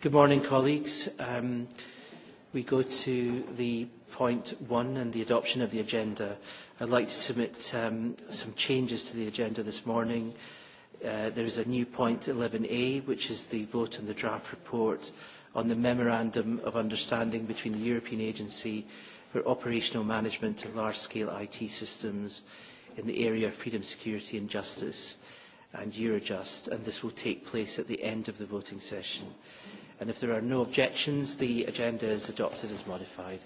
Good morning, colleagues. Um, we go to the point one and the adoption of the agenda. I'd like to submit um, some changes to the agenda this morning. Uh, there is a new point 11A, which is the vote on the draft report on the Memorandum of Understanding between the European Agency for Operational Management of Large-Scale IT Systems in the area of freedom, security and justice and Eurojust, and this will take place at the end of the voting session. Mm -hmm. And if there are no objections, the agenda is adopted as modified.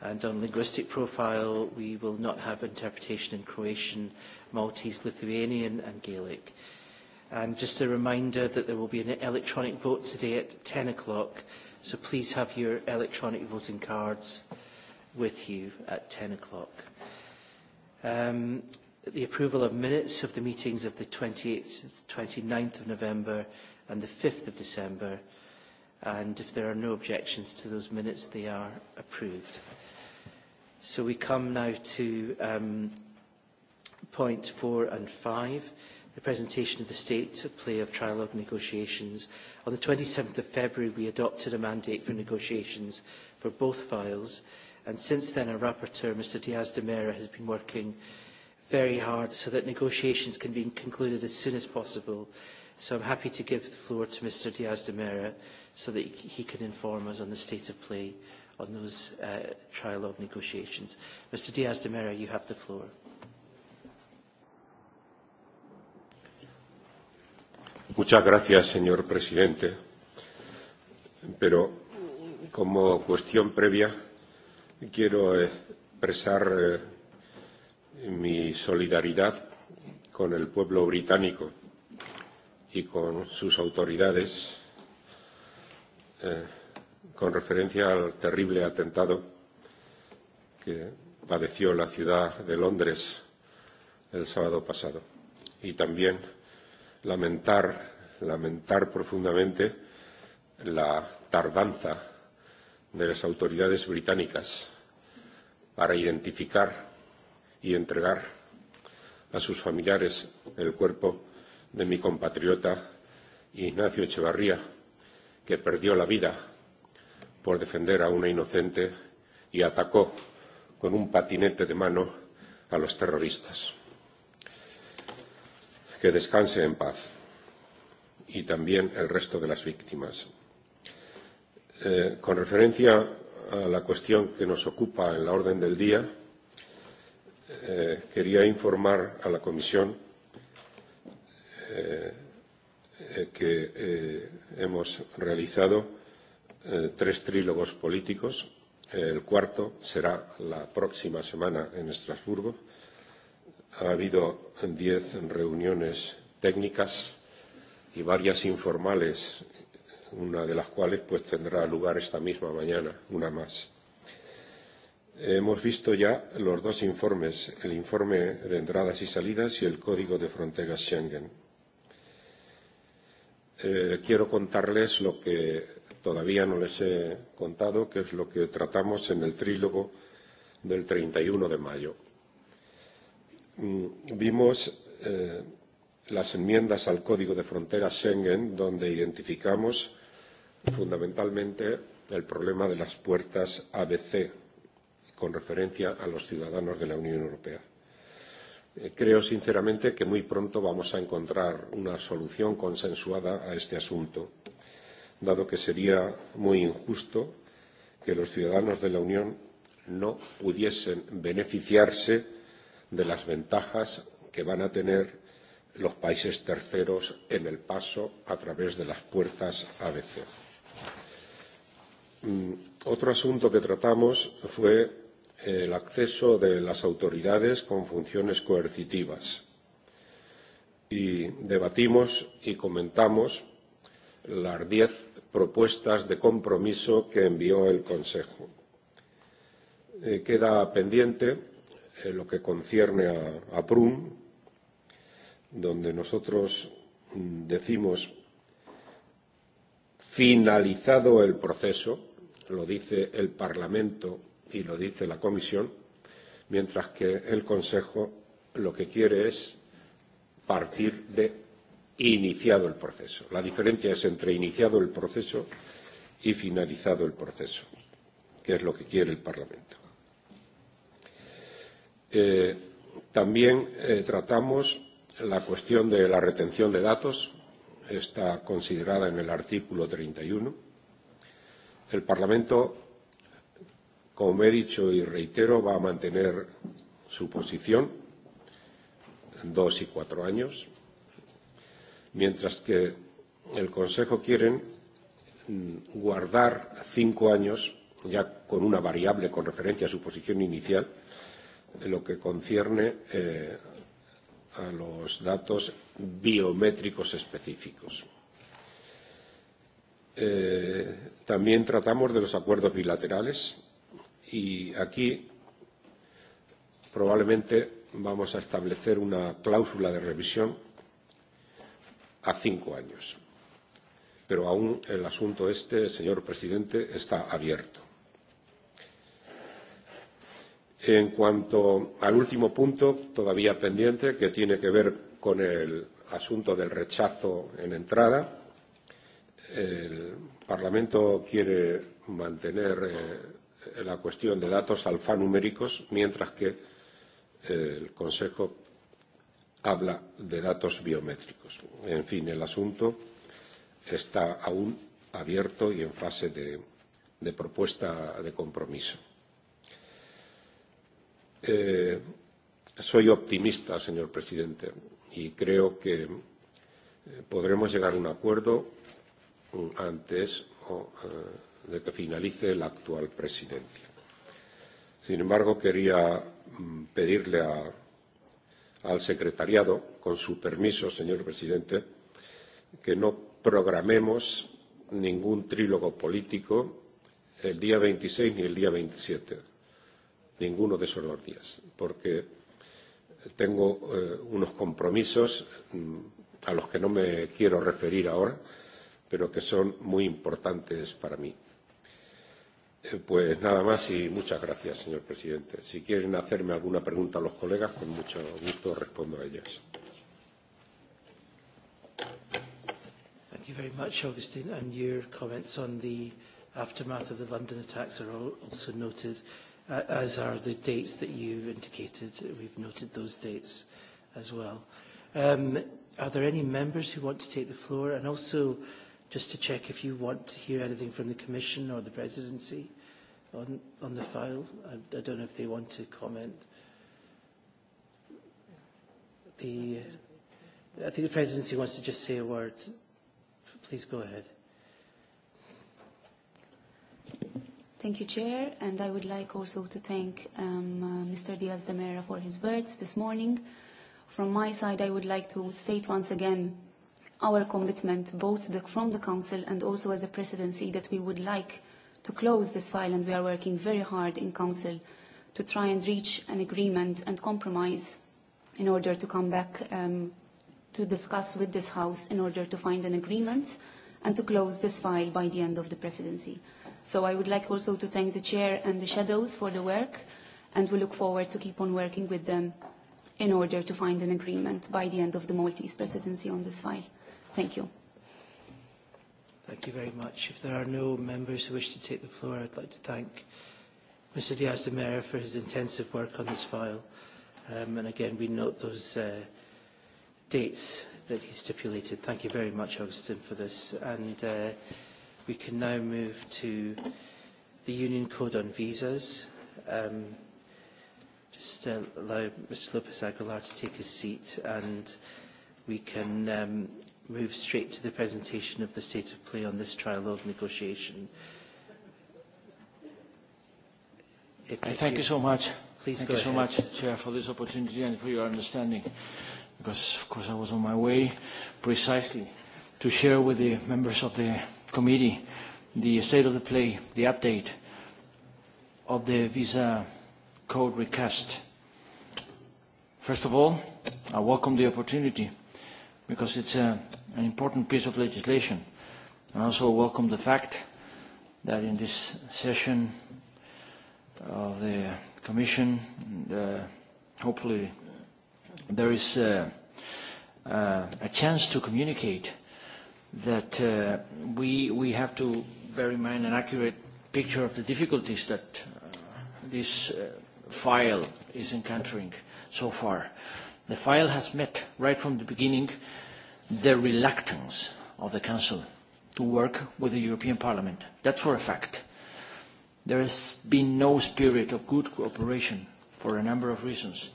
And on linguistic profile, we will not have interpretation in Croatian, Maltese, Lithuanian and Gaelic. And just a reminder that there will be an electronic vote today at 10 o'clock, so please have your electronic voting cards with you at 10 o'clock. Um, the approval of minutes of the meetings of the 28th, 29th of November and the 5th of December – and if there are no objections to those minutes, they are approved. So we come now to um, point four and five, the presentation of the state of play of trilogue negotiations. On the 27th of February, we adopted a mandate for negotiations for both files, and since then our rapporteur, Mr Diaz de Mera, has been working very hard so that negotiations can be concluded as soon as possible So I'm happy to give the floor to Mr Diaz de Mera so that he can inform us on the state of play on those uh, trialogue negotiations. Mr Diaz de Mera, you have the floor. Muchas gracias, señor presidente. Pero como cuestión previa, quiero expresar eh, mi solidaridad con el pueblo británico y con sus autoridades eh, con referencia al terrible atentado que padeció la ciudad de Londres el sábado pasado. Y también lamentar, lamentar profundamente la tardanza de las autoridades británicas para identificar y entregar a sus familiares el cuerpo de mi compatriota Ignacio Echevarría, que perdió la vida por defender a una inocente y atacó con un patinete de mano a los terroristas. Que descanse en paz y también el resto de las víctimas. Eh, con referencia a la cuestión que nos ocupa en la orden del día, eh, quería informar a la Comisión eh, eh, que eh, hemos realizado eh, tres trílogos políticos. El cuarto será la próxima semana en Estrasburgo. Ha habido diez reuniones técnicas y varias informales, una de las cuales pues, tendrá lugar esta misma mañana, una más. Hemos visto ya los dos informes, el informe de entradas y salidas y el código de fronteras Schengen eh, quiero contarles lo que todavía no les he contado, que es lo que tratamos en el trílogo del 31 de mayo. Mm, vimos eh, las enmiendas al Código de Fronteras Schengen, donde identificamos fundamentalmente el problema de las puertas ABC, con referencia a los ciudadanos de la Unión Europea. Eh, creo sinceramente que muy pronto vamos a encontrar una solución consensuada a este asunto, dado que sería muy injusto que los ciudadanos de la Unión no pudiesen beneficiarse de las ventajas que van a tener los países terceros en el paso a través de las puertas ABC. Mm, otro asunto que tratamos fue el acceso de las autoridades con funciones coercitivas. Y debatimos y comentamos las diez propuestas de compromiso que envió el Consejo. Eh, queda pendiente eh, lo que concierne a, a PRUM, donde nosotros mm, decimos finalizado el proceso, lo dice el Parlamento y lo dice la Comisión, mientras que el Consejo lo que quiere es partir de iniciado el proceso. La diferencia es entre iniciado el proceso y finalizado el proceso, que es lo que quiere el Parlamento. Eh, también eh, tratamos la cuestión de la retención de datos. Está considerada en el artículo 31. El Parlamento Como he dicho y reitero, va a mantener su posición dos y cuatro años, mientras que el Consejo quieren mm, guardar cinco años, ya con una variable con referencia a su posición inicial, en lo que concierne eh, a los datos biométricos específicos. Eh, también tratamos de los acuerdos bilaterales y aquí probablemente vamos a establecer una cláusula de revisión a cinco años. Pero aún el asunto este, señor presidente, está abierto. En cuanto al último punto, todavía pendiente, que tiene que ver con el asunto del rechazo en entrada, el Parlamento quiere mantener eh, la cuestión de datos alfanuméricos, mientras que eh, el Consejo habla de datos biométricos. En fin, el asunto está aún abierto y en fase de, de propuesta de compromiso. Eh, soy optimista, señor presidente, y creo que eh, podremos llegar a un acuerdo mm, antes o eh, de que finalice la actual presidencia. Sin embargo, quería mm, pedirle a, al secretariado, con su permiso, señor presidente, que no programemos ningún trílogo político el día 26 ni el día 27, ninguno de esos dos días, porque tengo eh, unos compromisos mm, a los que no me quiero referir ahora, pero que son muy importantes para mí. Eh, pues nada más y muchas gracias, señor presidente. Si quieren hacerme alguna pregunta a los colegas, con mucho gusto respondo a ellas. Thank you very much, Augustine, and your comments on the aftermath of the London attacks are also noted, uh, as are the dates that you've indicated. We've noted those dates as well. Um, are there any members who want to take the floor? And also, just to check if you want to hear anything from the Commission or the Presidency on, on the file? I, I don't know if they want to comment. The, I think the presidency wants to just say a word. Please go ahead. Thank you, Chair, and I would like also to thank um, uh, Mr. Diaz de Mera for his words this morning. From my side, I would like to state once again our commitment, both the, from the Council and also as a presidency, that we would like to close this file and we are working very hard in Council to try and reach an agreement and compromise in order to come back um, to discuss with this House in order to find an agreement and to close this file by the end of the presidency. So I would like also to thank the Chair and the Shadows for the work and we look forward to keep on working with them in order to find an agreement by the end of the Maltese presidency on this file. Thank you. Thank you very much. If there are no members who wish to take the floor, I'd like to thank Mr Diaz de Mera for his intensive work on this file. Um, and again, we note those uh, dates that he stipulated. Thank you very much, Augustine, for this. And uh, we can now move to the Union Code on Visas. Um, just uh, allow Mr Lopez Aguilar to take his seat and we can um, move straight to the presentation of the state of play on this trilogue negotiation. If, I if thank you, you so much. Please thank go you ahead. so much, Chair, for this opportunity and for your understanding, because, of course, I was on my way precisely to share with the members of the committee the state of the play, the update of the visa code recast. First of all, I welcome the opportunity because it's a, an important piece of legislation. I also welcome the fact that in this session of the Commission, uh, hopefully there is uh, uh, a chance to communicate that uh, we, we have to bear in mind an accurate picture of the difficulties that uh, this uh, file is encountering so far. Uh, The file has met, right from the beginning, the reluctance of the Council to work with the European Parliament. That's for a fact. There has been no spirit of good cooperation for a number of reasons.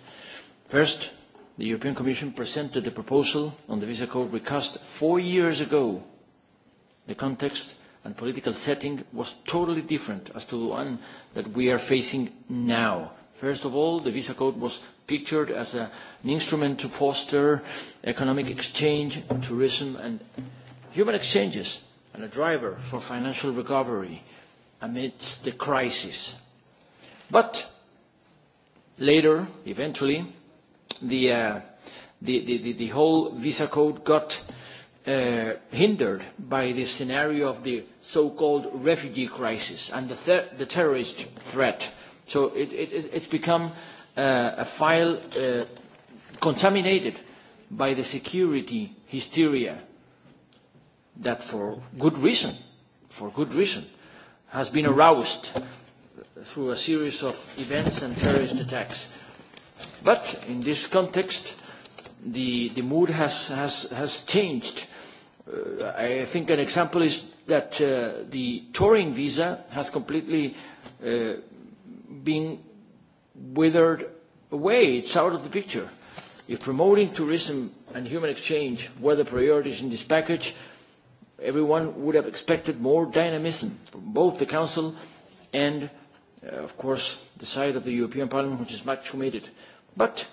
First, the European Commission presented the proposal on the visa code recast four years ago. The context and political setting was totally different as to the one that we are facing now. First of all, the visa code was pictured as a, an instrument to foster economic exchange, tourism, and human exchanges, and a driver for financial recovery amidst the crisis. But later, eventually, the, uh, the, the, the, the whole visa code got uh, hindered by the scenario of the so-called refugee crisis and the, th the terrorist threat So it, it, it's become uh, a file uh, contaminated by the security hysteria that for good reason, for good reason, has been aroused through a series of events and terrorist attacks. But in this context, the, the mood has, has, has changed. Uh, I think an example is that uh, the touring visa has completely uh, being withered away. It's out of the picture. If promoting tourism and human exchange were the priorities in this package, everyone would have expected more dynamism from both the Council and, uh, of course, the side of the European Parliament, which is much committed. But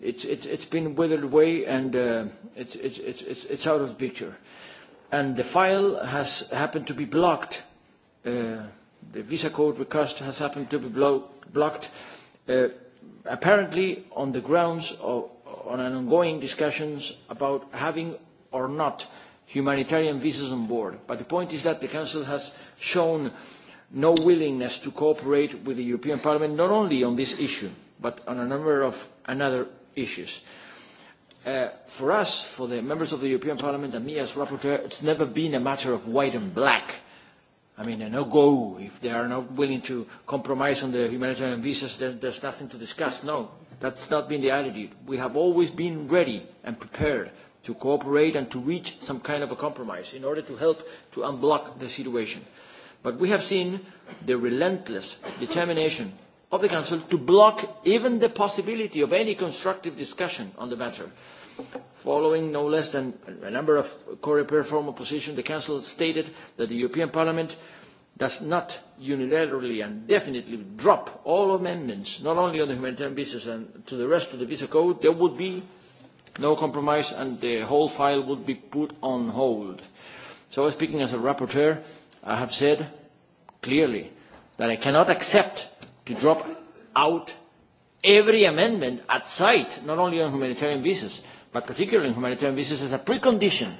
it's, it's, it's been withered away and uh, it's, it's, it's, it's out of the picture. And the file has happened to be blocked uh, the visa code request has happened to be blo blocked, uh, apparently on the grounds of on an ongoing discussions about having or not humanitarian visas on board. But the point is that the Council has shown no willingness to cooperate with the European Parliament, not only on this issue, but on a number of another issues. Uh, for us, for the members of the European Parliament and me as rapporteur, it's never been a matter of white and black I mean, a no-go. If they are not willing to compromise on the humanitarian visas, there, there's nothing to discuss. No, that's not been the attitude. We have always been ready and prepared to cooperate and to reach some kind of a compromise in order to help to unblock the situation. But we have seen the relentless determination of the Council to block even the possibility of any constructive discussion on the matter. Uh, Following no less than a number of Coreper formal positions, the Council stated that the European Parliament does not unilaterally and definitely drop all amendments, not only on the humanitarian visas and to the rest of the visa code, there would be no compromise and the whole file would be put on hold. So speaking as a rapporteur, I have said clearly that I cannot accept to drop out every amendment at sight, not only on humanitarian visas, but particularly in humanitarian visas, as a precondition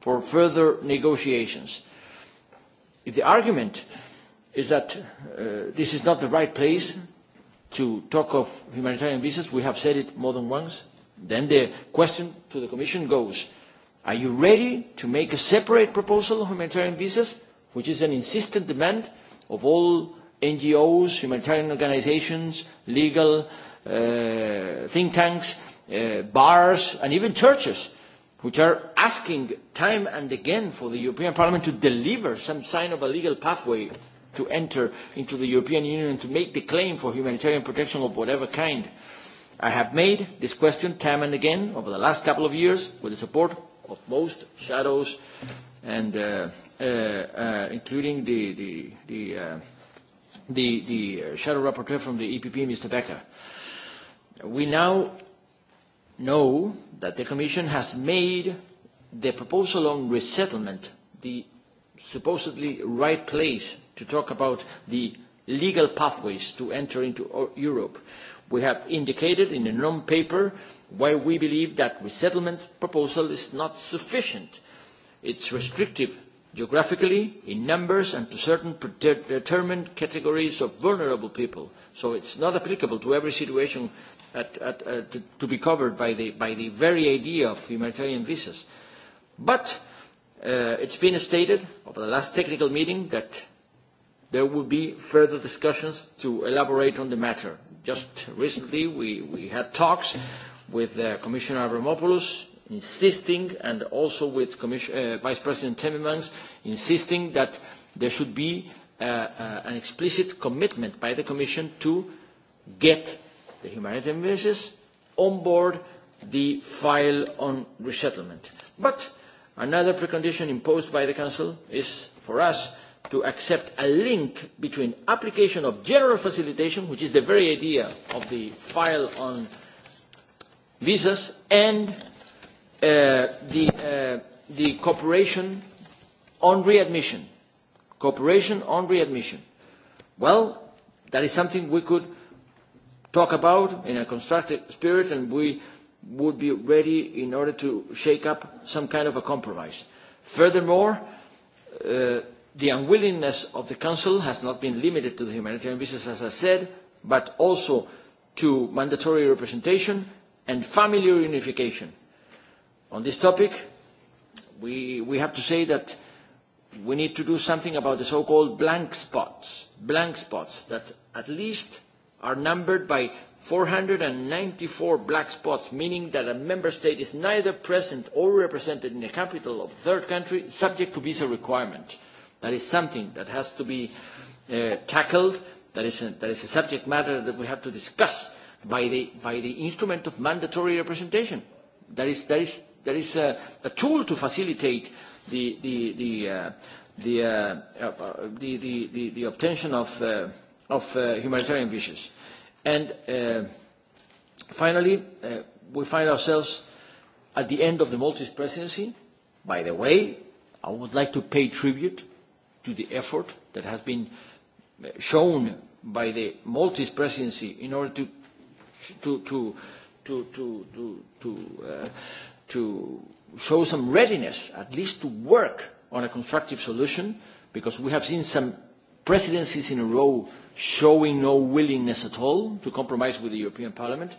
for further negotiations. If the argument is that uh, this is not the right place to talk of humanitarian visas, we have said it more than once, then the question to the Commission goes, are you ready to make a separate proposal on humanitarian visas, which is an insistent demand of all NGOs, humanitarian organizations, legal uh, think tanks, uh, uh, bars and even churches which are asking time and again for the European Parliament to deliver some sign of a legal pathway to enter into the European Union to make the claim for humanitarian protection of whatever kind. I have made this question time and again over the last couple of years with the support of most shadows and uh, uh, uh, including the, the, the, uh, the, the shadow rapporteur from the EPP, Mr. Becker. We now know that the Commission has made the proposal on resettlement the supposedly right place to talk about the legal pathways to enter into Europe. We have indicated in a non-paper why we believe that resettlement proposal is not sufficient. It's restrictive geographically, in numbers, and to certain determined categories of vulnerable people. So it's not applicable to every situation at, at, uh, to, to be covered by the, by the very idea of humanitarian visas. But uh, it's been stated over the last technical meeting that there will be further discussions to elaborate on the matter. Just recently we, we had talks with uh, Commissioner Avramopoulos insisting and also with Commission, uh, Vice President Timmermans insisting that there should be uh, uh, an explicit commitment by the Commission to get the humanitarian basis on board the file on resettlement. But another precondition imposed by the Council is for us to accept a link between application of general facilitation, which is the very idea of the file on visas, and uh, the, uh, the cooperation on readmission. Cooperation on readmission. Well, that is something we could talk about in a constructive spirit, and we would be ready in order to shake up some kind of a compromise. Furthermore, uh, the unwillingness of the Council has not been limited to the humanitarian visas, as I said, but also to mandatory representation and family reunification. On this topic, we, we have to say that we need to do something about the so-called blank spots, blank spots that at least are numbered by 494 black spots, meaning that a member state is neither present or represented in the capital of third country subject to visa requirement. That is something that has to be uh, tackled. That is, a, that is a subject matter that we have to discuss by the, by the instrument of mandatory representation. That is, that is, that is a, a tool to facilitate the, the, the, uh, the, uh, uh, uh the, the, the, the obtention of uh, of uh, humanitarian visas. And uh, finally, uh, we find ourselves at the end of the Maltese presidency. By the way, I would like to pay tribute to the effort that has been uh, shown by the Maltese presidency in order to to to to to to to, uh, to show some readiness, at least to work on a constructive solution, because we have seen some presidencies in a row showing no willingness at all to compromise with the European Parliament,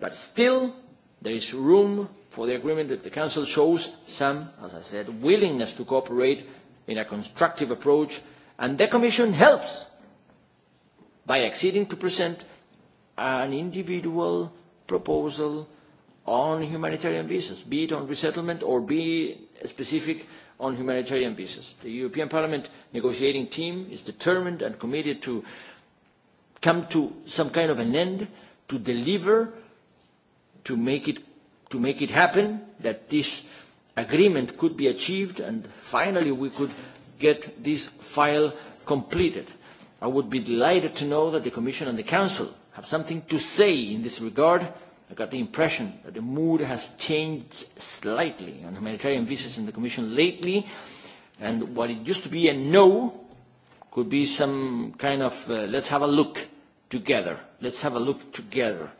but still there is room for the agreement that the Council shows some, as I said, willingness to cooperate in a constructive approach, and the Commission helps by acceding to present an individual proposal on humanitarian visas, be it on resettlement or be specific uh, on humanitarian visas. The European Parliament negotiating team is determined and committed to come to some kind of an end, to deliver, to make it, to make it happen, that this agreement could be achieved and finally we could get this file completed. I would be delighted to know that the Commission and the Council have something to say in this regard I got the impression that the mood has changed slightly on humanitarian visas in the Commission lately, and what it used to be a no could be some kind of uh, let's have a look together, let's have a look together.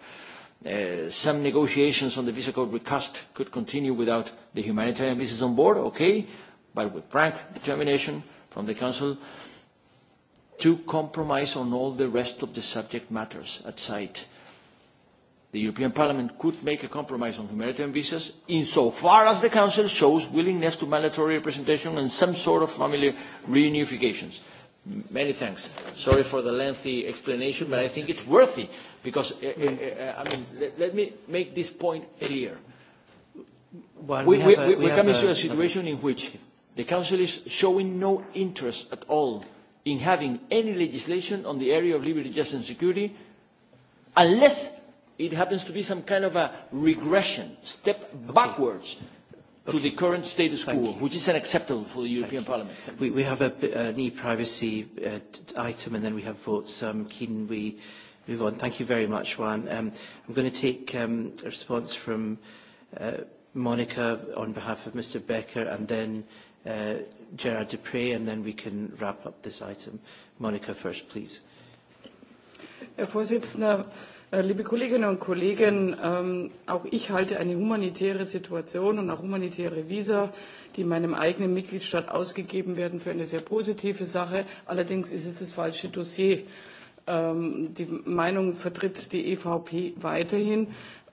Uh, some negotiations on the visa code recast could continue without the humanitarian visas on board, okay, but with frank determination from the Council to compromise on all the rest of the subject matters at site. Uh, the European Parliament could make a compromise on humanitarian visas insofar as the Council shows willingness to mandatory representation and some sort of family reunifications. Many thanks. Sorry for the lengthy explanation, but I think it's worthy because, uh, uh, I mean, let, let me make this point clear. Well, we, we, we, we, we we're coming a, to a situation in which the Council is showing no interest at all in having any legislation on the area of liberty, justice and security unless it happens to be some kind of a regression, step okay. backwards okay. to the current status quo, which is unacceptable for the European Thank Parliament. You. We, we have a, an e-privacy uh, item and then we have votes. Um, Keen, we move on. Thank you very much, Juan. Um, I'm going to take um, a response from uh, Monica on behalf of Mr Becker and then uh, Gerard Dupre and then we can wrap up this item. Monica first, please. Herr uh, Vorsitzender, Äh, liebe Kolleginnen und Kollegen, ähm, auch ich halte eine humanitäre Situation und auch humanitäre Visa, die in meinem eigenen Mitgliedstaat ausgegeben werden, für eine sehr positive Sache. Allerdings ist es das falsche Dossier. Ähm, die Meinung vertritt die EVP weiterhin.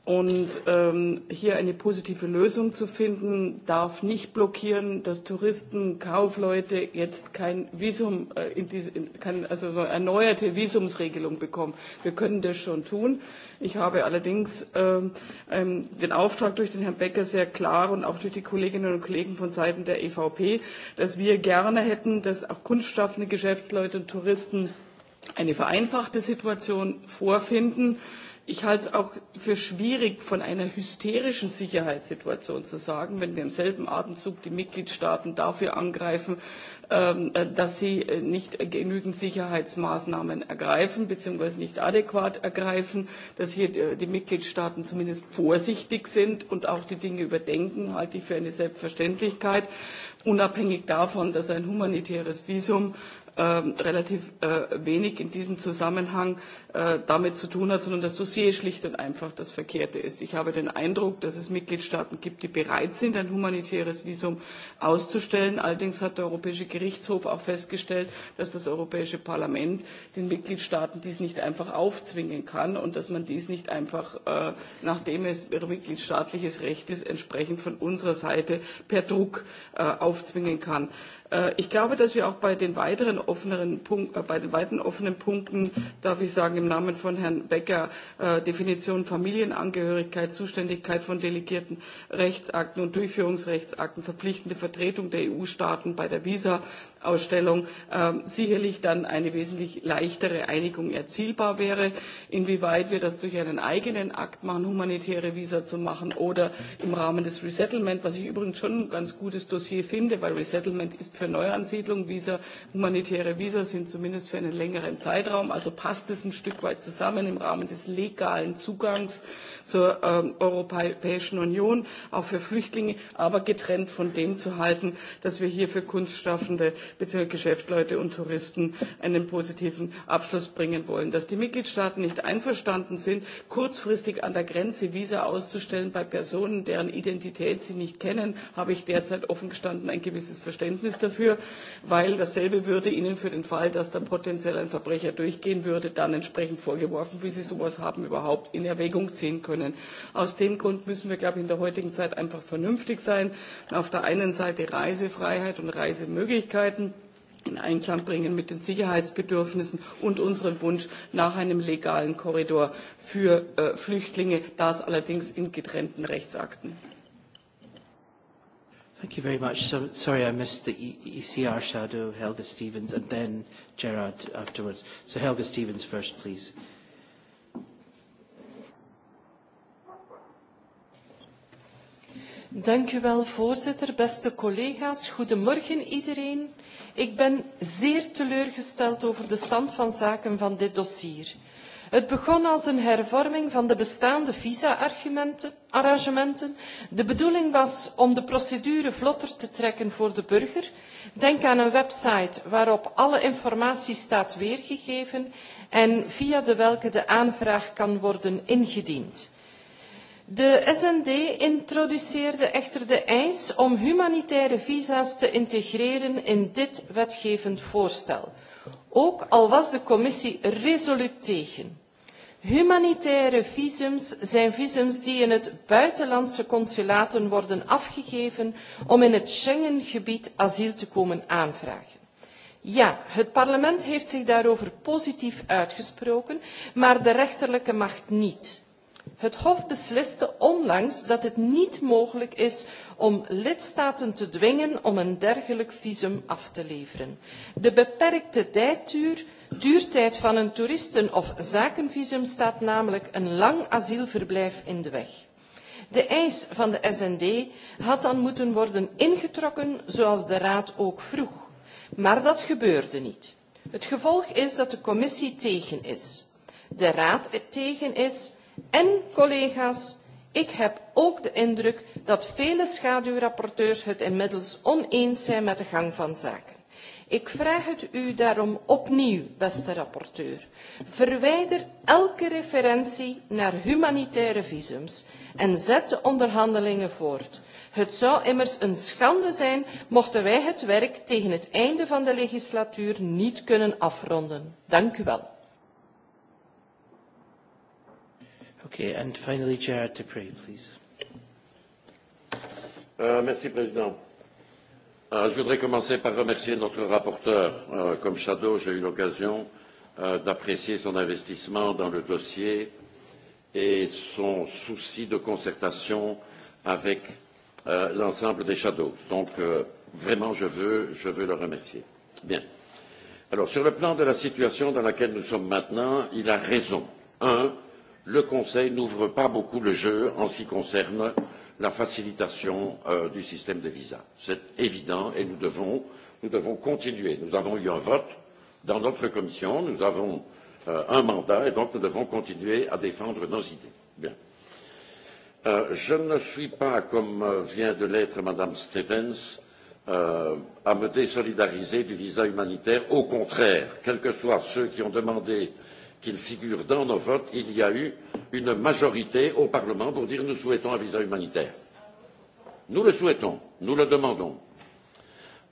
Und ähm, hier eine positive Lösung zu finden, darf nicht blockieren, dass Touristen, Kaufleute jetzt kein Visum, äh, in diese, in, kein, also so erneuerte Visumsregelung bekommen. Wir können das schon tun. Ich habe allerdings ähm, ähm, den Auftrag durch den Herrn Becker sehr klar und auch durch die Kolleginnen und Kollegen von Seiten der EVP, dass wir gerne hätten, dass auch kunstschaffende Geschäftsleute und Touristen eine vereinfachte Situation vorfinden Ich halte es auch für schwierig, von einer hysterischen Sicherheitssituation zu sagen, wenn wir im selben Atemzug die Mitgliedstaaten dafür angreifen, ähm, äh, dass sie äh, nicht genügend Sicherheitsmaßnahmen ergreifen bzw. nicht adäquat ergreifen, dass hier äh, die Mitgliedstaaten zumindest vorsichtig sind und auch die Dinge überdenken, halte ich für eine Selbstverständlichkeit, unabhängig davon, dass ein humanitäres Visum Ähm, relativ äh, wenig in diesem Zusammenhang äh, damit zu tun hat, sondern das Dossier schlicht und einfach das Verkehrte ist. Ich habe den Eindruck, dass es Mitgliedstaaten gibt, die bereit sind, ein humanitäres Visum auszustellen. Allerdings hat der Europäische Gerichtshof auch festgestellt, dass das Europäische Parlament den Mitgliedstaaten dies nicht einfach aufzwingen kann und dass man dies nicht einfach, äh, nachdem es ihr mitgliedstaatliches Recht ist, entsprechend von unserer Seite per Druck aufzwingen kann. Äh, ich glaube, dass wir auch bei den weiteren offenen Punkten, äh, bei den weiteren offenen Punkten, darf ich sagen, im Namen von Herrn Becker, äh, Definition Familienangehörigkeit, Zuständigkeit von delegierten Rechtsakten und Durchführungsrechtsakten, verpflichtende Vertretung der EU-Staaten bei der Visa, Ausstellung äh, sicherlich dann eine wesentlich leichtere Einigung erzielbar wäre. Inwieweit wir das durch einen eigenen Akt machen, humanitäre Visa zu machen oder im Rahmen des Resettlement, was ich übrigens schon ein ganz gutes Dossier finde, weil Resettlement ist für Neuansiedlung, Visa, humanitäre Visa sind zumindest für einen längeren Zeitraum, also passt es ein Stück weit zusammen im Rahmen des legalen Zugangs zur ähm, Europäischen Union, auch für Flüchtlinge, aber getrennt von dem zu halten, dass wir hier für Kunstschaffende bzw. Geschäftsleute und Touristen einen positiven Abschluss bringen wollen. Dass die Mitgliedstaaten nicht einverstanden sind, kurzfristig an der Grenze Visa auszustellen bei Personen, deren Identität sie nicht kennen, habe ich derzeit offen gestanden ein gewisses Verständnis dafür, weil dasselbe würde ihnen für den Fall, dass da potenziell ein Verbrecher durchgehen würde, dann entsprechend vorgeworfen, wie sie sowas haben überhaupt in Erwägung ziehen können. Aus dem Grund müssen wir, glaube ich, in der heutigen Zeit einfach vernünftig sein. Auf der einen Seite Reisefreiheit und Reisemöglichkeiten in Einklang bringen mit den Sicherheitsbedürfnissen und unserem Wunsch nach einem legalen Korridor für äh, Flüchtlinge, das allerdings in getrennten Rechtsakten. Thank you very much. So, sorry, I missed the e ECR shadow, Helga Stevens, and then Gerard afterwards. So Helga Stevens first, please. Dank u wel, voorzitter. Beste collega's, goedemorgen iedereen ik ben zeer teleurgesteld over de stand van zaken van dit dossier. Het begon als een hervorming van de bestaande visa-arrangementen. De bedoeling was om de procedure vlotter te trekken voor de burger. Denk aan een website waarop alle informatie staat weergegeven en via de welke de aanvraag kan worden ingediend. De SND introduceerde echter de eis om humanitaire visa's te integreren in dit wetgevend voorstel, ook al was de commissie resoluut tegen. Humanitaire visums zijn visums die in het buitenlandse consulaten worden afgegeven om in het Schengengebied asiel te komen aanvragen. Ja, het parlement heeft zich daarover positief uitgesproken, maar de rechterlijke macht niet. Het Hof besliste onlangs dat het niet mogelijk is om lidstaten te dwingen om een dergelijk visum af te leveren. De beperkte tijdduur, duurtijd van een toeristen- of zakenvisum staat namelijk een lang asielverblijf in de weg. De eis van de SND had dan moeten worden ingetrokken zoals de Raad ook vroeg. Maar dat gebeurde niet. Het gevolg is dat de commissie tegen is, de Raad tegen is En, collega's, ik heb ook de indruk dat vele schaduwrapporteurs het inmiddels oneens zijn met de gang van zaken. Ik vraag het u daarom opnieuw, beste rapporteur. Verwijder elke referentie naar humanitaire visums en zet de onderhandelingen voort. Het zou immers een schande zijn mochten wij het werk tegen het einde van de legislatuur niet kunnen afronden. Dank u wel. Okay, and finally Gerard Dupre, please. Euh, merci, Président. Euh, je voudrais commencer par remercier notre rapporteur. Euh, comme Shadow, j'ai eu l'occasion euh, d'apprécier son investissement dans le dossier et son souci de concertation avec euh, l'ensemble des Shadows. Donc, euh, vraiment, je veux, je veux le remercier. Bien. Alors, sur le plan de la situation dans laquelle nous sommes maintenant, il a raison. Un, euh, le Conseil n'ouvre pas beaucoup le jeu en ce qui concerne la facilitation euh, du système des visas. C'est évident et nous devons, nous devons continuer. Nous avons eu un vote dans notre commission, nous avons euh, un mandat et donc nous devons continuer à défendre nos idées. Bien. Euh, je ne suis pas, comme euh, vient de l'être Madame Stevens, euh, à me désolidariser du visa humanitaire. Au contraire, quels que soient ceux qui ont demandé euh, qu'il figure dans nos votes, il y a eu une majorité au Parlement pour dire nous souhaitons un visa humanitaire. Nous le souhaitons, nous le demandons.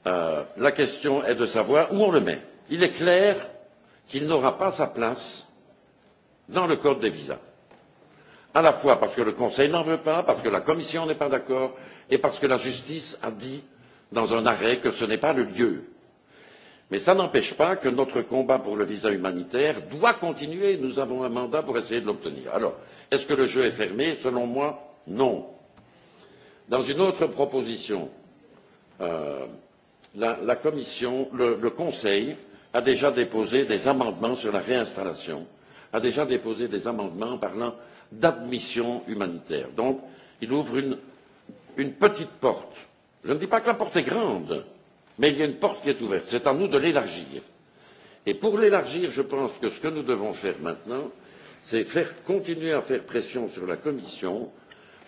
Euh, la question est de savoir où on le met. Il est clair qu'il n'aura pas sa place dans le code des visas. À la fois parce que le Conseil n'en veut pas, parce que la Commission n'est pas d'accord et parce que la justice a dit dans un arrêt que ce n'est pas le lieu mais cela n'empêche pas que notre combat pour le visa humanitaire doit continuer nous avons un mandat pour essayer de l'obtenir. alors est ce que le jeu est fermé? selon moi non. dans une autre proposition euh, la, la commission le, le conseil a déjà déposé des amendements sur la réinstallation a déjà déposé des amendements parlant d'admission humanitaire. donc il ouvre une, une petite porte. je ne dis pas que la porte est grande Mais il y a une porte qui est ouverte, c'est à nous de l'élargir. Et pour l'élargir, je pense que ce que nous devons faire maintenant, c'est faire, continuer à faire pression sur la Commission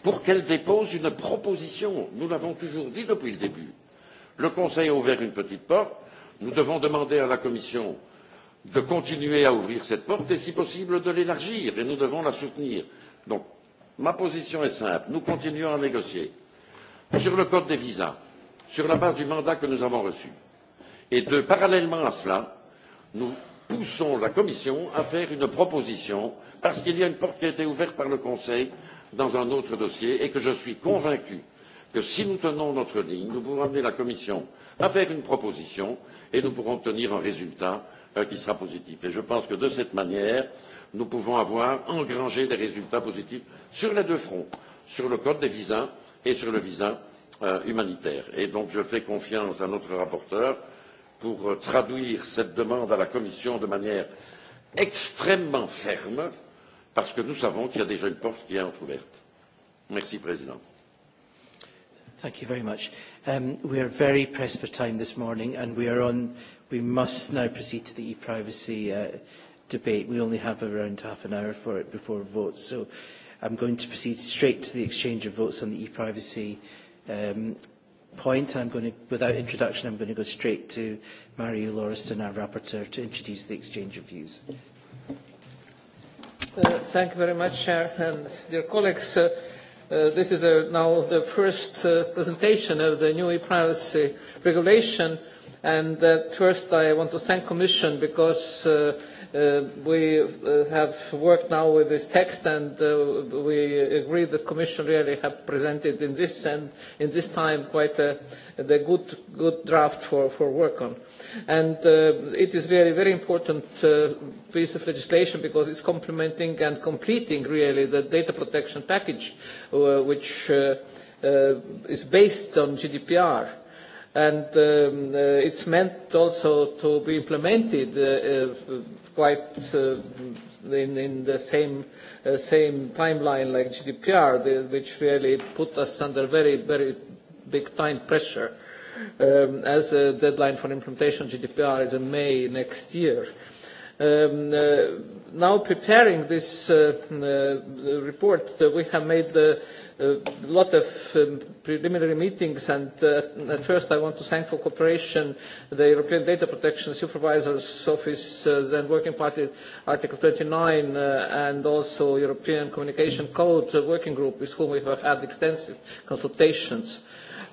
pour qu'elle dépose une proposition. Nous l'avons toujours dit depuis le début. Le Conseil a ouvert une petite porte. Nous devons demander à la Commission de continuer à ouvrir cette porte et, si possible, de l'élargir. Et nous devons la soutenir. Donc, ma position est simple. Nous continuons à négocier. Sur le code des visas, sur la base du mandat que nous avons reçu. Et de, parallèlement à cela, nous poussons la Commission à faire une proposition, parce qu'il y a une porte qui a été ouverte par le Conseil dans un autre dossier, et que je suis convaincu que si nous tenons notre ligne, nous pourrons amener la Commission à faire une proposition et nous pourrons obtenir un résultat euh, qui sera positif. Et je pense que de cette manière, nous pouvons avoir engrangé des résultats positifs sur les deux fronts, sur le code des visas et sur le visa euh, humanitaire. Et donc je fais confiance à notre rapporteur pour euh, traduire cette demande à la Commission de manière extrêmement ferme, parce que nous savons qu'il y a déjà une porte qui est entr'ouverte. Merci, Président. Thank you very much. Um, we are very pressed for time this morning, and we are on. We must now proceed to the e-privacy uh, debate. We only have around half an hour for it before votes, so I'm going to proceed straight to the exchange of votes on the e-privacy uh, um, point, I'm going to, without introduction, I'm going to go straight to Mario Lauriston, our rapporteur, to introduce the exchange of views. Uh, thank you very much, Chair. And dear colleagues, uh, uh, this is a, uh, now the first uh, presentation of the new e-privacy regulation uh, And uh, first, I want to thank Commission because uh, uh, we uh, have worked now with this text, and uh, we agree that Commission really have presented in this and in this time quite a, the good good draft for for work on. And uh, it is really very important uh, piece of legislation because it's complementing and completing really the data protection package, uh, which. Uh, uh, is based on GDPR and um, uh, it's meant also to be implemented uh, uh, quite uh, in, in the same uh, same timeline like GDPR, the, which really put us under very very big time pressure. Um, as a deadline for implementation, GDPR is in May next year. Um, uh, now preparing this uh, uh, report, uh, we have made the uh, Uh, a lot of um, preliminary meetings and uh, at first I want to thank for cooperation the European Data Protection Supervisor's Office uh, and Working Party Article 29 uh, and also European Communication Code uh, Working Group with whom we have had extensive consultations.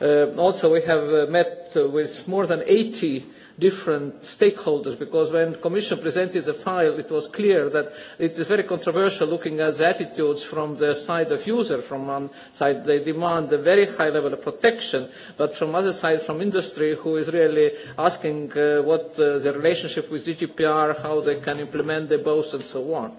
Uh, also we have uh, met uh, with more than 80 different stakeholders because when the Commission presented the file it was clear that it is very controversial looking at the attitudes from the side of user. From one side they demand a very high level of protection but from other side from industry who is really asking uh, what uh, the relationship with GDPR, how they can implement the both and so on. Uh,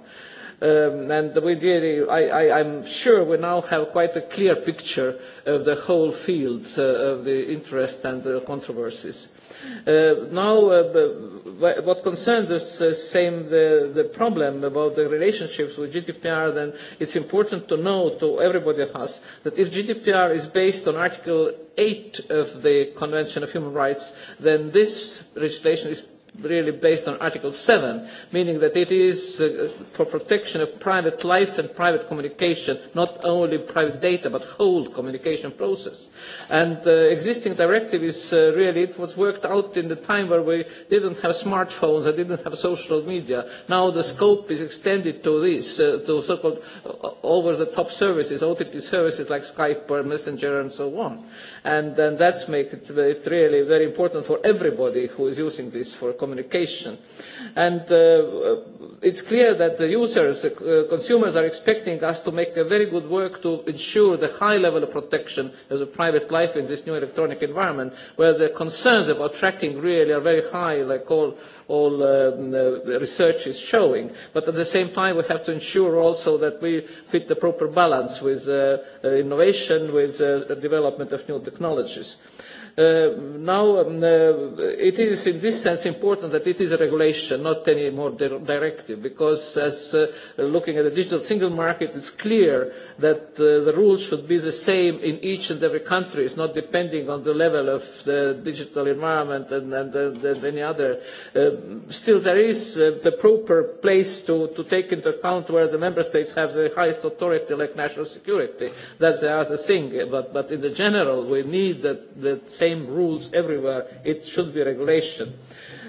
um, and we really, I, I, I'm sure we now have quite a clear picture of the whole field uh, of the interest and the controversies. Uh, now, uh, what concerns this uh, same the, the problem about the relationships with GDPR, then it's important to know to everybody of us that if GDPR is based on Article 8 of the Convention of Human Rights, then this legislation is really based on Article 7, meaning that it is uh, for protection of private life and private communication, not only private data, but whole communication process. And the uh, existing directive is uh, really, it was worked out in the time where we didn't have smartphones and didn't have social media. Now the scope is extended to this, uh, to so-called uh, over-the-top services, OTT services like Skype or Messenger and so on. And, and that's make it, uh, it really very important for everybody who is using this for communication communication. And uh, it's clear that the users, uh, consumers are expecting us to make a very good work to ensure the high level of protection of the private life in this new electronic environment, where the concerns about tracking really are very high, like all, all um, uh, research is showing. But at the same time, we have to ensure also that we fit the proper balance with uh, uh, innovation, with uh, the development of new technologies. Uh, Uh, now, um, uh, it is in this sense important that it is a regulation, not any more di directive, because as uh, looking at the digital single market, it's clear that uh, the rules should be the same in each and every country. It's not depending on the level of the digital environment and, and, and, and any other. Uh, still, there is uh, the proper place to, to take into account where the member states have the highest authority, like national security. That's the other thing. But, but in the general, we need that, that same same rules everywhere. It should be regulation.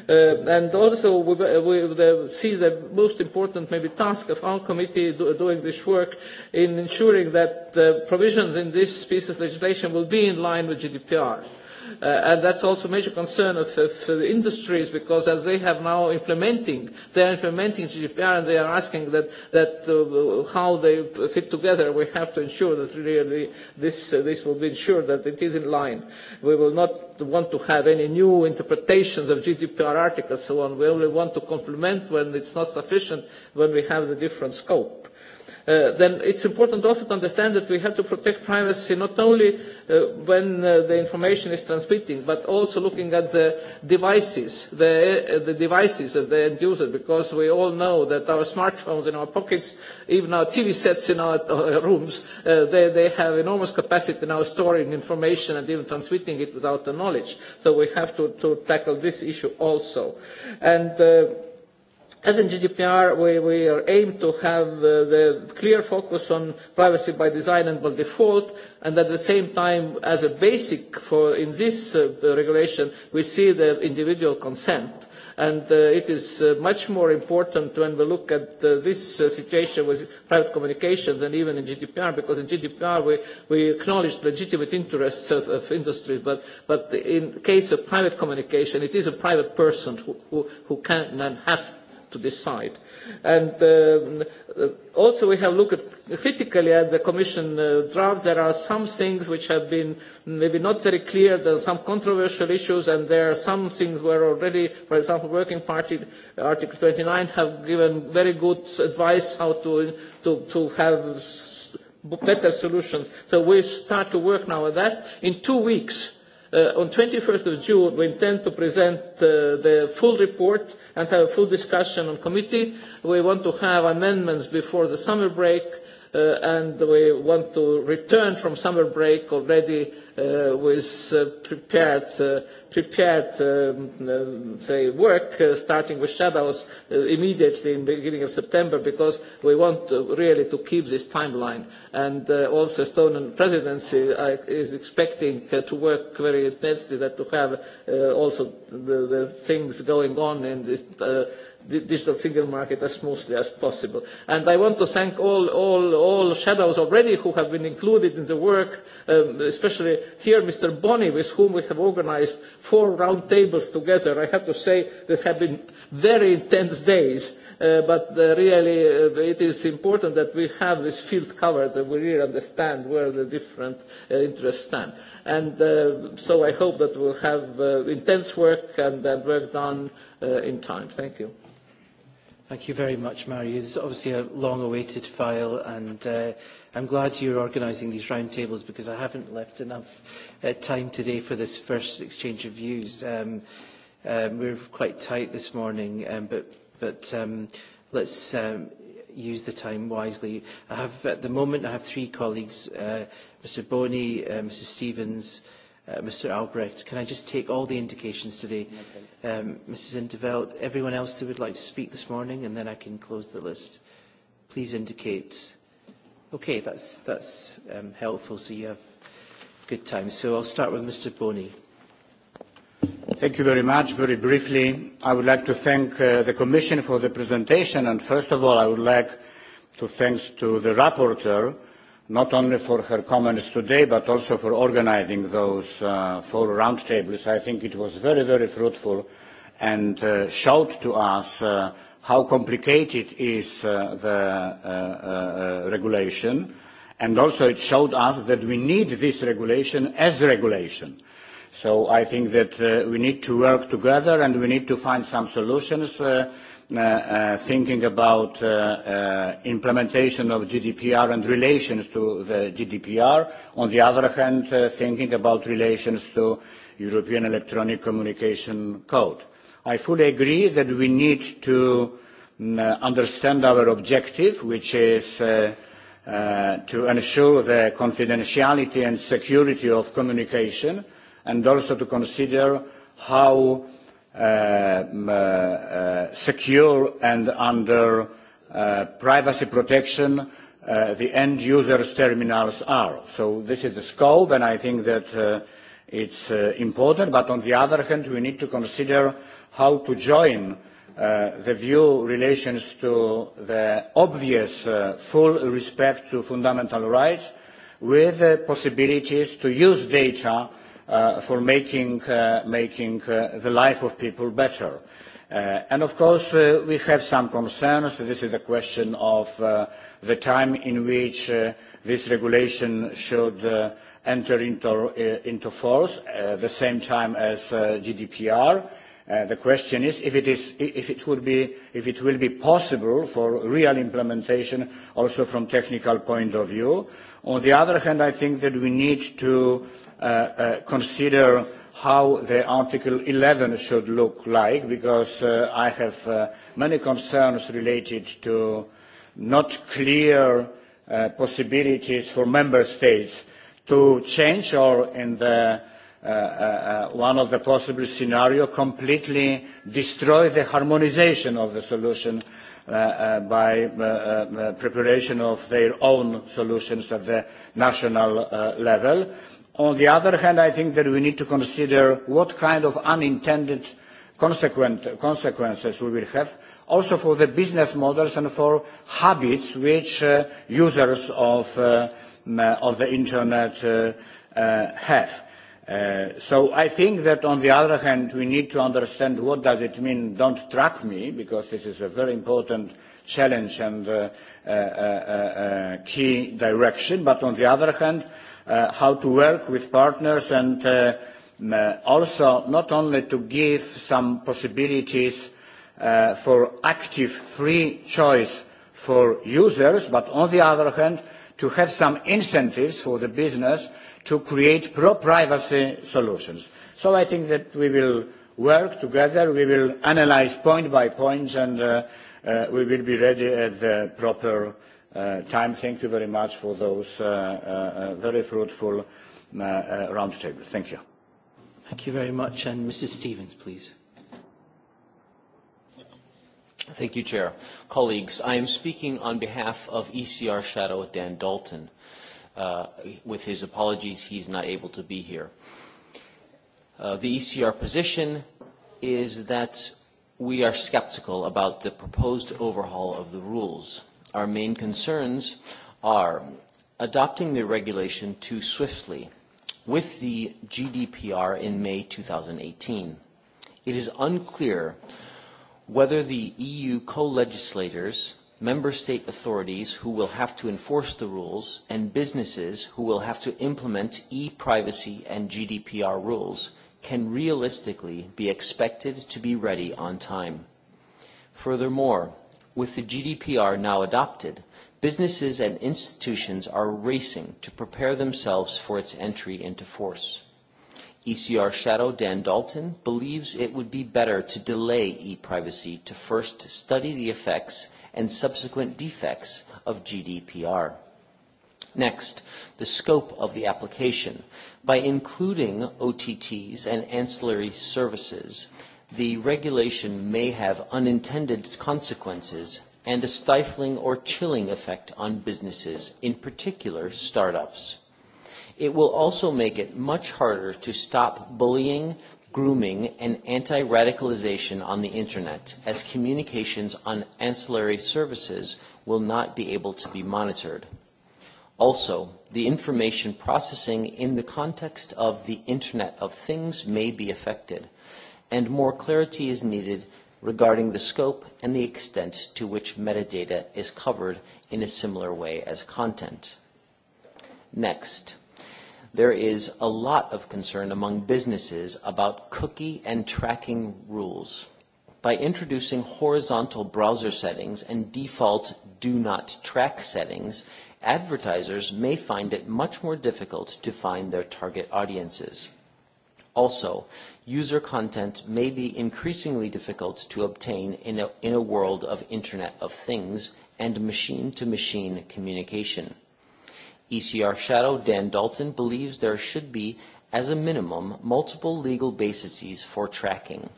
Uh, and also, we, we the, see the most important maybe task of our committee do, doing this work in ensuring that the provisions in this piece of legislation will be in line with GDPR. Uh, Uh, and that's also a major concern of, of uh, industries because as they have now implementing, they are implementing GDPR and they are asking that, that uh, how they fit together. We have to ensure that really this, uh, this will be ensured that it is in line. We will not want to have any new interpretations of GDPR articles and so on. We only want to complement when it's not sufficient when we have the different scope. Uh, then it's important also to understand that we have to protect privacy not only uh, when uh, the information is transmitting, but also looking at the devices, the, uh, the devices of the end user, because we all know that our smartphones in our pockets, even our TV sets in our uh, rooms, uh, they, they have enormous capacity now storing information and even transmitting it without the knowledge. So we have to, to tackle this issue also. And uh, As in GDPR, we, we aim to have uh, the clear focus on privacy by design and by default, and at the same time, as a basic for in this uh, regulation, we see the individual consent. And uh, it is uh, much more important when we look at uh, this uh, situation with private communication than even in GDPR, because in GDPR we, we acknowledge legitimate interests of, of industries, but, but in case of private communication, it is a private person who, who, who can and have to decide. And um, uh, also we have looked at critically at the Commission uh, draft. There are some things which have been maybe not very clear. There are some controversial issues, and there are some things where already, for example, Working Party Article 29 have given very good advice how to, to, to have better solutions. So we start to work now on that. In two weeks, Uh, on 21st of June, we intend to present uh, the full report and have a full discussion on committee. We want to have amendments before the summer break, uh, and we want to return from summer break already uh, uh, with uh, prepared, uh, prepared um, uh, say, work, uh, starting with shadows uh, immediately in the beginning of September, because we want to, really to keep this timeline. And uh, also Estonian presidency uh, is expecting uh, to work very intensely, that to have uh, also the, the things going on in this uh, the digital single market as smoothly as possible. And I want to thank all, all, all shadows already who have been included in the work, um, especially here Mr. Bonney, with whom we have organized four round tables together. I have to say that have been very intense days. Uh, but uh, really, uh, it is important that we have this field covered, that we really understand where the different uh, interests stand. And uh, so I hope that we'll have uh, intense work and, and work done uh, in time. Thank you. Thank you very much, Mario. This is obviously a long-awaited file, and uh, I'm glad you're organising these roundtables because I haven't left enough uh, time today for this first exchange of views. Um, um, we're quite tight this morning, um, but, but um, let's um, use the time wisely. I have, at the moment, I have three colleagues, uh, Mr Boney, uh, Mrs Stevens, uh, uh, Mr Albrecht. Can I just take all the indications today? Um, Mrs Interveld, everyone else who would like to speak this morning, and then I can close the list. Please indicate. Okay, that's, that's um, helpful, so you have good time. So I'll start with Mr Boney. Thank you very much. Very briefly, I would like to thank uh, the Commission for the presentation, and first of all, I would like to thanks to the rapporteur uh, not only for her comments today, but also for organizing those uh, four roundtables. I think it was very, very fruitful and uh, showed to us uh, how complicated is uh, the uh, uh, uh, regulation, and also it showed us that we need this regulation as regulation. So I think that uh, we need to work together and we need to find some solutions. Uh, uh, uh, thinking about uh, uh, implementation of GDPR and relations to the GDPR. On the other hand, uh, thinking about relations to European Electronic Communication Code. I fully agree that we need to um, understand our objective, which is uh, uh, to ensure the confidentiality and security of communication, and also to consider how uh, um, uh, uh, secure and under uh, privacy protection uh, the end users' terminals are. So this is the scope, and I think that uh, it's uh, important. But on the other hand, we need to consider how to join uh, the view relations to the obvious uh, full respect to fundamental rights with uh, possibilities to use data uh, for making, uh, making uh, the life of people better. Uh, and of course, uh, we have some concerns. This is a question of uh, the time in which uh, this regulation should uh, enter into, uh, into force, uh, the same time as uh, GDPR. Uh, the question is if it, is, if, it would be, if it will be possible for real implementation also from technical point of view. On the other hand, I think that we need to uh, uh, uh, consider how the Article 11 should look like, because uh, I have uh, many concerns related to not clear uh, possibilities for member states to change or in the uh, uh, one of the possible scenario completely destroy the harmonization of the solution uh, uh, by uh, uh, uh preparation of their own solutions at the national uh, level On the other hand, I think that we need to consider what kind of unintended consequences we will have also for the business models and for habits which uh, users of, uh, uh, of the internet uh, uh, have. Uh, so I think that on the other hand, we need to understand what does it mean, don't track me, because this is a very important challenge and uh, uh, uh, uh, key direction. But on the other hand, uh, uh, how to work with partners and uh, uh, also not only to give some possibilities uh, for active free choice for users, but on the other hand, to have some incentives for the business to create pro-privacy solutions. So I think that we will work together, we will analyze point by point, and uh, uh, we will be ready at the proper uh, time. Thank you very much for those uh, uh, uh very fruitful uh, uh, roundtables. Thank you. Thank you very much. And Mrs. Stevens, please. Thank you, Chair. Colleagues, I am speaking on behalf of ECR Shadow Dan Dalton. Uh, with his apologies, he's not able to be here. Uh, the ECR position is that we are skeptical about the proposed overhaul of the rules Our main concerns are adopting the regulation too swiftly with the GDPR in May 2018. It is unclear whether the EU co-legislators, member state authorities who will have to enforce the rules, and businesses who will have to implement e-privacy and GDPR rules can realistically be expected to be ready on time. Furthermore, With the GDPR now adopted, businesses and institutions are racing to prepare themselves for its entry into force. ECR Shadow Dan Dalton believes it would be better to delay e-privacy to first study the effects and subsequent defects of GDPR. Next, the scope of the application. By including OTTs and ancillary services, the regulation may have unintended consequences and a stifling or chilling effect on businesses, in particular startups. It will also make it much harder to stop bullying, grooming, and anti-radicalization on the internet, as communications on ancillary services will not be able to be monitored. Also, the information processing in the context of the Internet of Things may be affected, and more clarity is needed regarding the scope and the extent to which metadata is covered in a similar way as content. Next, there is a lot of concern among businesses about cookie and tracking rules. By introducing horizontal browser settings and default do not track settings, advertisers may find it much more difficult to find their target audiences. Also, user content may be increasingly difficult to obtain in a, in a world of Internet of Things and machine-to-machine -machine communication. ECR Shadow Dan Dalton believes there should be, as a minimum, multiple legal bases for tracking.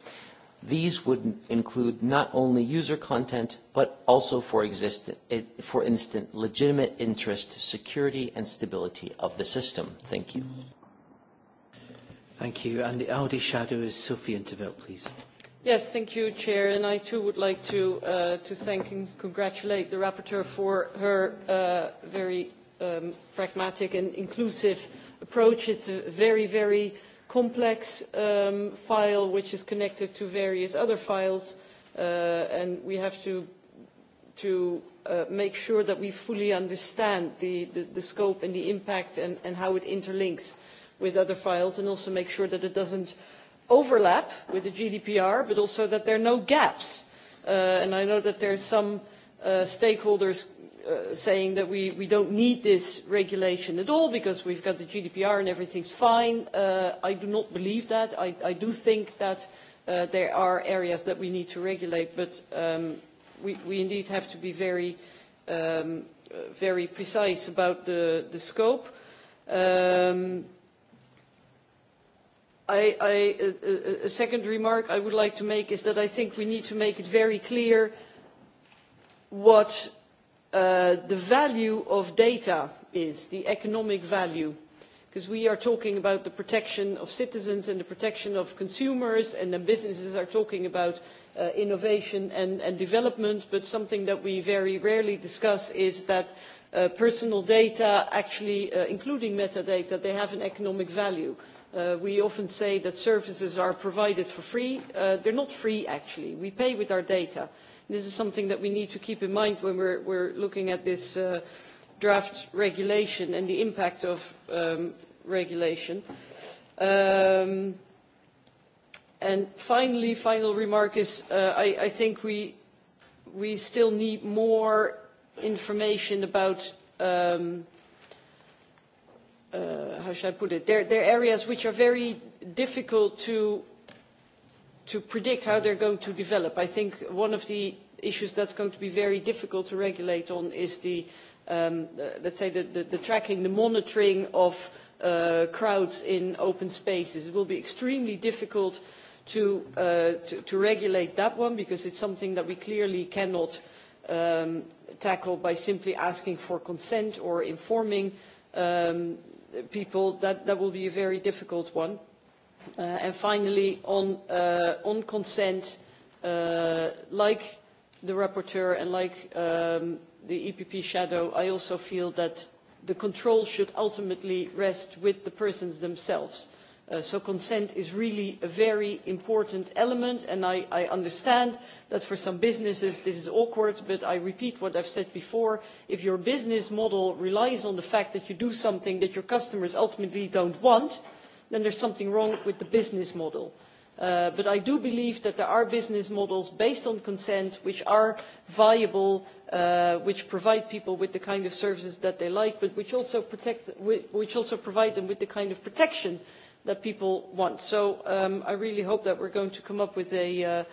These would include not only user content, but also, for, exist, for instance, legitimate interest, security, and stability of the system. Thank you. Mm-hmm. Thank you. And the Aldi shadow is Sophie Intervelt, please. Yes, thank you, Chair. And I too would like to, uh, to thank and congratulate the rapporteur for her uh, very um, pragmatic and inclusive approach. It's a very, very complex um, file which is connected to various other files, uh, and we have to, to uh, make sure that we fully understand the, the, the scope and the impact and, and how it interlinks. Uh, with other files and also make sure that it doesn't overlap with the GDPR, but also that there are no gaps. Uh, and I know that there are some uh, stakeholders uh, saying that we, we don't need this regulation at all because we've got the GDPR and everything's fine. Uh, I do not believe that. I, I do think that uh, there are areas that we need to regulate, but um, we, we indeed have to be very, um, uh, very precise about the, the scope. Um, I, I, a, a second remark I would like to make is that I think we need to make it very clear what uh, the value of data is, the economic value. Because we are talking about the protection of citizens and the protection of consumers, and then businesses are talking about uh, innovation and, and development, but something that we very rarely discuss is that uh, personal data, actually uh, including metadata, they have an economic value. Uh, Uh, we often say that services are provided for free. Uh, they're not free, actually. We pay with our data. This is something that we need to keep in mind when we're, we're looking at this uh, draft regulation and the impact of um, regulation. Um, and finally, final remark is uh, I, I think we, we still need more information about um, – uh, how should I put it? There, there are areas which are very difficult to, to predict how they're going to develop. I think one of the issues that's going to be very difficult to regulate on is the, um, uh, let's say, the, the, the tracking, the monitoring of uh, crowds in open spaces. It will be extremely difficult to, uh, to, to regulate that one because it's something that we clearly cannot um, tackle by simply asking for consent or informing um, people, that, that will be a very difficult one. Uh, and finally, on, uh, on consent, uh, like the rapporteur and like um, the EPP shadow, I also feel that the control should ultimately rest with the persons themselves. Uh, Uh, so consent is really a very important element and I, I understand that for some businesses this is awkward but I repeat what I've said before. If your business model relies on the fact that you do something that your customers ultimately don't want, then there's something wrong with the business model. Uh, but i do believe that there are business models based on consent which are viable uh, which provide people with the kind of services that they like but which also, protect, which also provide them with the kind of protection that people want. So um, I really hope that we're going to come up with a, uh,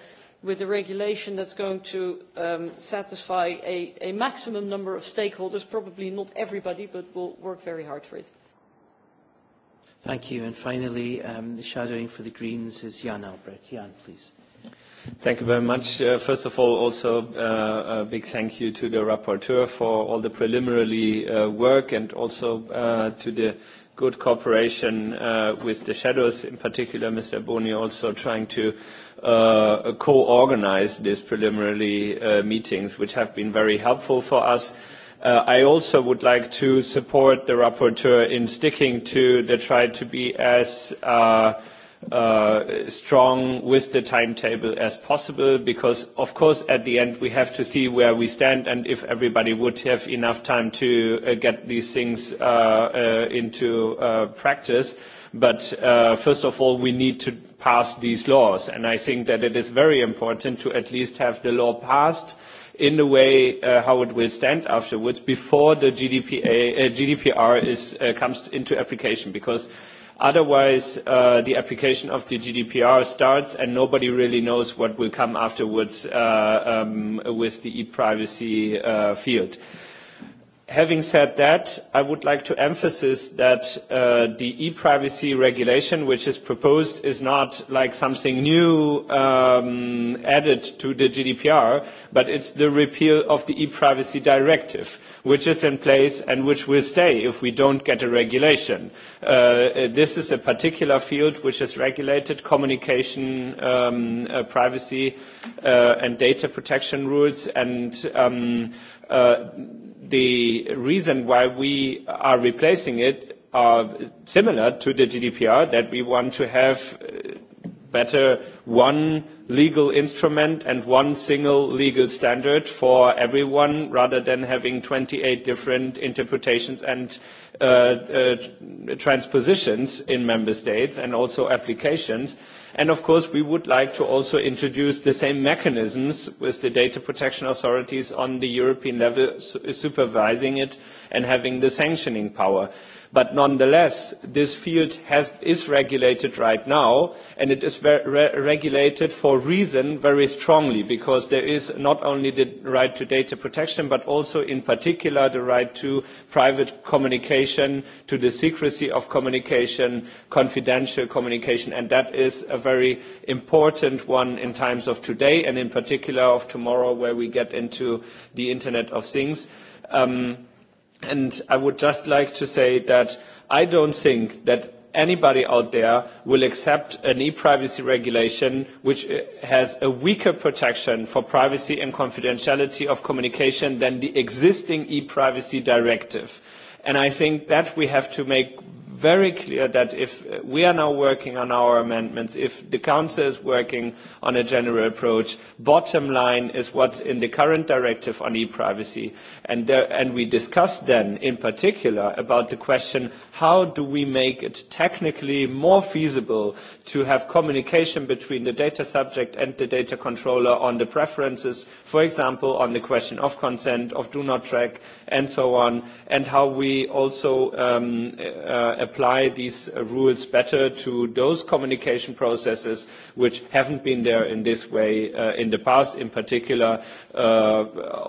with a regulation that's going to um, satisfy a, a maximum number of stakeholders, probably not everybody, but we'll work very hard for it. Thank you. And finally, um, the shadowing for the Greens is Jan Albrecht. Jan, please. Thank you very much. Uh, first of all, also uh, a big thank you to the rapporteur for all the preliminary uh, work and also uh, to the good cooperation uh, with the shadows, in particular Mr. Boni also trying to uh, co-organize these preliminary uh, meetings, which have been very helpful for us. Uh, I also would like to support the rapporteur in sticking to the try to be as uh, uh, strong with the timetable as possible because, of course, at the end we have to see where we stand and if everybody would have enough time to uh, get these things uh, uh, into uh, practice. But uh, first of all, we need to pass these laws. And I think that it is very important to at least have the law passed in the way uh, how it will stand afterwards before the GDPA, uh, GDPR is, uh, comes into application because uh, Otherwise, uh, the application of the GDPR starts, and nobody really knows what will come afterwards uh, um, with the e-privacy uh, field. Uh, Having said that, I would like to emphasize that uh, the e-privacy regulation, which is proposed, is not like something new um, added to the GDPR, but it's the repeal of the e-privacy directive, which is in place and which will stay if we don't get a regulation. Uh, this is a particular field which is regulated, communication, um, uh, privacy, uh, and data protection rules, and um, uh, the reason why we are replacing it are similar to the GDPR that we want to have uh, better one legal instrument and one single legal standard for everyone rather than having 28 different interpretations and uh, uh, transpositions in member states and also applications. And of course, we would like to also introduce the same mechanisms with the data protection authorities on the European level, su supervising it and having the sanctioning power. Uh, But nonetheless, this field has, is regulated right now, and it is re regulated for reason very strongly, because there is not only the right to data protection, but also in particular the right to private communication, to the secrecy of communication, confidential communication, and that is a very important one in times of today, and in particular of tomorrow, where we get into the Internet of Things. Um, And I would just like to say that I don't think that anybody out there will accept an e-privacy regulation which uh, has a weaker protection for privacy and confidentiality of communication than the existing e-privacy directive. Uh, And I think that we have to make very clear that if we are now working on our amendments, if the Council is working on a general approach, bottom line is what's in the current directive on e-privacy. And, there, and we discussed then in particular about the question, how do we make it technically more feasible to have communication between the data subject and the data controller on the preferences, for example, on the question of consent, of do not track, and so on, and how we we also um, uh, apply these uh, rules better to those communication processes which haven't been there in this way uh, in the past, in particular uh,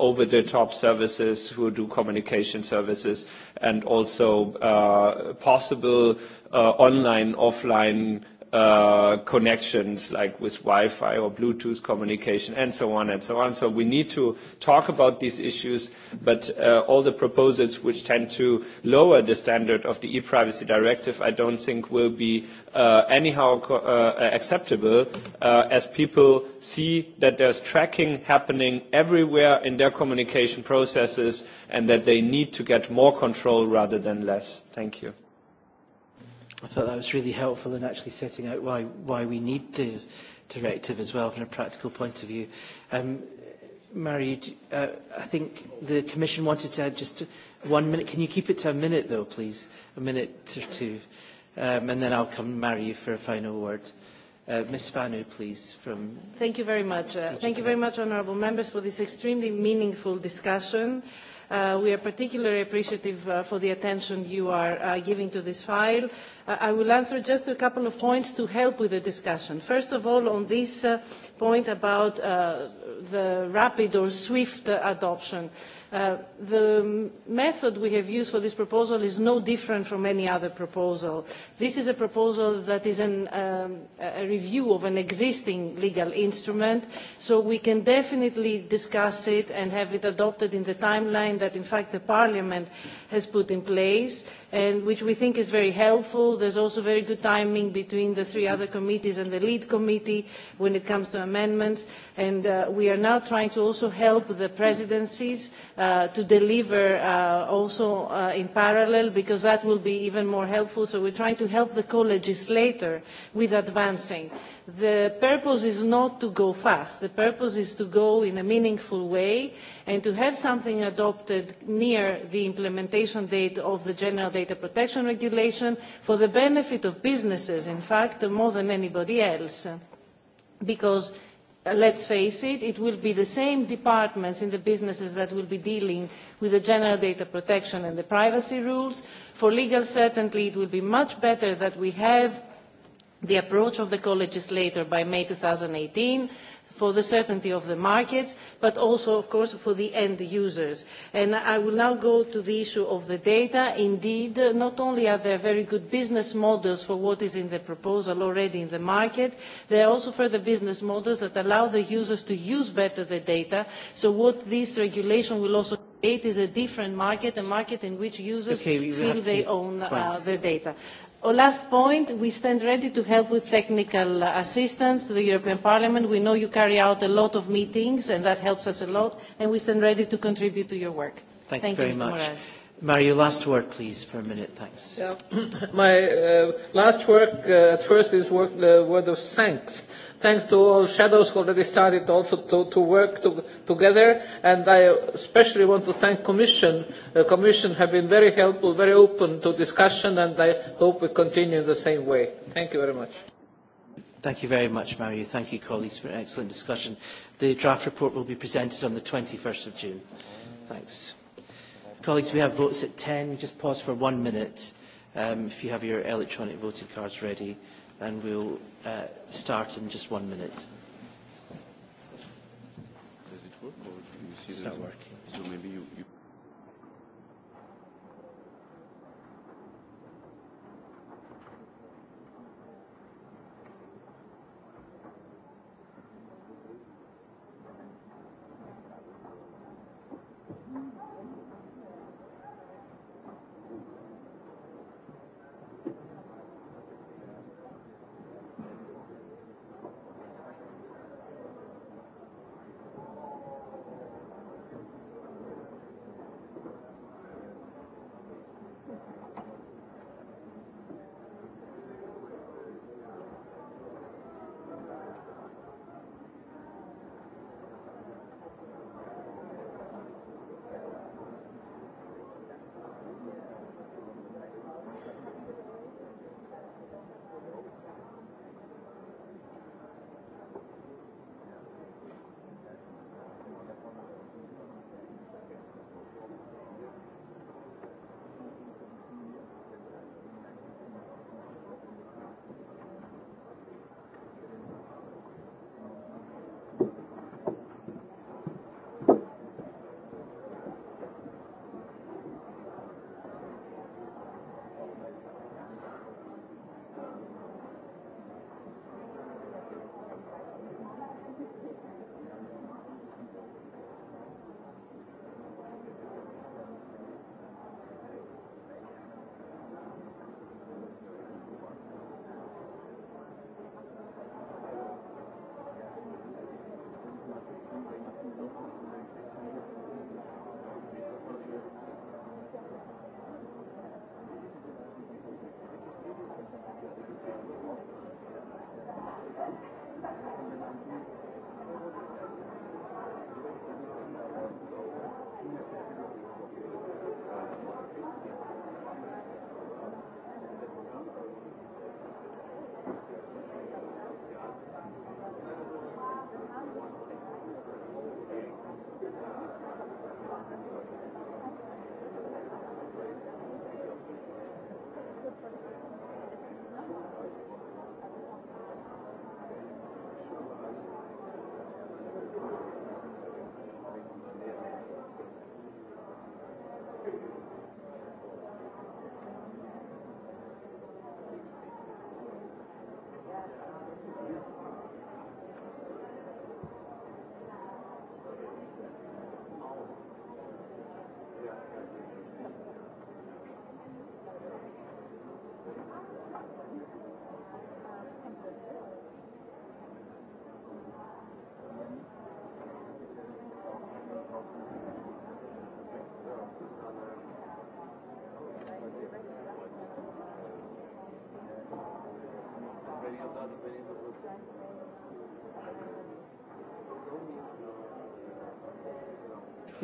over-the-top services who do communication services and also uh, possible uh, online, offline uh, connections like with Wi-Fi or Bluetooth communication and so on and so on. So we need to talk about these issues, but uh, all the proposals which tend to lower the standard of the e-privacy directive I don't think will be uh, anyhow co- uh, acceptable uh, as people see that there's tracking happening everywhere in their communication processes and that they need to get more control rather than less. Thank you. I thought that was really helpful in actually setting out why, why we need the directive as well from a practical point of view. Um, Mary, uh, I think the Commission wanted to add just one minute. Can you keep it to a minute, though, please? A minute or two. Um, and then I'll come, Mary, for a final word. Uh, Ms. Spanu, please. From thank you very much. Uh, thank you very much, honourable members, for this extremely meaningful discussion. Uh, Uh, we are particularly appreciative uh, for the attention you are uh, giving to this file. Uh, I will answer just a couple of points to help with the discussion. First of all, on this uh, point about uh, the rapid or swift uh, adoption. Uh, Uh, the method we have used for this proposal is no different from any other proposal. This is a proposal that is an, um, a review of an existing legal instrument, so we can definitely discuss it and have it adopted in the timeline that in fact the Parliament has put in place, and which we think is very helpful. There's also very good timing between the three other committees and the lead committee when it comes to amendments, and uh, we are now trying to also help the presidencies uh, to deliver uh, also uh, in parallel because that will be even more helpful. So we're trying to help the co-legislator with advancing. The purpose is not to go fast. The purpose is to go in a meaningful way and to have something adopted near the implementation date of the General Data Protection Regulation for the benefit of businesses, in fact, more than anybody else. Because Uh, let's face it, it will be the same departments in the businesses that will be dealing with the general data protection and the privacy rules. For legal certainty, it will be much better that we have the approach of the co-legislator by May 2018, for the certainty of the markets, but also, of course, for the end users. And I will now go to the issue of the data. Indeed, not only are there very good business models for what is in the proposal already in the market, there are also further business models that allow the users to use better the data. So what this regulation will also create is a different market, a market in which users okay, feel they to... own uh, their data. Our last point, we stand ready to help with technical assistance to the European Parliament. We know you carry out a lot of meetings, and that helps us a lot, and we stand ready to contribute to your work. Thank, Thank you very Mr. much. Moraes. Mario, last word, please, for a minute. Thanks. Yeah. My uh, last work uh, at first is work, the uh, word of thanks. Thanks to all shadows who already started also to, to work to, together. And I especially want to thank Commission. The uh, Commission have been very helpful, very open to discussion, and I hope we continue in the same way. Thank you very much. Thank you very much, Mario. Thank you, colleagues, for an excellent discussion. The draft report will be presented on the 21st of June. Thanks. Colleagues, we have votes at 10. We just pause for one minute um, if you have your electronic voting cards ready, and we'll uh, start in just one minute. Does it work, or do you see it's not working. So maybe you, you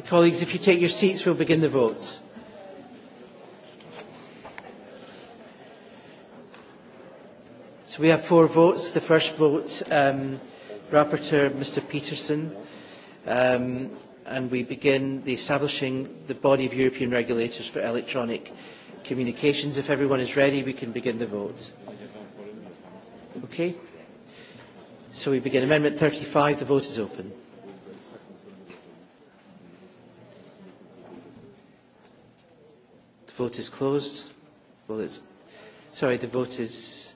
Colleagues, if you take your seats, we'll begin the vote. So we have four votes. The first vote, um, Rapporteur Mr Peterson, um, and we begin the establishing the body of European regulators for electronic communications. If everyone is ready, we can begin the vote. Okay. So we begin. Amendment 35, the vote is open. Vote is closed. Well, it's sorry. The vote is.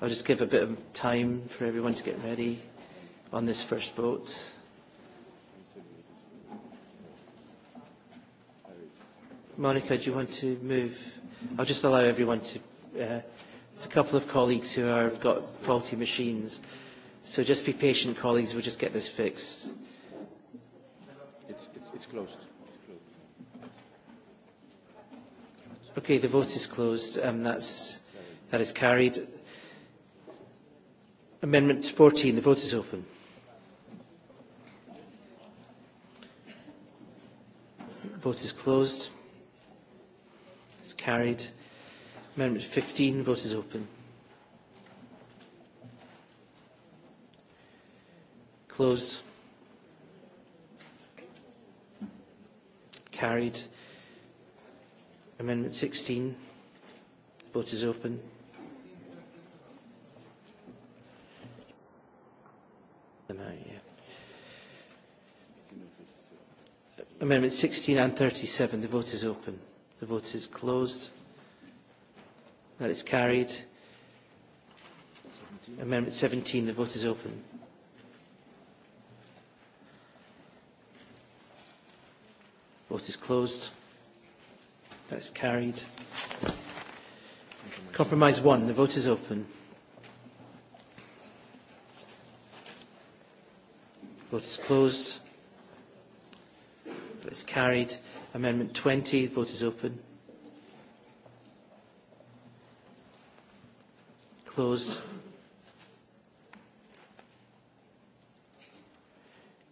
I'll just give a bit of time for everyone to get ready on this first vote. Monica, do you want to move? I'll just allow everyone to. Uh, there's a couple of colleagues who are got faulty machines, so just be patient, colleagues. We'll just get this fixed. It's, it's, it's closed. Okay, the vote is closed. Um, that's, that is carried. Amendment 14, the vote is open. Vote is closed. It's carried. Amendment 15, vote is open. Closed. Carried. Amendment 16. The vote is open. Them out, yeah. Amendment 16 and 37. The vote is open. The vote is closed. That is carried. 17. Amendment 17. The vote is open. Vote is closed. That's carried. Compromise 1. The vote is open. Vote is closed. That's carried. Amendment 20. Vote is open. Closed.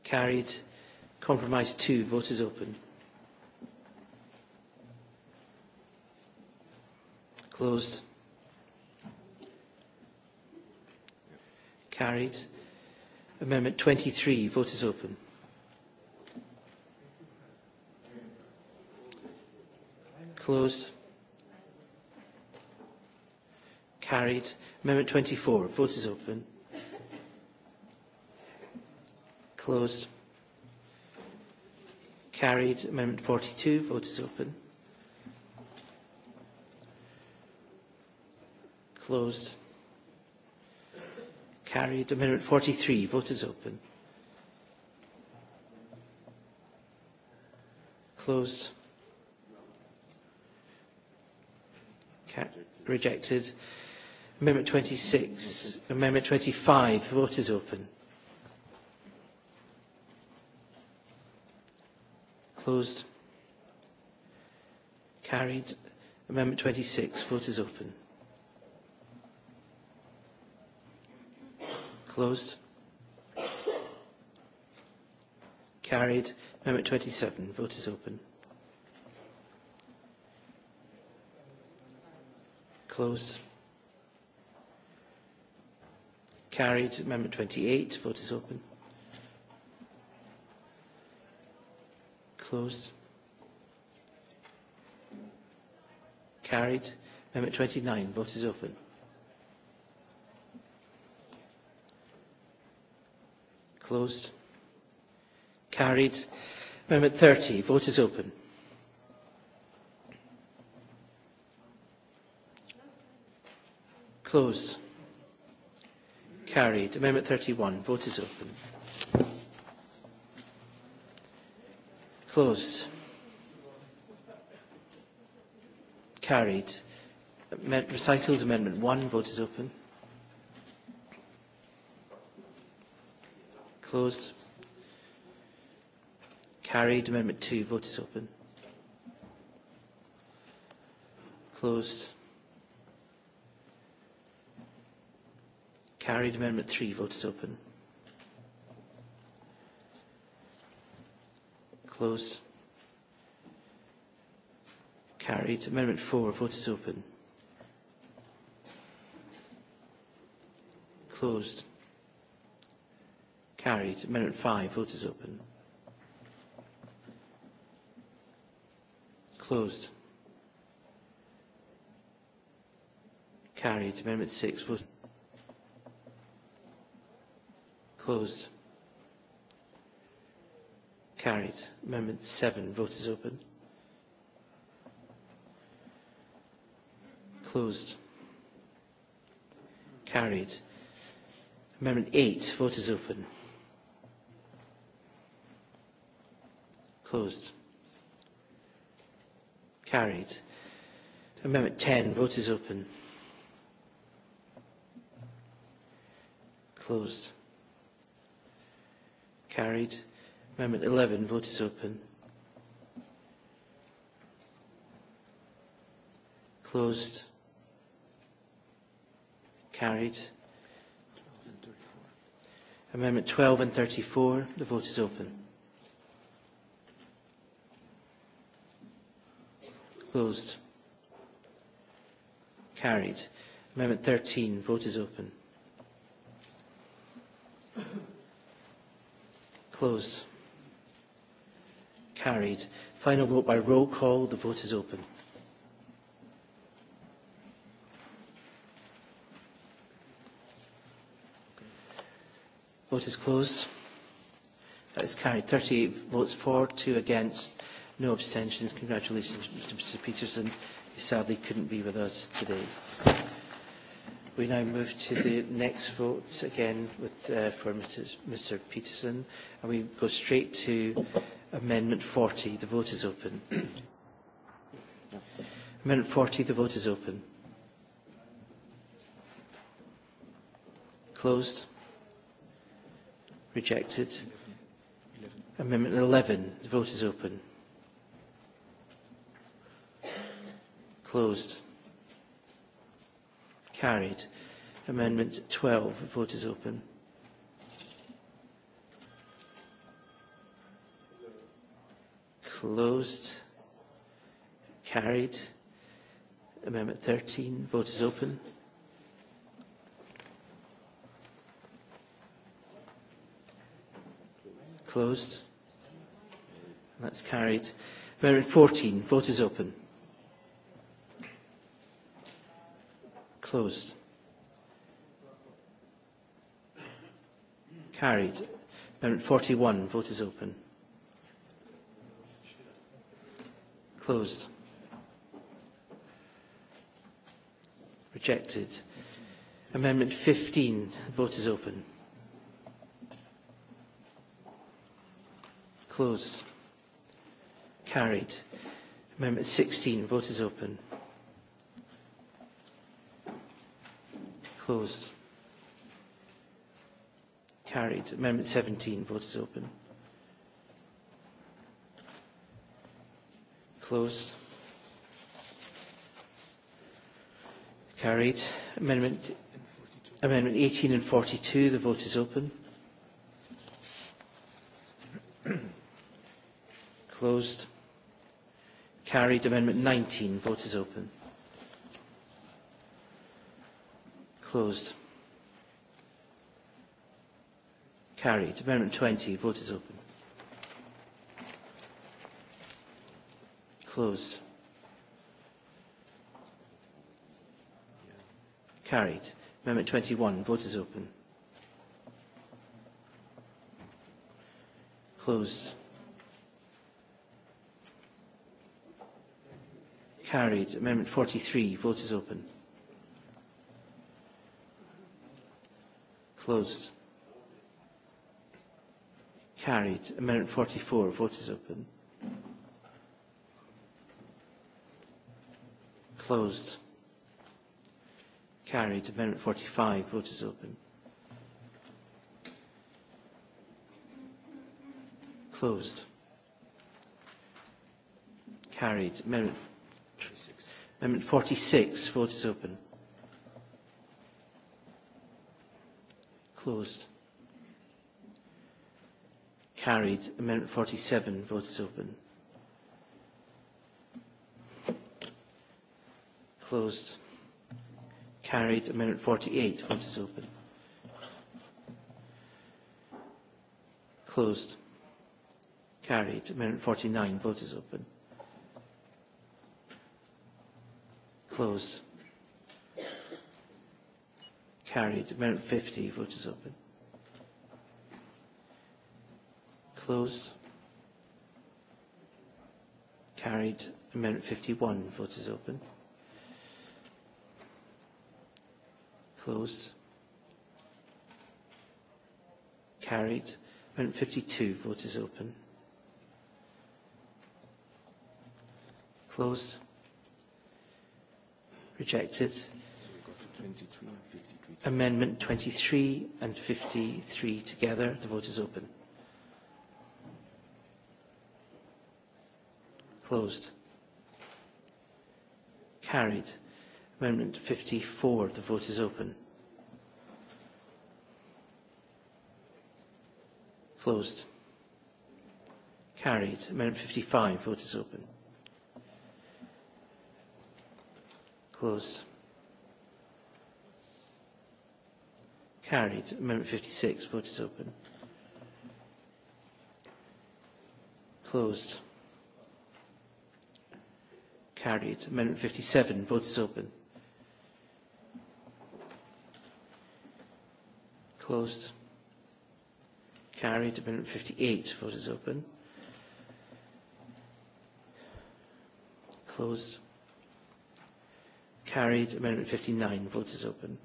Carried. Compromise 2. Vote is open. Closed. Carried. Amendment 23. Vote is open. Closed. Carried. Amendment 24. Vote is open. Closed. Carried. Amendment 42. Vote is open. Closed. Carried. Amendment 43. Vote is open. Closed. Ca- rejected. Amendment 26. Amendment 25. Vote is open. Closed. Carried. Amendment 26. Vote is open. Closed. Carried. Amendment 27. Vote is open. Closed. Carried. Amendment 28. Vote is open. Closed. Carried. Amendment 29. Vote is open. Closed. Carried. Amendment 30. Vote is open. Closed. Carried. Amendment 31. Vote is open. Closed. Carried. Recitals Amendment 1. Vote is open. Closed. Carried. Amendment 2. Vote is open. Closed. Carried. Amendment 3. Vote is open. Closed. Carried. Amendment 4. Vote is open. Closed. Carried. Amendment 5. Vote is open. Closed. Carried. Amendment 6. Vote closed. Carried. Amendment 7. Vote is open. Closed. Carried. Amendment 8. Vote is open. Closed. Carried. Amendment 10. Vote is open. Closed. Carried. Amendment 11. Vote is open. Closed. Carried. Amendment 12 and 34. The vote is open. Closed. Carried. Amendment 13. Vote is open. Closed. Carried. Final vote by roll call. The vote is open. Vote is closed. That is carried. 38 votes for, 2 against No abstentions. Congratulations, Mr. Peterson. He sadly couldn't be with us today. We now move to the next vote, again with, uh, for Mrs, Mr Peterson, and we go straight to Amendment 40. The vote is open. no. Amendment 40, the vote is open. Closed. Rejected. 11. Amendment 11, the vote is open. Closed. Carried. Amendment 12. The vote is open. Closed. Carried. Amendment 13. Vote is open. Closed. That's carried. Amendment 14. Vote is open. Closed. Carried. Amendment 41. Vote is open. Closed. Rejected. Amendment 15. Vote is open. Closed. Carried. Amendment 16. Vote is open. Closed. Carried. Amendment 17. Vote is open. Closed. Carried. Amendment, amendment 18 and 42. The vote is open. Closed. Carried. Amendment 19. Vote is open. Closed. Carried. Amendment 20. Vote is open. Closed. Carried. Amendment 21. Vote is open. Closed. Carried. Amendment 43. Vote is open. closed. Carried. Amendment 44. Vote is open. Closed. Carried. Amendment 45. Vote is open. Closed. Carried. Amendment, 46. Amendment 46. Vote is open. Closed. Carried. Amendment 47. Vote is open. Closed. Carried. Amendment 48. Vote is open. Closed. Carried. Amendment 49. Vote is open. Closed. Carried. Amendment 50. Vote is open. Closed. Carried. Amendment 51. Vote is open. Closed. Carried. Amendment 52. Vote is open. Closed. Rejected. 23 and 53. Amendment 23 and 53 together. The vote is open. Closed. Carried. Amendment 54. The vote is open. Closed. Carried. Amendment 55. Vote is open. Closed. Carried. Amendment 56. Vote is open. Closed. Carried. Amendment 57. Vote is open. Closed. Carried. Amendment 58. Vote is open. Closed. Carried. Amendment 59. Vote is open.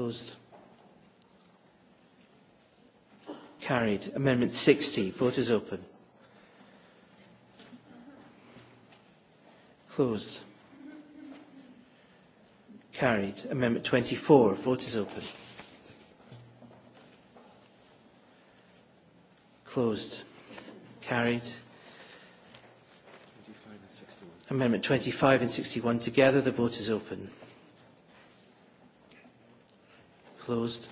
Opposed? Carried. Amendment 60. Vote is open. Closed. Carried. Amendment 24. Vote is open. Closed. Carried. 25 Amendment 25 and 61 together. The vote is open. closed.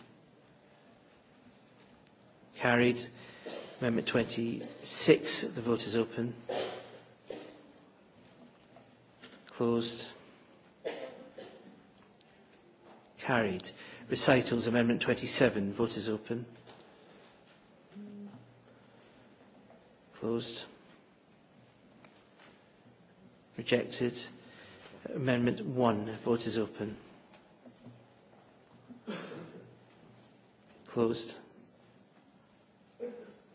Carried. Amendment 26, the vote is open. Closed. Carried. Recitals, Amendment 27, vote is open. Closed. Rejected. Amendment 1, vote is open. Closed.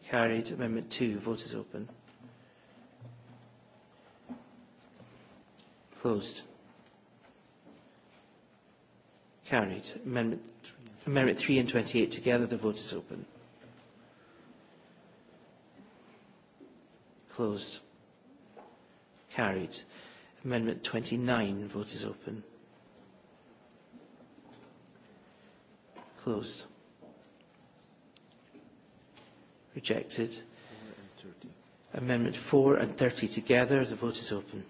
Carried. Amendment 2. Vote is open. Closed. Carried. Amendment, th Amendment 3 and 28 together. The vote is open. Closed. Carried. Amendment 29. Vote is open. Closed. Rejected. Amendment 4 and 30 together. The vote is open.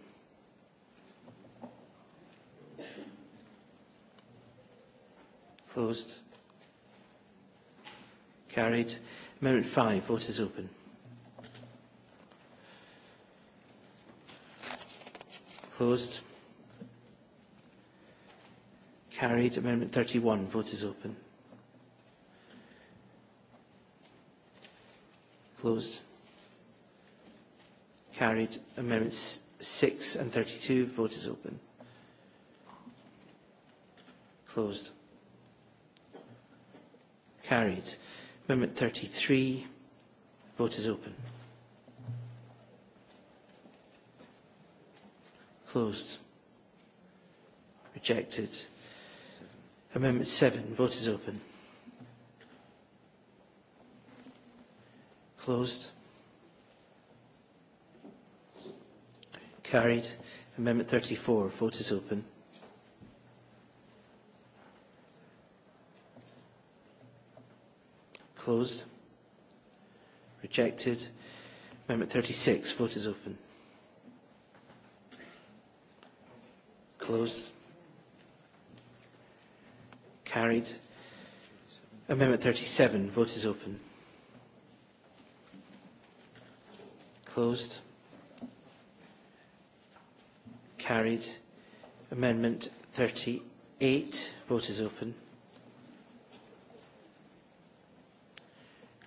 Closed. Carried. Amendment 5. Vote is open. Closed. Carried. Amendment 31. Vote is open. Closed. Carried. Amendments 6 and 32. Vote is open. Closed. Carried. Amendment 33. Vote is open. Closed. Rejected. Amendment 7. Vote is open. Closed. Carried. Amendment 34. Vote is open. Closed. Rejected. Amendment 36. Vote is open. Closed. Carried. Amendment 37. Vote is open. Closed. Carried. Amendment 38. Vote is open.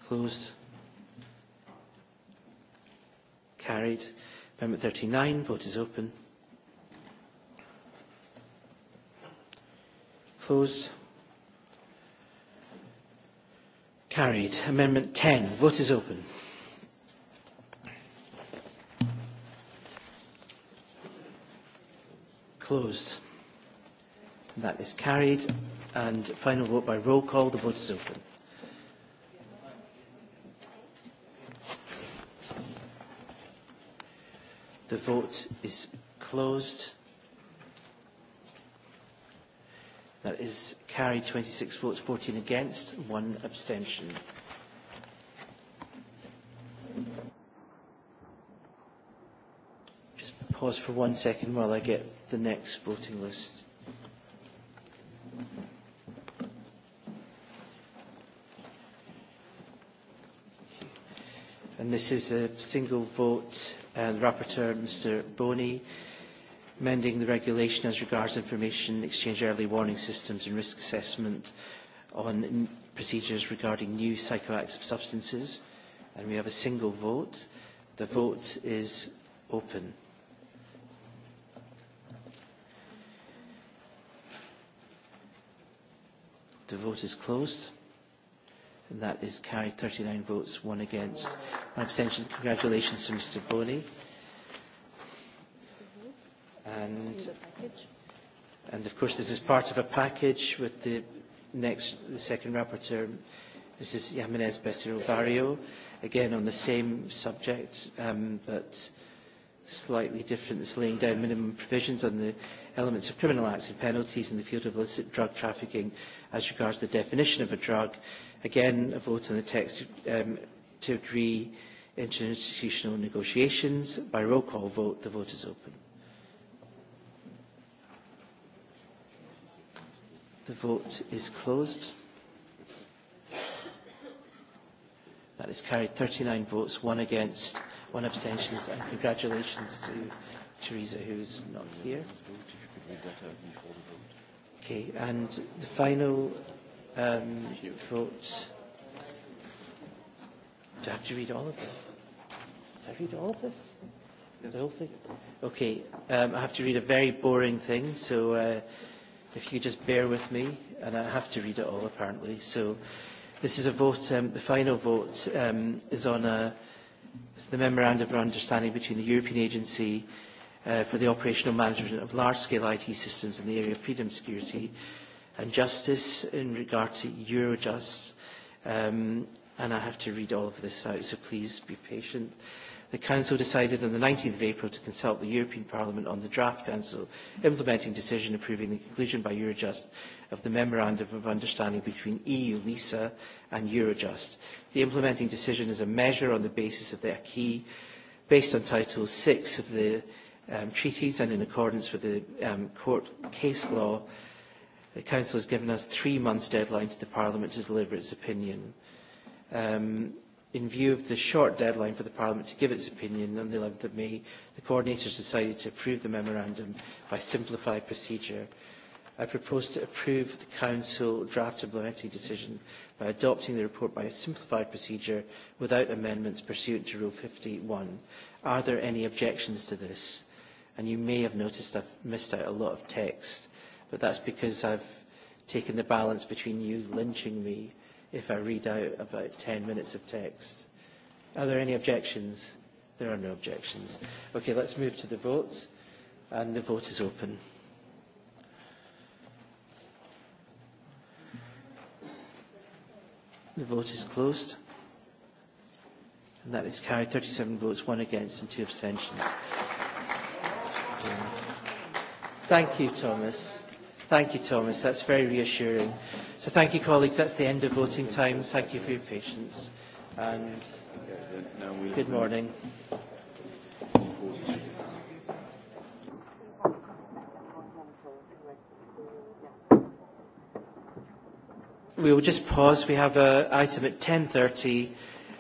Closed. Carried. Amendment 39. Vote is open. Closed. Carried. Amendment 10. Vote is open. closed. And that is carried. And final vote by roll call. The vote is open. The vote is closed. That is carried 26 votes, 14 against, one abstention. pause for one second while I get the next voting list. And this is a single vote. Uh, the rapporteur, Mr Boney, mending the regulation as regards information exchange early warning systems and risk assessment on procedures regarding new psychoactive substances. And we have a single vote. The vote is open. The vote is closed. And that is carried 39 votes, one against, one abstention. Congratulations to Mr. Boney. And, and of course, this is part of a package with the next, the second rapporteur, Mrs. Jimenez Becerril Barrio, again on the same subject, um, but slightly different. It's laying down minimum provisions on the elements of criminal acts and penalties in the field of illicit drug trafficking as regards the definition of a drug. Again, a vote on the text um, to agree interinstitutional negotiations. By roll call vote, the vote is open. The vote is closed. That is carried 39 votes, one against one abstention. And uh, congratulations to Teresa, who's not here. Okay, and the final um, vote. Do I have to read all of this? Do I read all of this? Yes. The whole thing? Okay, um, I have to read a very boring thing, so uh, if you could just bear with me, and I have to read it all apparently. So this is a vote, um, the final vote um, is on a is the Memorandum of Understanding between the European Agency uh, for the Operational Management of Large-Scale IT Systems in the Area of Freedom, Security and Justice in regard to Eurojust. Um, and I have to read all of this out, so please be patient. The Council decided on the 19th of April to consult the European Parliament on the draft Council implementing decision approving the conclusion by Eurojust of the Memorandum of Understanding between EU LISA and Eurojust. The implementing decision is a measure on the basis of the acquis based on Title VI of the um, treaties and in accordance with the um, court case law. The Council has given us three months deadline to the Parliament to deliver its opinion. Um, in view of the short deadline for the Parliament to give its opinion on the 11th of May, the coordinators decided to approve the memorandum by simplified procedure. Uh, I propose to approve the Council draft implementing decision by adopting the report by a simplified procedure without amendments pursuant to Rule 51. Are there any objections to this? And you may have noticed I've missed out a lot of text, but that's because I've taken the balance between you lynching me if I read out about 10 minutes of text. Are there any objections? There are no objections. Okay, let's move to the vote. And the vote is open. The vote is closed. And that is carried 37 votes, one against and two abstentions. Thank you, Thomas. Thank you, Thomas. That's very reassuring. So thank you, colleagues. That's the end of voting time. Thank you for your patience. And good morning. Thank you. we will just pause. We have an item at 10.30,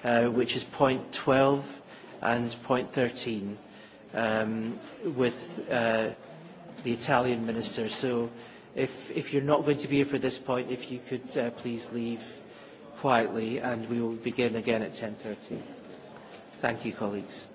uh, which is point 12 and point 13, um, with uh, the Italian minister. So if, if you're not going to be here for this point, if you could uh, please leave quietly, and we will begin again at 10.30. Thank you, colleagues.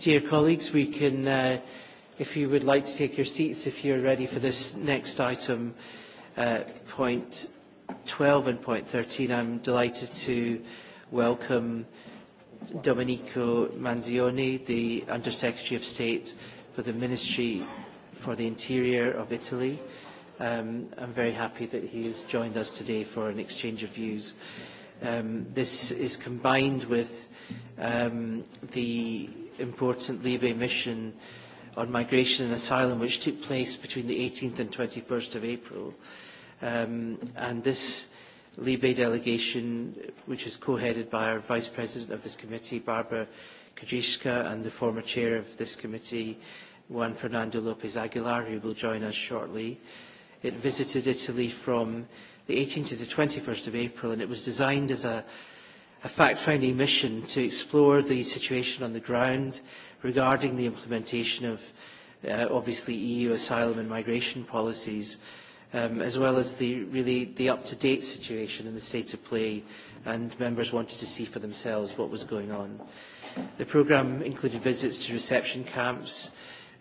Dear colleagues, we can, uh, if you would like to take your seats, if you're ready for this next item, uh, point 12 and point 13, I'm delighted to welcome Domenico Manzioni, the Undersecretary of State for the Ministry for the Interior of Italy. Um, I'm very happy that he has joined us today for an exchange of views. Um, this is combined with um, the important Libe mission on migration and asylum, which took place between the 18th and 21st of April. Um, and this Libe delegation, which is co-headed by our Vice President of this committee, Barbara Kudryshka, and the former chair of this committee, Juan Fernando Lopez Aguilar, who will join us shortly. It visited Italy from the 18th to the 21st of April, and it was designed as a a fact-finding mission to explore the situation on the ground regarding the implementation of, uh, obviously, EU asylum and migration policies, um, as well as the really the up-to-date situation and the state of play, and members wanted to see for themselves what was going on. The programme included visits to reception camps,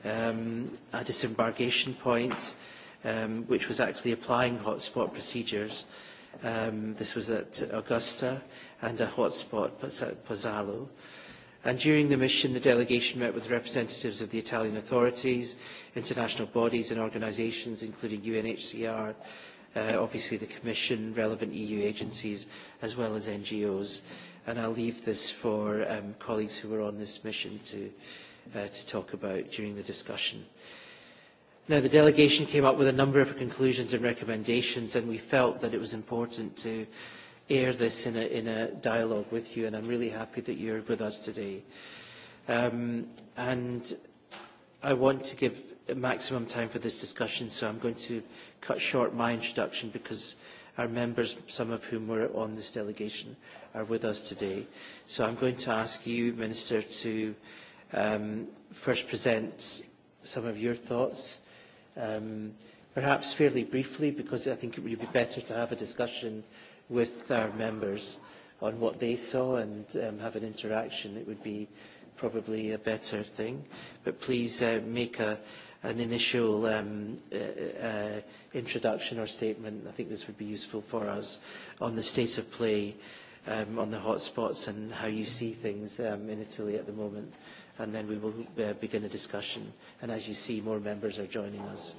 um, a disembarkation point, um, which was actually applying hotspot procedures, uh, Um, this was at Augusta and a hotspot at Pozzallo. And during the mission, the delegation met with representatives of the Italian authorities, international bodies and organisations, including UNHCR, uh, obviously the Commission, relevant EU agencies, as well as NGOs. And I'll leave this for um, colleagues who were on this mission to, uh, to talk about during the discussion. Now, the delegation came up with a number of conclusions and recommendations, and we felt that it was important to air this in a, in a dialogue with you, and I'm really happy that you're with us today. Um, and I want to give maximum time for this discussion, so I'm going to cut short my introduction because our members, some of whom were on this delegation, are with us today. So I'm going to ask you, Minister, to um, first present some of your thoughts um, perhaps fairly briefly, because I think it would be better to have a discussion with our members on what they saw and um, have an interaction. It would be probably a better thing. But please uh, make a, an initial um, uh, uh, introduction or statement. I think this would be useful for us on the state of play um, on the hotspots and how you see things um, in Italy at the moment and then we will uh, begin a discussion. And as you see, more members are joining us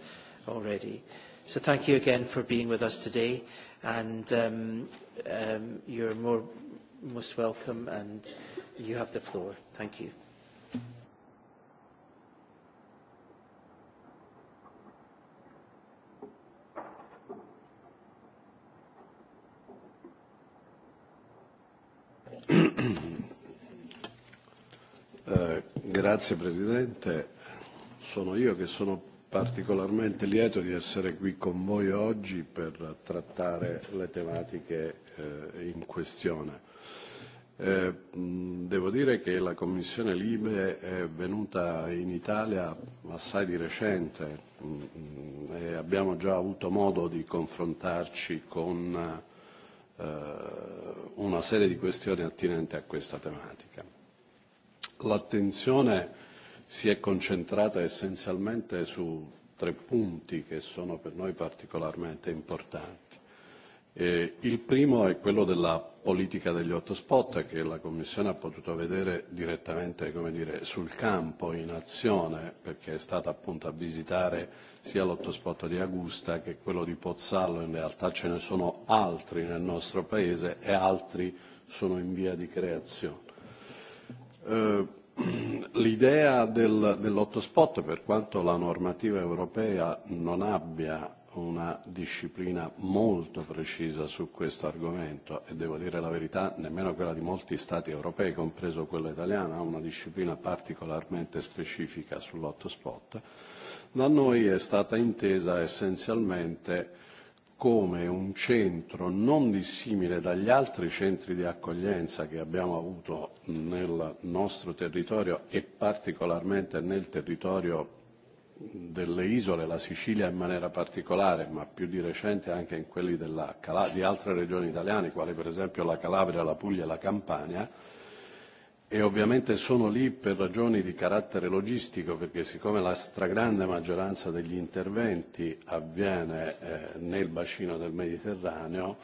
already. So thank you again for being with us today, and um, um, you're more, most welcome, and you have the floor. Thank you. Grazie Presidente, sono io che sono particolarmente lieto di essere qui con voi oggi per trattare le tematiche eh, in questione. Eh, devo dire che la Commissione Libe è venuta in Italia assai di recente mh, e abbiamo già avuto modo di confrontarci con eh, una serie di questioni attinenti a questa tematica l'attenzione si è concentrata essenzialmente su tre punti che sono per noi particolarmente importanti. Eh, il primo è quello della politica degli hotspot che la Commissione ha potuto vedere direttamente come dire, sul campo, in azione, perché è stata appunto a visitare sia l'hotspot di Augusta che quello di Pozzallo, in realtà ce ne sono altri nel nostro Paese e altri sono in via di creazione. Eh, L'idea del, dell'hotspot, per quanto la normativa europea non abbia una disciplina molto precisa su questo argomento e devo dire la verità, nemmeno quella di molti Stati europei, compreso quella italiana, ha una disciplina particolarmente specifica sull'hotspot, da noi è stata intesa essenzialmente come un centro non dissimile dagli altri centri di accoglienza che abbiamo avuto nel nostro territorio e particolarmente nel territorio delle isole, la Sicilia in maniera particolare, ma più di recente anche in quelli della Cala- di altre regioni italiane, quali per esempio la Calabria, la Puglia e la Campania, e ovviamente sono lì per ragioni di carattere logistico perché siccome la stragrande maggioranza degli interventi avviene eh, nel bacino del Mediterraneo,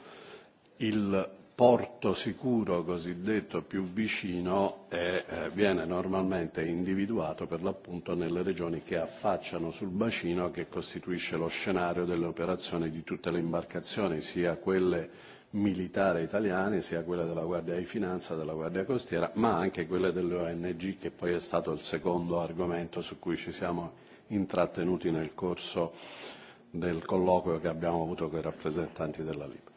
il porto sicuro cosiddetto più vicino è, eh, viene normalmente individuato per l'appunto nelle regioni che affacciano sul bacino che costituisce lo scenario delle operazioni di tutte le imbarcazioni, sia quelle militare italiane, sia quella della Guardia di Finanza, della Guardia Costiera, ma anche quella delle ONG, che poi è stato il secondo argomento su cui ci siamo intrattenuti nel corso del colloquio che abbiamo avuto con i rappresentanti della Libia.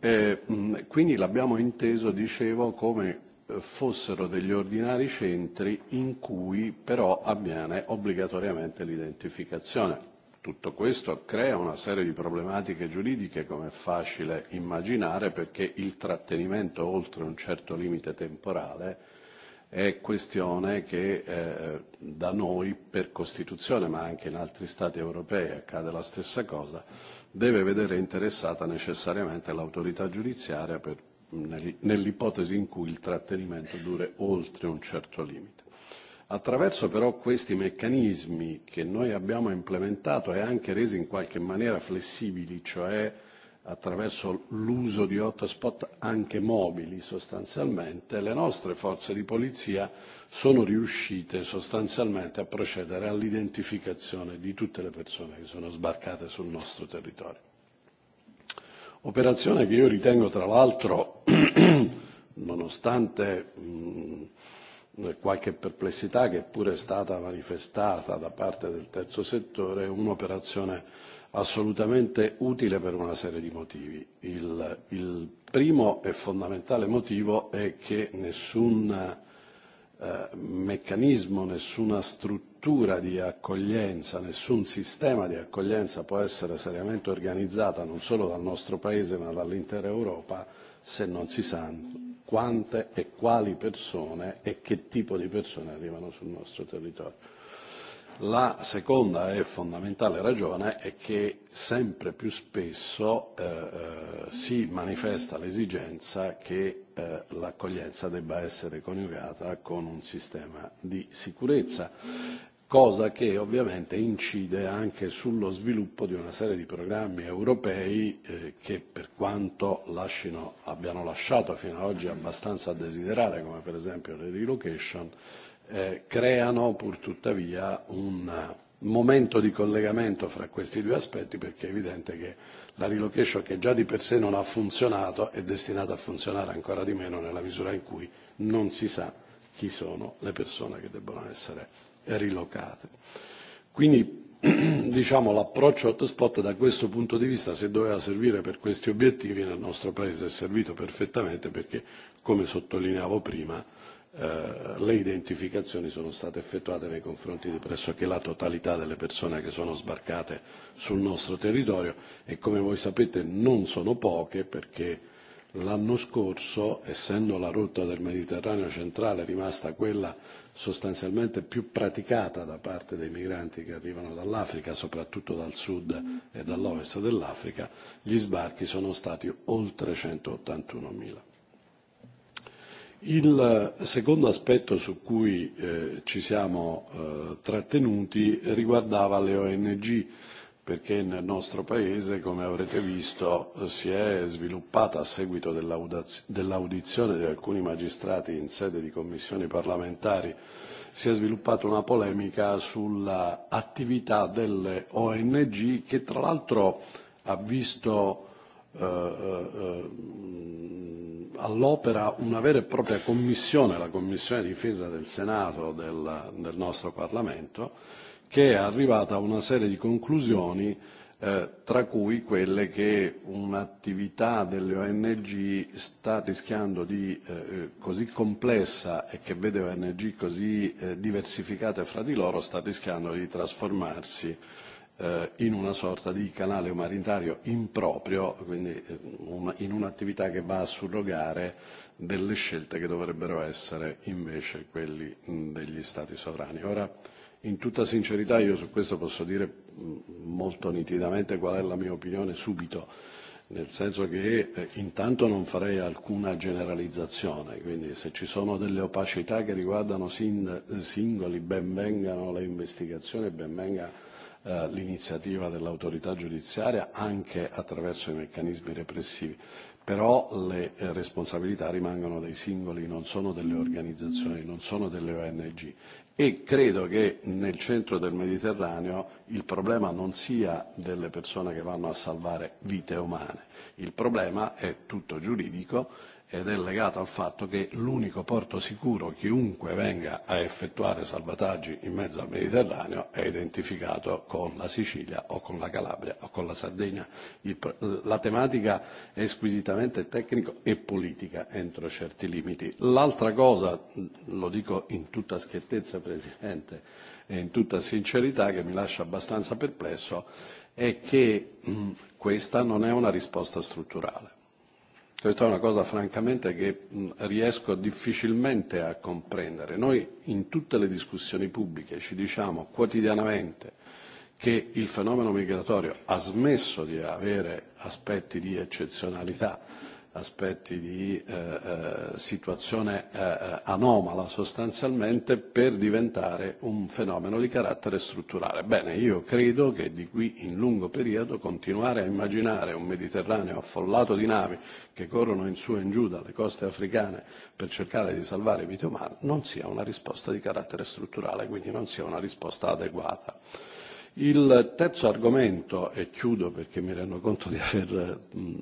E, mh, mm, quindi l'abbiamo inteso, dicevo, come eh, fossero degli ordinari centri in cui però avviene obbligatoriamente l'identificazione. Tutto questo crea una serie di problematiche giuridiche, come è facile immaginare, perché il trattenimento oltre un certo limite temporale è questione che eh, da noi per Costituzione, ma anche in altri Stati europei accade la stessa cosa, deve vedere interessata necessariamente l'autorità giudiziaria per, nell'ipotesi in cui il trattenimento dure oltre un certo limite attraverso però questi meccanismi che noi abbiamo implementato e anche resi in qualche maniera flessibili, cioè attraverso l'uso di hotspot anche mobili sostanzialmente, le nostre forze di polizia sono riuscite sostanzialmente a procedere all'identificazione di tutte le persone che sono sbarcate sul nostro territorio. Operazione che io ritengo tra l'altro, nonostante mh, qualche perplessità che pure è stata manifestata da parte del terzo settore, è un'operazione assolutamente utile per una serie di motivi. Il, il primo e fondamentale motivo è che nessun eh, meccanismo, nessuna struttura di accoglienza, nessun sistema di accoglienza può essere seriamente organizzata non solo dal nostro Paese ma dall'intera Europa se non si, san, quante e quali persone e che tipo di persone arrivano sul nostro territorio. La seconda e fondamentale ragione è che sempre più spesso eh, eh si manifesta l'esigenza che eh, l'accoglienza debba essere coniugata con un sistema di sicurezza cosa che ovviamente incide anche sullo sviluppo di una serie di programmi europei eh, che per quanto lasciano, abbiano lasciato fino ad oggi abbastanza a desiderare, come per esempio le relocation, eh, creano pur tuttavia un momento di collegamento fra questi due aspetti perché è evidente che la relocation che già di per sé non ha funzionato è destinata a funzionare ancora di meno nella misura in cui non si sa chi sono le persone che debbono essere rilocate. Quindi diciamo, l'approccio hotspot da questo punto di vista, se doveva servire per questi obiettivi, nel nostro Paese è servito perfettamente perché, come sottolineavo prima, eh, le identificazioni sono state effettuate nei confronti di pressoché la totalità delle persone che sono sbarcate sul nostro territorio e, come voi sapete, non sono poche perché L'anno scorso, essendo la rotta del Mediterraneo centrale rimasta quella sostanzialmente più praticata da parte dei migranti che arrivano dall'Africa, soprattutto dal sud e dall'ovest dell'Africa, gli sbarchi sono stati oltre 181.000. Il secondo aspetto su cui eh, ci siamo eh, trattenuti riguardava le ONG perché nel nostro Paese, come avrete visto, si è sviluppata a seguito dell'audizione di alcuni magistrati in sede di commissioni parlamentari, si è sviluppata una polemica sull'attività delle ONG che tra l'altro ha visto eh, eh, all'opera una vera e propria commissione, la Commissione Difesa del Senato del, del nostro Parlamento, che è arrivata a una serie di conclusioni eh, tra cui quelle che un'attività delle ONG sta rischiando di, eh, così complessa e che vede ONG così eh, diversificate fra di loro, sta rischiando di trasformarsi eh, in una sorta di canale umanitario improprio, quindi eh, una, in un'attività che va a surrogare delle scelte che dovrebbero essere invece quelli mm, degli Stati sovrani. Ora, In tutta sincerità io su questo posso dire mm, molto nitidamente qual è la mia opinione subito, nel senso che eh, intanto non farei alcuna generalizzazione, quindi se ci sono delle opacità che riguardano sind- singoli ben vengano le investigazioni, ben venga eh, l'iniziativa dell'autorità giudiziaria anche attraverso i meccanismi repressivi però le eh, responsabilità rimangono dei singoli, non sono delle organizzazioni, non sono delle ONG e credo che nel centro del Mediterraneo il problema non sia delle persone che vanno a salvare vite umane, il problema è tutto giuridico ed è legato al fatto che l'unico porto sicuro chiunque venga a effettuare salvataggi in mezzo al Mediterraneo è identificato con la Sicilia o con la Calabria o con la Sardegna. Il, la tematica è squisitamente tecnico e politica entro certi limiti. L'altra cosa, lo dico in tutta schiettezza Presidente e in tutta sincerità, che mi lascia abbastanza perplesso, è che mh, questa non è una risposta strutturale Questa è una cosa francamente che mm, riesco difficilmente a comprendere. Noi in tutte le discussioni pubbliche ci diciamo quotidianamente che il fenomeno migratorio ha smesso di avere aspetti di eccezionalità aspetti di eh, eh situazione eh, eh, anomala sostanzialmente per diventare un fenomeno di carattere strutturale. Bene, io credo che di qui in lungo periodo continuare a immaginare un Mediterraneo affollato di navi che corrono in su e in giù dalle coste africane per cercare di salvare vite umane non sia una risposta di carattere strutturale, quindi non sia una risposta adeguata. Il terzo argomento, e chiudo perché mi rendo conto di aver mh,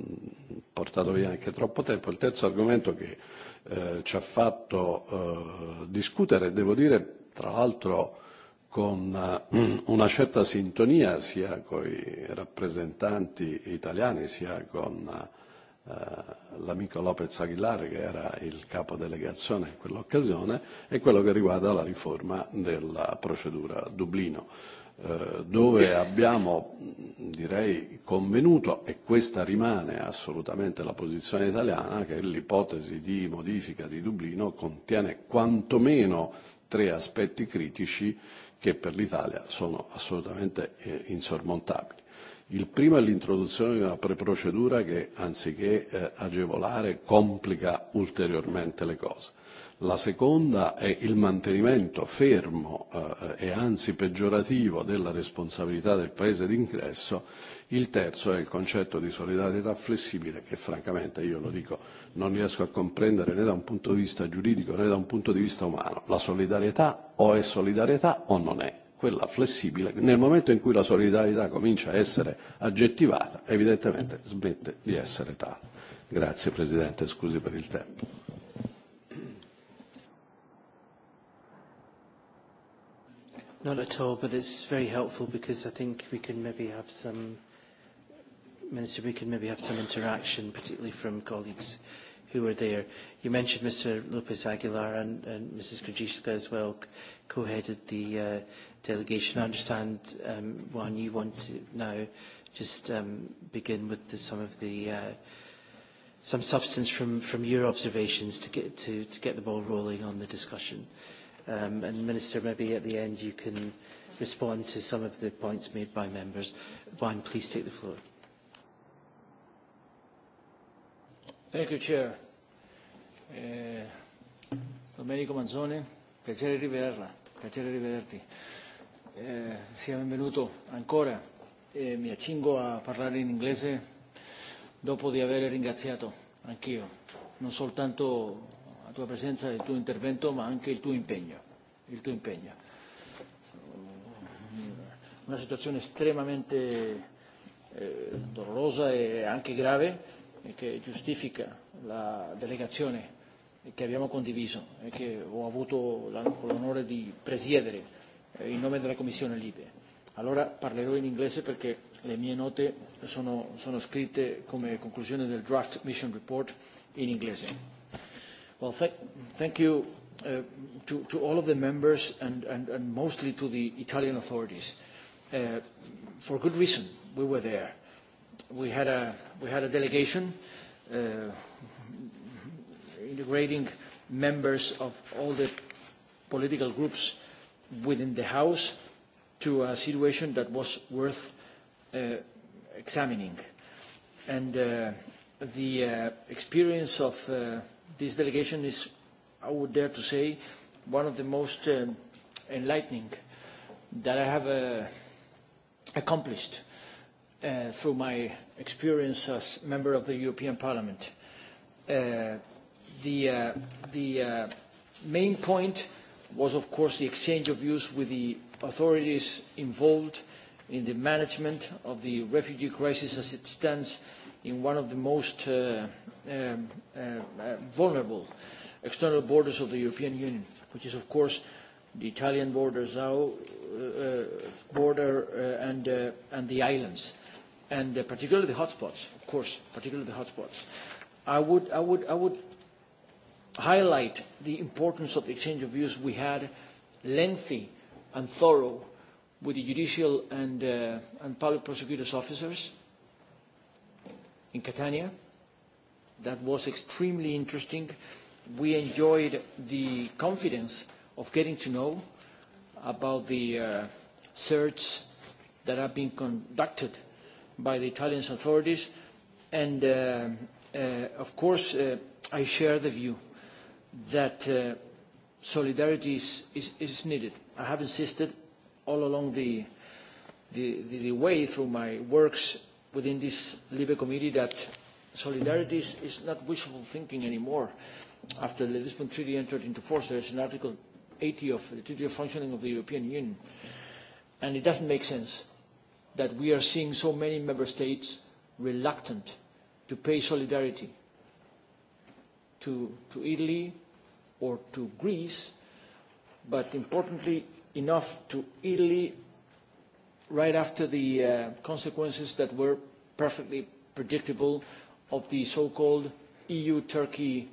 portato via anche troppo tempo, il terzo argomento che eh, ci ha fatto eh, discutere, devo dire tra l'altro con eh, una certa sintonia sia con i rappresentanti italiani sia con eh, l'amico Lopez Aguilar che era il capo delegazione in quell'occasione, e quello che riguarda la riforma della procedura Dublino eh, dove abbiamo, direi, convenuto, e questa rimane assolutamente la posizione italiana, che l'ipotesi di modifica di Dublino contiene quantomeno tre aspetti critici che per l'Italia sono assolutamente eh, insormontabili. Il primo è l'introduzione di una preprocedura che, anziché eh, agevolare, complica ulteriormente le cose. La seconda è il mantenimento fermo eh, e anzi peggiorativo della responsabilità del paese d'ingresso. Il terzo è il concetto di solidarietà flessibile che francamente, io lo dico, non riesco a comprendere né da un punto di vista giuridico né da un punto di vista umano. La solidarietà o è solidarietà o non è quella flessibile, nel momento in cui la solidarietà comincia a essere aggettivata, evidentemente smette di essere tale. Grazie Presidente, scusi per il tempo. Not at all, but it's very helpful because I think we can maybe have some, Minister, we can maybe have some interaction, particularly from colleagues who were there. You mentioned Mr. Lopez Aguilar and, and Mrs. Krajewska as well co-headed the uh, delegation. I understand, um, Juan, you want to now just um, begin with the, some of the uh, some substance from, from your observations to get, to, to get the ball rolling on the discussion. Uh, Um, and Minister, maybe at the end you can respond to some of the points made by members. Juan, please take the floor. Thank you, Chair. Uh, Domenico Manzone, piacere rivederla, piacere rivederti. Eh, sia benvenuto ancora. Eh, mi accingo a parlare in inglese dopo di aver ringraziato anch'io, non soltanto tua presenza, del tuo intervento, ma anche il tuo impegno. Il tuo impegno. Una situazione estremamente eh, dolorosa e anche grave eh, e che giustifica la delegazione eh, che abbiamo condiviso e che ho avuto l'onore di presiedere eh, in nome della Commissione Libe. Allora parlerò in inglese perché le mie note sono, sono scritte come conclusione del draft mission report in inglese Well, th thank you uh, to, to all of the members and, and, and mostly to the Italian authorities. Uh, for good reason, we were there. We had a, we had a delegation uh, integrating members of all the political groups within the House to a situation that was worth uh, examining. And uh, the uh, experience of uh, this delegation is, I would dare to say, one of the most um, enlightening that I have uh, accomplished uh, through my experience as member of the European Parliament. Uh, the uh, the uh, main point was, of course, the exchange of views with the authorities involved in the management of the refugee crisis as it stands uh, in one of the most uh, um, uh, uh, vulnerable external borders of the European Union, which is, of course, the Italian borders now, uh, uh, border uh, and, uh, and the islands, and uh, particularly the hotspots, of course, particularly the hotspots. I would, I would, I would highlight the importance of the exchange of views we had, lengthy and thorough, with the judicial and, uh, and public prosecutors officers, uh, in Catania. That was extremely interesting. We enjoyed the confidence of getting to know about the uh, search that have been conducted by the Italian authorities. And, uh, uh, of course, uh, I share the view that uh, solidarity is, is, is needed. I have insisted all along the, the, the, the way through my works within this LIBE committee that solidarity is, is not wishful thinking anymore. After the Lisbon Treaty entered into force, there is an Article 80 of the Treaty of Functioning of the European Union. And it doesn't make sense that we are seeing so many member states reluctant to pay solidarity to, to Italy or to Greece, but importantly enough to Italy right after the uh, consequences that were perfectly predictable of the so-called EU-Turkey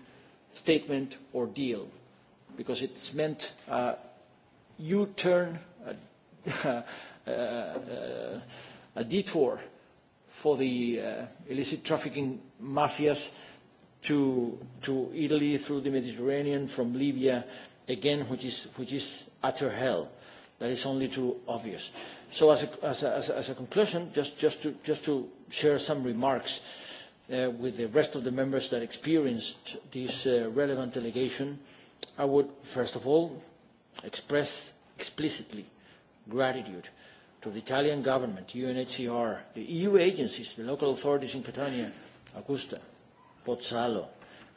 statement or deal, because it's meant uh, U-turn, uh, uh, uh, a detour for the uh, illicit trafficking mafias to, to Italy through the Mediterranean from Libya again, which is, which is utter hell. That is only too obvious. Uh, So as a, as a, as a, as a conclusion, just, just, to, just to share some remarks uh, with the rest of the members that experienced this uh, relevant delegation, I would first of all express explicitly gratitude to the Italian government, UNHCR, the EU agencies, the local authorities in Catania, Augusta, Pozzallo,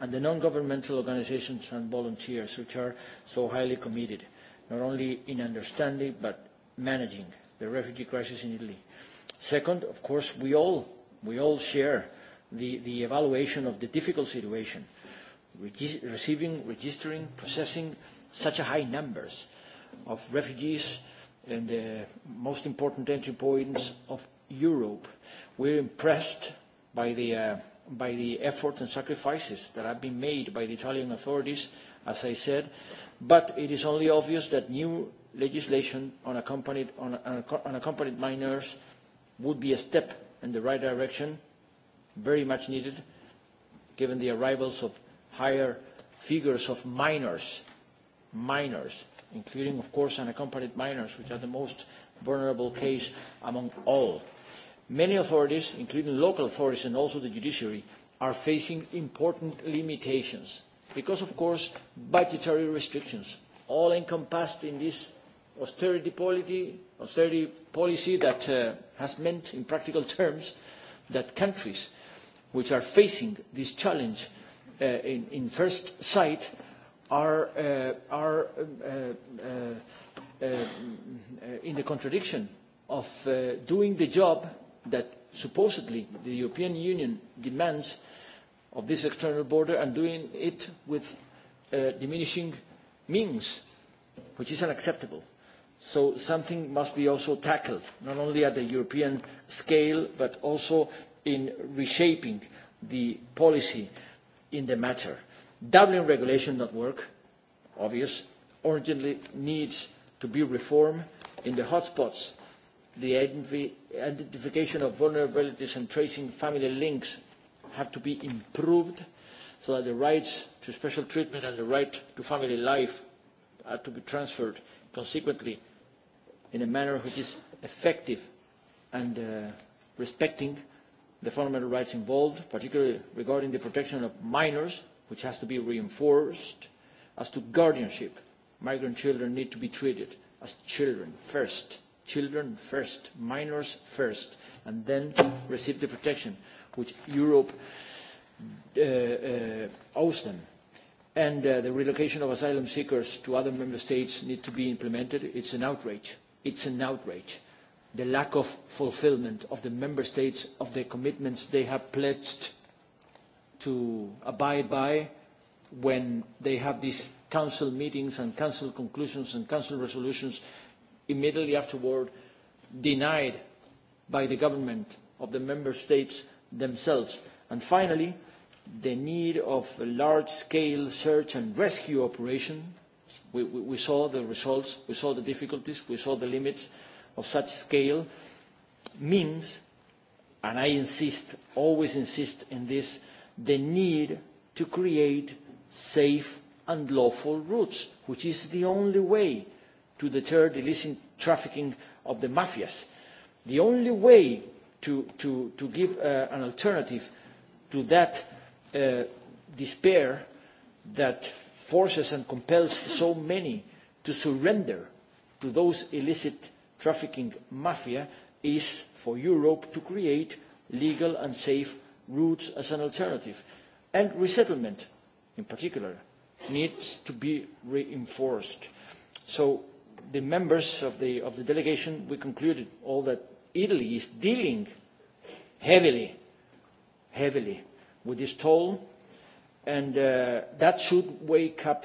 and the non-governmental organizations and volunteers which are so highly committed, not only in understanding but managing the refugee crisis in Italy. Second, of course, we all, we all share the, the evaluation of the difficult situation, Regis receiving, registering, processing such a high numbers of refugees and the most important entry points of Europe. We're impressed by the, uh, by the effort and sacrifices that have been made by the Italian authorities, as I said, but it is only obvious that new legislation on accompanied, on, on accompanied minors would be a step in the right direction, very much needed, given the arrivals of higher figures of minors, minors, including, of course, unaccompanied minors, which are the most vulnerable case among all. Many authorities, including local authorities and also the judiciary, are facing important limitations because, of course, budgetary restrictions, all encompassed in this austerity policy, austerity policy that uh, has meant, in practical terms, that countries which are facing this challenge uh, in, in first sight are, uh, are um, uh, uh, uh, in the contradiction of uh, doing the job that supposedly the European Union demands of this external border and doing it with uh, diminishing means, which is unacceptable. So something must be also tackled, not only at the European scale, but also in reshaping the policy in the matter. Dublin regulation not work, obvious, urgently needs to be reformed in the hotspots, the identification of vulnerabilities and tracing family links have to be improved so that the rights to special treatment and the right to family life are to be transferred consequently in a manner which is effective and uh, respecting the fundamental rights involved, particularly regarding the protection of minors, which has to be reinforced. As to guardianship, migrant children need to be treated as children first, children first, minors first, and then receive the protection which Europe uh, uh, owes them and uh, the relocation of asylum seekers to other member states need to be implemented. It's an outrage It's an outrage, the lack of fulfillment of the member states of the commitments they have pledged to abide by when they have these council meetings and council conclusions and council resolutions immediately afterward denied by the government of the member states themselves. And finally, the need of a large-scale search and rescue operation We, we, we saw the results, we saw the difficulties, we saw the limits of such scale means, and I insist, always insist in this, the need to create safe and lawful routes, which is the only way to deter the illicit trafficking of the mafias. The only way to, to, to give uh, an alternative to that uh, despair that forces and compels so many to surrender to those illicit trafficking mafia is for Europe to create legal and safe routes as an alternative. And resettlement, in particular, needs to be reinforced. So the members of the, of the delegation, we concluded all that Italy is dealing heavily, heavily with this toll and uh, that should wake up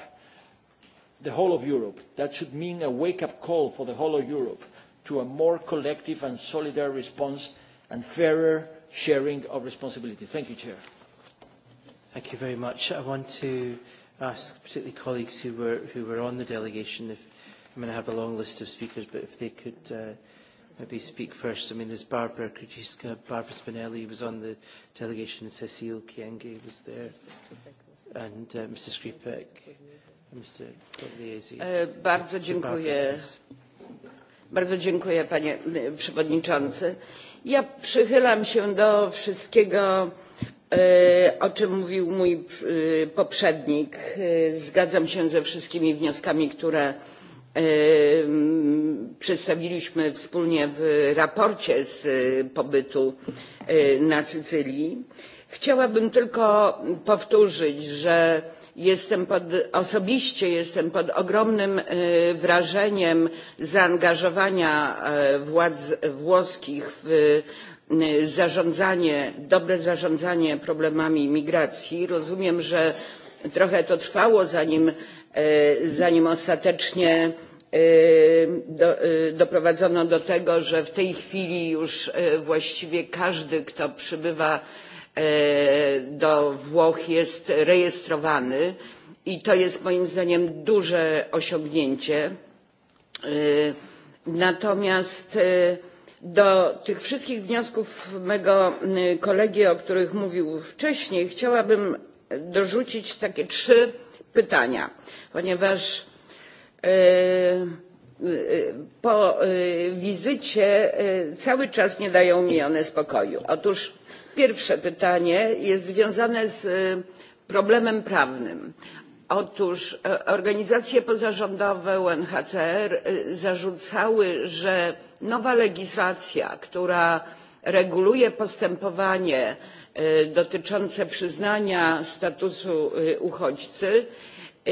the whole of Europe. That should mean a wake-up call for the whole of Europe to a more collective and solidary response and fairer sharing of responsibility. Thank you, Chair. Thank you very much. I want to ask particularly colleagues who were, who were on the delegation, if, I mean, I have a long list of speakers, but if they could uh, maybe speak first. I mean, there's Barbara Krajewska, Barbara Spinelli was on the delegation, and Cecile Kienge was there, and uh, Mr. Skripek, and Mr. Pugliese. Bardzo dziękuję. Bardzo dziękuję, panie przewodniczący. Ja przychylam się do wszystkiego, e, o czym mówił mój poprzednik. Zgadzam się ze wszystkimi wnioskami, które przedstawiliśmy wspólnie w raporcie z e, pobytu e, na sycylii. chciałabym tylko powtórzyć że jestem pod, osobiście jestem pod ogromnym e, wrażeniem zaangażowania władz włoskich w zarządzanie dobre zarządzanie problemami migracji. rozumiem że trochę to trwało zanim E, zanim ostatecznie e, do, e, doprowadzono do tego że w tej chwili już właściwie każdy kto przybywa do włoch jest rejestrowany i to jest moim zdaniem duże osiągnięcie natomiast do tych wszystkich wniosków mego kolegi o których mówił wcześniej chciałabym dorzucić takie trzy pytania, ponieważ e, e, po e, wizycie cały czas nie dają mi one spokoju. Otóż pierwsze pytanie jest związane z problemem prawnym. Otóż organizacje pozarządowe UNHCR zarzucały, że nowa legislacja, która reguluje postępowanie E, dotyczące przyznania statusu e, uchodźcy e,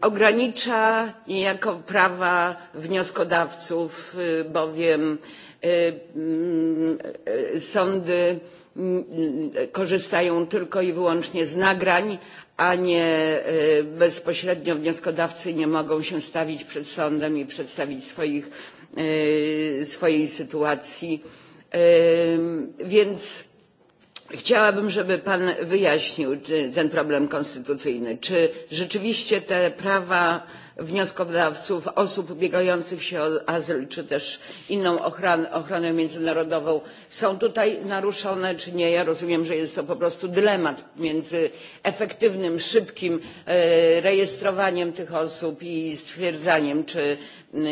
ogranicza niejako prawa wnioskodawców bowiem sądy korzystają tylko i wyłącznie z nagrań a nie bezpośrednio wnioskodawcy nie mogą się stawić przed sądem i przedstawić swoich, swojej sytuacji więc chciałabym żeby pan wyjaśnił ten problem konstytucyjny czy rzeczywiście te prawa wnioskodawców osób ubiegających się o azyl czy też inną ochronę, ochronę międzynarodową są tutaj naruszone czy nie? ja rozumiem że jest to po prostu dylemat między efektywnym szybkim e, rejestrowaniem tych osób i stwierdzaniem czy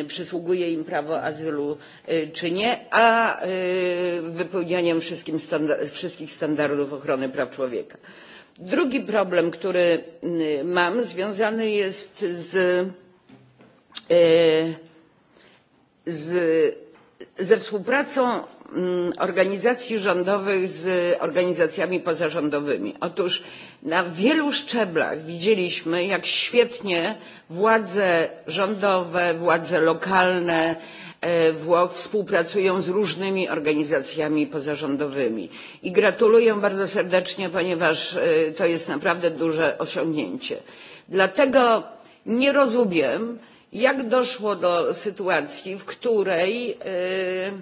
przysługuje im prawo azylu e, czy nie a e, wypełnianiem wszystkich standardów ochrony praw człowieka drugi problem który mam związany jest z, z, ze współpracą mm, organizacji rządowych z organizacjami pozarządowymi. otóż na wielu szczeblach widzieliśmy jak świetnie władze rządowe władze lokalne E, włoch współpracują z różnymi organizacjami pozarządowymi i gratuluję bardzo serdecznie ponieważ e, to jest naprawdę duże osiągnięcie. dlatego nie rozumiem jak doszło do sytuacji w której yy, e,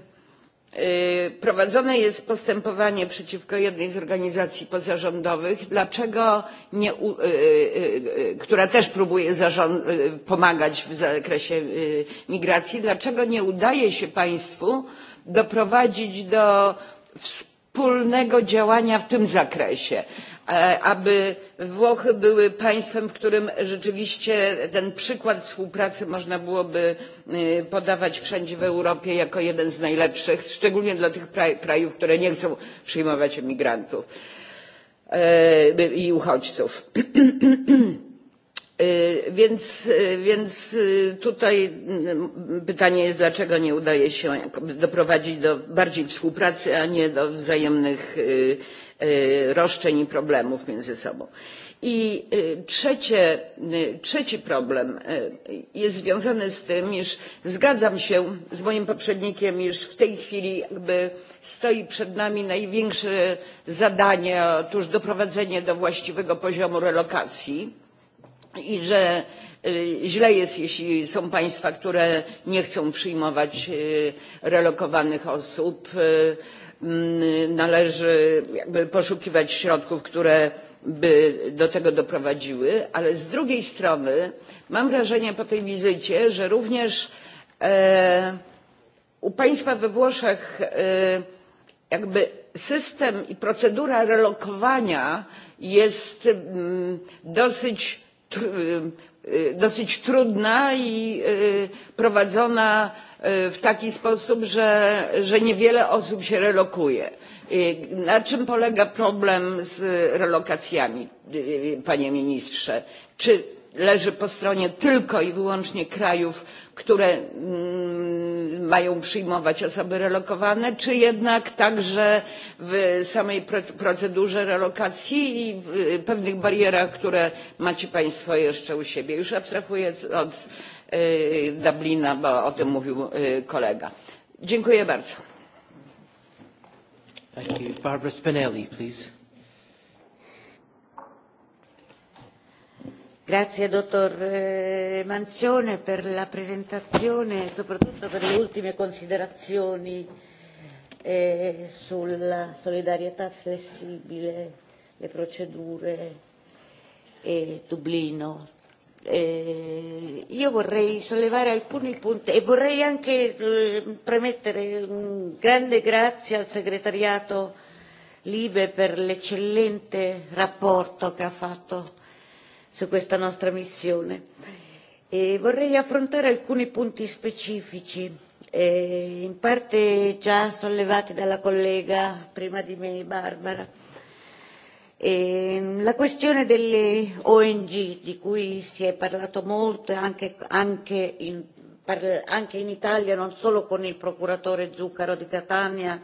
prowadzone jest postępowanie przeciwko jednej z organizacji pozarządowych dlaczego nie, która też próbuje zarząd, pomagać w zakresie migracji dlaczego nie udaje się państwu doprowadzić do wspólnego działania w tym zakresie? E, aby Włochy były państwem, w którym rzeczywiście ten przykład współpracy można byłoby podawać wszędzie w Europie jako jeden z najlepszych, szczególnie dla tych krajów, które nie chcą przyjmować emigrantów i uchodźców. Więc, więc tutaj mm, pytanie jest, dlaczego nie udaje się doprowadzić do bardziej współpracy, a nie do wzajemnych E, roszczeń i problemów między sobą. I e, trzecie, e, trzeci problem jest związany z tym, iż zgadzam się z moim poprzednikiem, iż w tej chwili jakby stoi przed nami największe zadanie, otóż doprowadzenie do właściwego poziomu relokacji i że źle jest jeśli są państwa które nie chcą przyjmować relokowanych osób Mm, należy jakby poszukiwać środków które by do tego doprowadziły ale z drugiej strony mam wrażenie po tej wizycie że również e, u państwa we włoszech e, jakby system i procedura relokowania jest m, mm, dosyć dosyć trudna i prowadzona w taki sposób że, że niewiele osób się relokuje. na czym polega problem z relokacjami panie ministrze? czy leży po stronie tylko i wyłącznie krajów które mm, mają przyjmować osoby relokowane czy jednak także w samej procedurze relokacji i w pewnych barierach które macie państwo jeszcze u siebie już abstrahuję od dublina bo o tym mówił kolega. dziękuję bardzo. Thank you. Barbara Spinelli, please. Grazie dottor eh, Manzione per la presentazione e soprattutto per le ultime considerazioni eh, sulla solidarietà flessibile, le procedure e Dublino. Eh, io vorrei sollevare alcuni punti e vorrei anche eh, premettere un grande grazie al segretariato Libe per l'eccellente rapporto che ha fatto su questa nostra missione. E vorrei affrontare alcuni punti specifici, eh, in parte già sollevati dalla collega prima di me, Barbara. E la questione delle ONG, di cui si è parlato molto anche, anche, in, par, anche in Italia, non solo con il procuratore Zuccaro di Catania,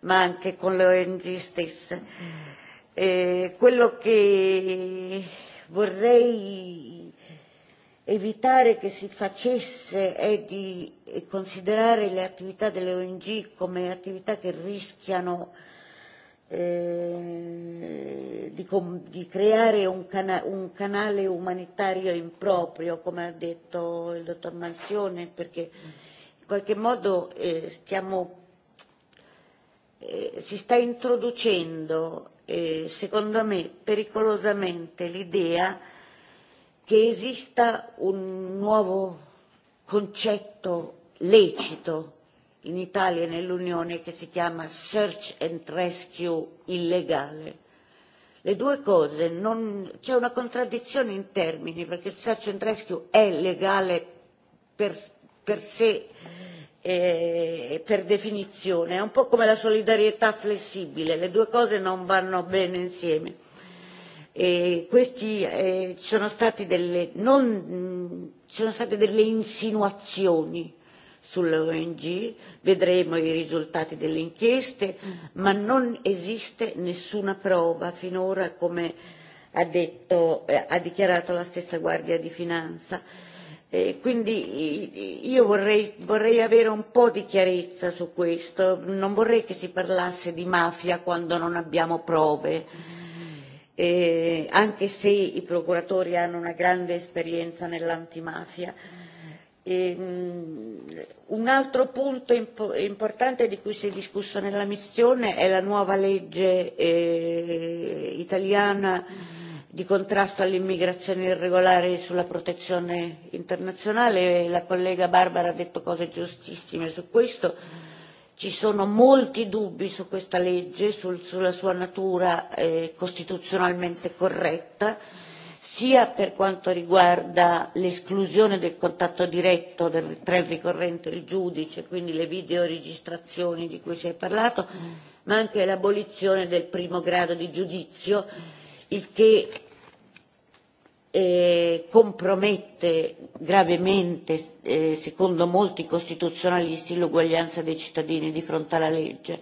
ma anche con le ONG stesse. Eh, quello che vorrei evitare che si facesse è e di considerare le attività delle ONG come attività che rischiano eh, di, com- di creare un, cana- un canale umanitario improprio, come ha detto il dottor Manzione, perché in qualche modo eh, stiamo, eh, si sta introducendo eh, secondo me, pericolosamente l'idea che esista un nuovo concetto lecito in Italia e nell'Unione che si chiama search and rescue illegale. Le due cose, non, c'è una contraddizione in termini perché il search and rescue è legale per, per sé eh, per definizione, è un po' come la solidarietà flessibile, le due cose non vanno bene insieme. E questi eh, ci sono stati delle, non, mh, mm, ci sono state delle insinuazioni sull'ONG, vedremo i risultati delle inchieste, ma non esiste nessuna prova finora come ha, detto, eh, ha dichiarato la stessa Guardia di Finanza Eh, quindi io vorrei, vorrei avere un po' di chiarezza su questo, non vorrei che si parlasse di mafia quando non abbiamo prove, eh, anche se i procuratori hanno una grande esperienza nell'antimafia. E, mh, mm, un altro punto imp- importante di cui si è discusso nella missione è la nuova legge eh, italiana di contrasto all'immigrazione irregolare e sulla protezione internazionale. La collega Barbara ha detto cose giustissime su questo. Ci sono molti dubbi su questa legge, sul, sulla sua natura eh, costituzionalmente corretta, sia per quanto riguarda l'esclusione del contatto diretto del, tra il ricorrente e il giudice, quindi le videoregistrazioni di cui si è parlato, ma anche l'abolizione del primo grado di giudizio il che eh, compromette gravemente, eh, secondo molti costituzionalisti, l'uguaglianza dei cittadini di fronte alla legge.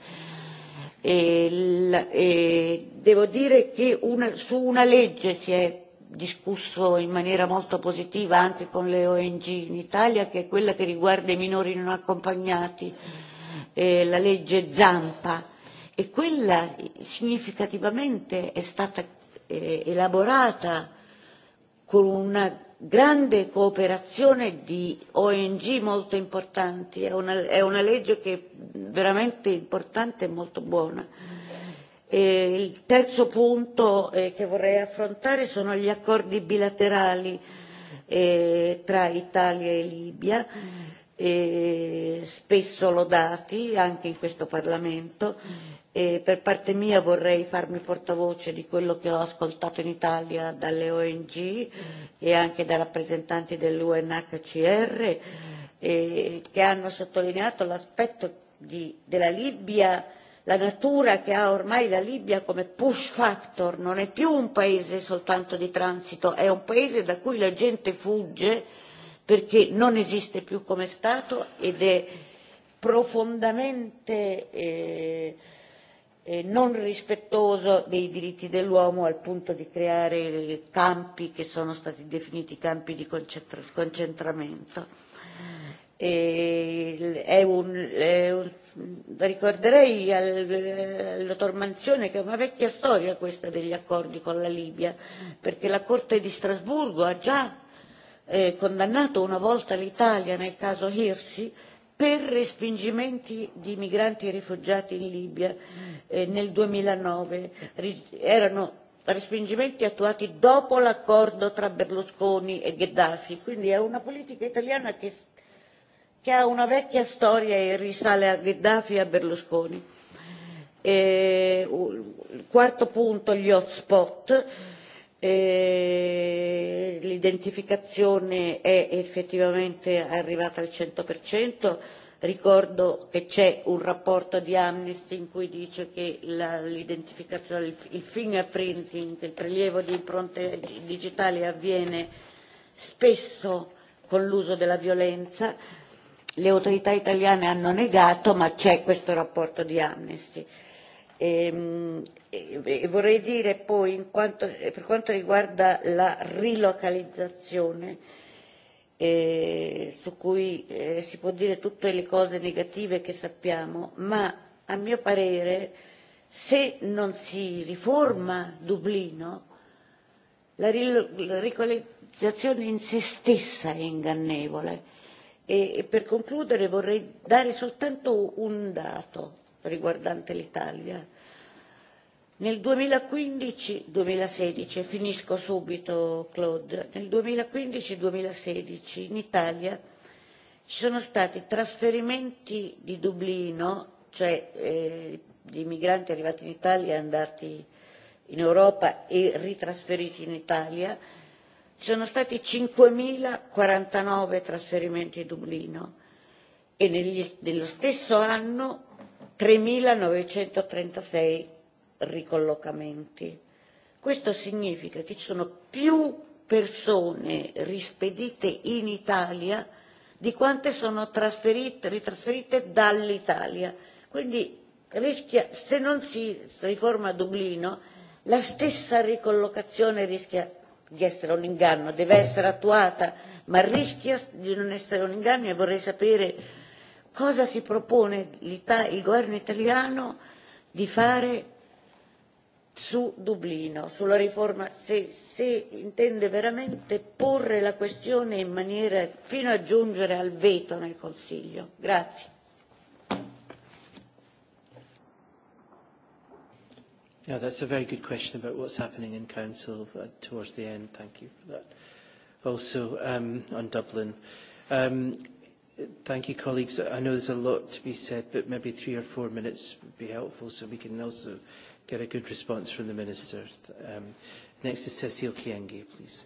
E, l, e devo dire che una, su una legge si è discusso in maniera molto positiva anche con le ONG in Italia, che è quella che riguarda i minori non accompagnati, eh, la legge Zampa, e quella significativamente è stata eh, elaborata con una grande cooperazione di ONG molto importanti, è una, è una legge che è veramente importante e molto buona. E il terzo punto eh, che vorrei affrontare sono gli accordi bilaterali eh, tra Italia e Libia, eh, spesso lodati anche in questo Parlamento. Mm E per parte mia vorrei farmi portavoce di quello che ho ascoltato in Italia dalle ONG e anche da rappresentanti dell'UNHCR eh, che hanno sottolineato l'aspetto di, della Libia, la natura che ha ormai la Libia come push factor, non è più un paese soltanto di transito, è un paese da cui la gente fugge perché non esiste più come Stato ed è profondamente eh, eh, non rispettoso dei diritti dell'uomo al punto di creare campi che sono stati definiti campi di concentra- concentramento. E, è un, è un, ricorderei al, al dottor Manzione che è una vecchia storia questa degli accordi con la Libia, perché la Corte di Strasburgo ha già eh, condannato una volta l'Italia nel caso Hirsi per respingimenti di migranti e rifugiati in Libia eh, nel 2009 erano respingimenti attuati dopo l'accordo tra Berlusconi e Gheddafi, quindi è una politica italiana che, che ha una vecchia storia e risale a Gheddafi e a Berlusconi. E, quarto punto, gli hotspot eh, l'identificazione è effettivamente arrivata al 100%, ricordo che c'è un rapporto di Amnesty in cui dice che la, l'identificazione, il, il fingerprinting, il prelievo di impronte digitali avviene spesso con l'uso della violenza, le autorità italiane hanno negato ma c'è questo rapporto di Amnesty. Ehm, E, e vorrei dire poi, in quanto, eh, per quanto riguarda la rilocalizzazione, eh, su cui eh, si può dire tutte le cose negative che sappiamo, ma a mio parere se non si riforma Dublino, la ricolizzazione in se stessa è ingannevole. E, e per concludere vorrei dare soltanto un dato riguardante l'Italia Nel 2015-2016, finisco subito Claude, nel 2015-2016 in Italia ci sono stati trasferimenti di Dublino, cioè eh, di migranti arrivati in Italia e andati in Europa e ritrasferiti in Italia, ci sono stati 5.049 trasferimenti a Dublino e negli, nello stesso anno 3.936 ricollocamenti. Questo significa che ci sono più persone rispedite in Italia di quante sono trasferite, ritrasferite dall'Italia. Quindi rischia, se non si riforma Dublino, la stessa ricollocazione rischia di essere un inganno, deve essere attuata, ma rischia di non essere un inganno e vorrei sapere cosa si propone il governo italiano di fare su Dublino, sulla riforma, se, se intende veramente porre la questione in maniera fino a giungere al veto nel Consiglio. Grazie. Yeah, that's a very good question about what's happening in Council uh, towards the end. Thank you for that. Also, um, on Dublin. Um, Thank you, colleagues. I know there's a lot to be said, but maybe three or four minutes would be helpful so we can also get a good response from the Minister. Um, next is Cecile Kienge, please.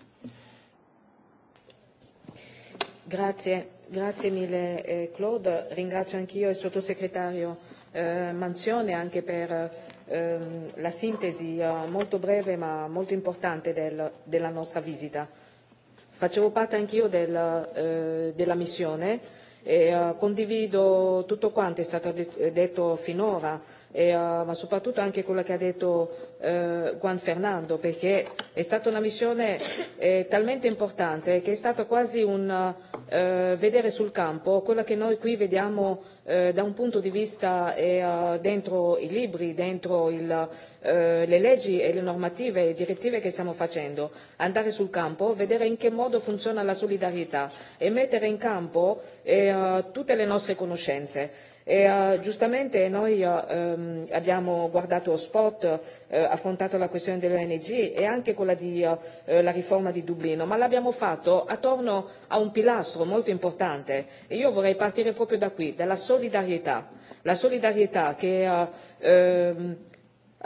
Grazie, grazie mille eh, Claude. Ringrazio anch'io il sottosegretario eh, Manzione anche per ehm, la sintesi eh, molto breve ma molto importante del, della nostra visita. Facevo parte anch'io del, eh, della missione e eh, condivido tutto quanto è stato de- detto finora e, uh, ma soprattutto anche quello che ha detto eh, Juan Fernando, perché è stata una missione eh, talmente importante che è stato quasi un eh, vedere sul campo quello che noi qui vediamo eh, da un punto di vista eh, uh, dentro i libri, dentro il, eh, le leggi e le normative e direttive che stiamo facendo, andare sul campo, vedere in che modo funziona la solidarietà e mettere in campo eh, uh, tutte le nostre conoscenze E, eh, giustamente noi ehm, abbiamo guardato spot, eh, affrontato la questione delle ONG e anche quella della eh, riforma di Dublino, ma l'abbiamo fatto attorno a un pilastro molto importante e io vorrei partire proprio da qui, dalla solidarietà. La solidarietà che eh, ehm,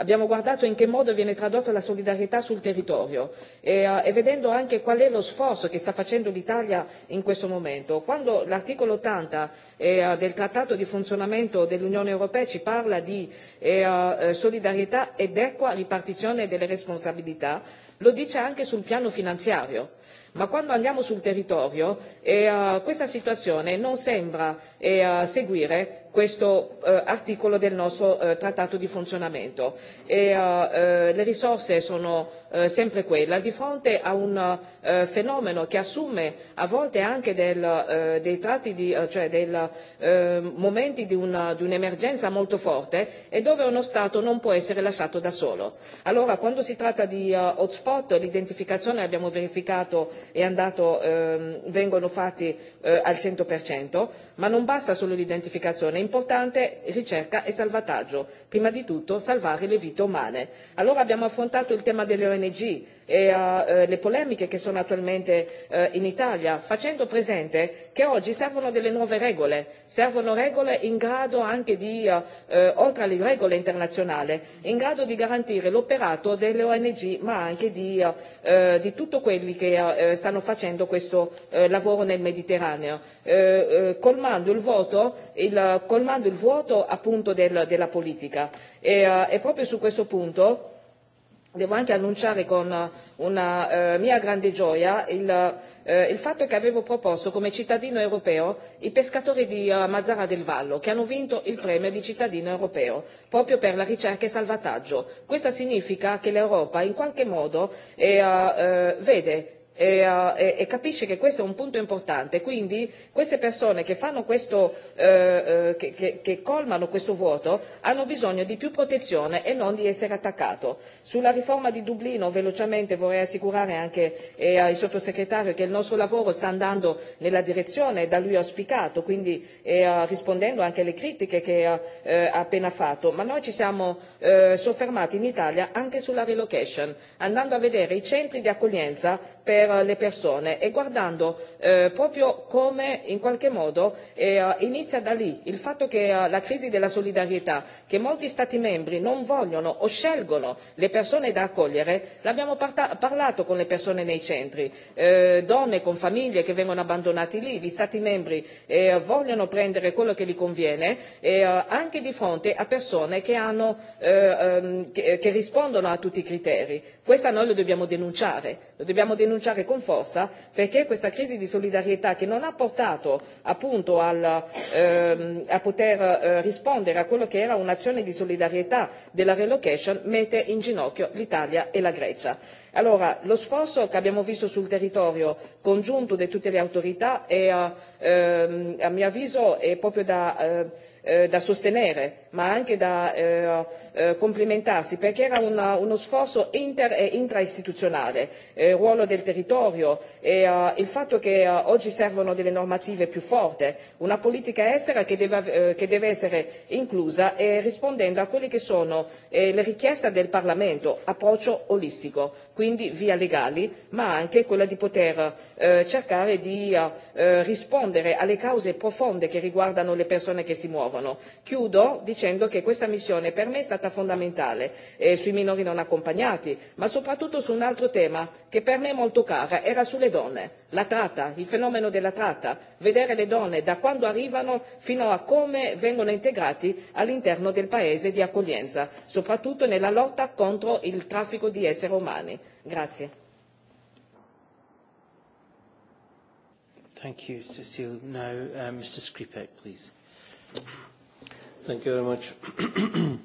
abbiamo guardato in che modo viene tradotta la solidarietà sul territorio e, uh, e vedendo anche qual è lo sforzo che sta facendo l'Italia in questo momento. Quando l'articolo 80 eh, del Trattato di funzionamento dell'Unione Europea ci parla di eh, uh, solidarietà ed equa ripartizione delle responsabilità, lo dice anche sul piano finanziario ma quando andiamo sul territorio eh, uh, questa situazione non sembra eh, uh, seguire questo eh, articolo del nostro eh, trattato di funzionamento. E, eh, eh, le risorse sono eh, sempre quella di fronte a un eh, fenomeno che assume a volte anche del, eh, dei tratti di, eh, cioè del, eh, momenti di, una, di un'emergenza molto forte e dove uno Stato non può essere lasciato da solo. Allora quando si tratta di eh, hotspot l'identificazione abbiamo verificato è andato, eh, vengono fatti eh, al 100%, ma non basta solo l'identificazione, è importante ricerca e salvataggio, prima di tutto salvare le vite umane. Allora abbiamo affrontato il tema delle ONG ONG e a, eh, le polemiche che sono attualmente eh, in Italia, facendo presente che oggi servono delle nuove regole, servono regole in grado anche di, eh, eh oltre alle regole internazionali, in grado di garantire l'operato delle ONG ma anche di, eh, di tutti quelli che eh, stanno facendo questo eh, lavoro nel Mediterraneo, eh, eh, colmando, il voto, il, colmando il vuoto appunto del, della politica. E, eh, e proprio su questo punto devo anche annunciare con eh, una eh, mia grande gioia il, eh, il fatto che avevo proposto come cittadino europeo i pescatori di eh, Mazzara del Vallo che hanno vinto il premio di cittadino europeo proprio per la ricerca e salvataggio. Questo significa che l'Europa in qualche modo eh, eh, vede e, uh, e, e capisce che questo è un punto importante. Quindi queste persone che, fanno questo, eh, eh, che, che, che colmano questo vuoto hanno bisogno di più protezione e non di essere attaccato. Sulla riforma di Dublino velocemente vorrei assicurare anche eh, al sottosegretario che il nostro lavoro sta andando nella direzione da lui auspicato, quindi eh, uh, rispondendo anche alle critiche che eh, ha eh, appena fatto. Ma noi ci siamo eh, soffermati in Italia anche sulla relocation, andando a vedere i centri di accoglienza per per le persone e guardando eh, proprio come in qualche modo eh, inizia da lì il fatto che eh, la crisi della solidarietà che molti Stati membri non vogliono o scelgono le persone da accogliere l'abbiamo parta- parlato con le persone nei centri eh, donne con famiglie che vengono abbandonate lì gli Stati membri eh, vogliono prendere quello che gli conviene eh, anche di fronte a persone che, hanno, eh, ehm, che, che rispondono a tutti i criteri. Questa noi lo dobbiamo denunciare, lo dobbiamo denunciare denunciare con forza perché questa crisi di solidarietà che non ha portato appunto al, ehm, a poter eh, rispondere a quello che era un'azione di solidarietà della relocation mette in ginocchio l'Italia e la Grecia. Allora, lo sforzo che abbiamo visto sul territorio, congiunto di tutte le autorità, è, ehm, a mio avviso è proprio da, eh, eh, da sostenere, ma anche da eh, eh, complementarsi, perché era una, uno sforzo inter e intraistituzionale, eh, il ruolo del territorio e eh, il fatto che eh, oggi servono delle normative più forti, una politica estera che deve, eh, che deve essere inclusa e rispondendo a quelle che sono eh, le richieste del Parlamento, approccio olistico quindi vie legali ma anche quella di poter eh, cercare di eh, rispondere alle cause profonde che riguardano le persone che si muovono. chiudo dicendo che questa missione per me è stata fondamentale eh, sui minori non accompagnati ma soprattutto su un altro tema che per me è molto caro era sulle donne la tratta, il fenomeno della tratta, vedere le donne da quando arrivano fino a come vengono integrati all'interno del paese di accoglienza, soprattutto nella lotta contro il traffico di esseri umani. Grazie. Thank you, Cecile. Now, uh, Mr. Skripek, please. Thank you very much.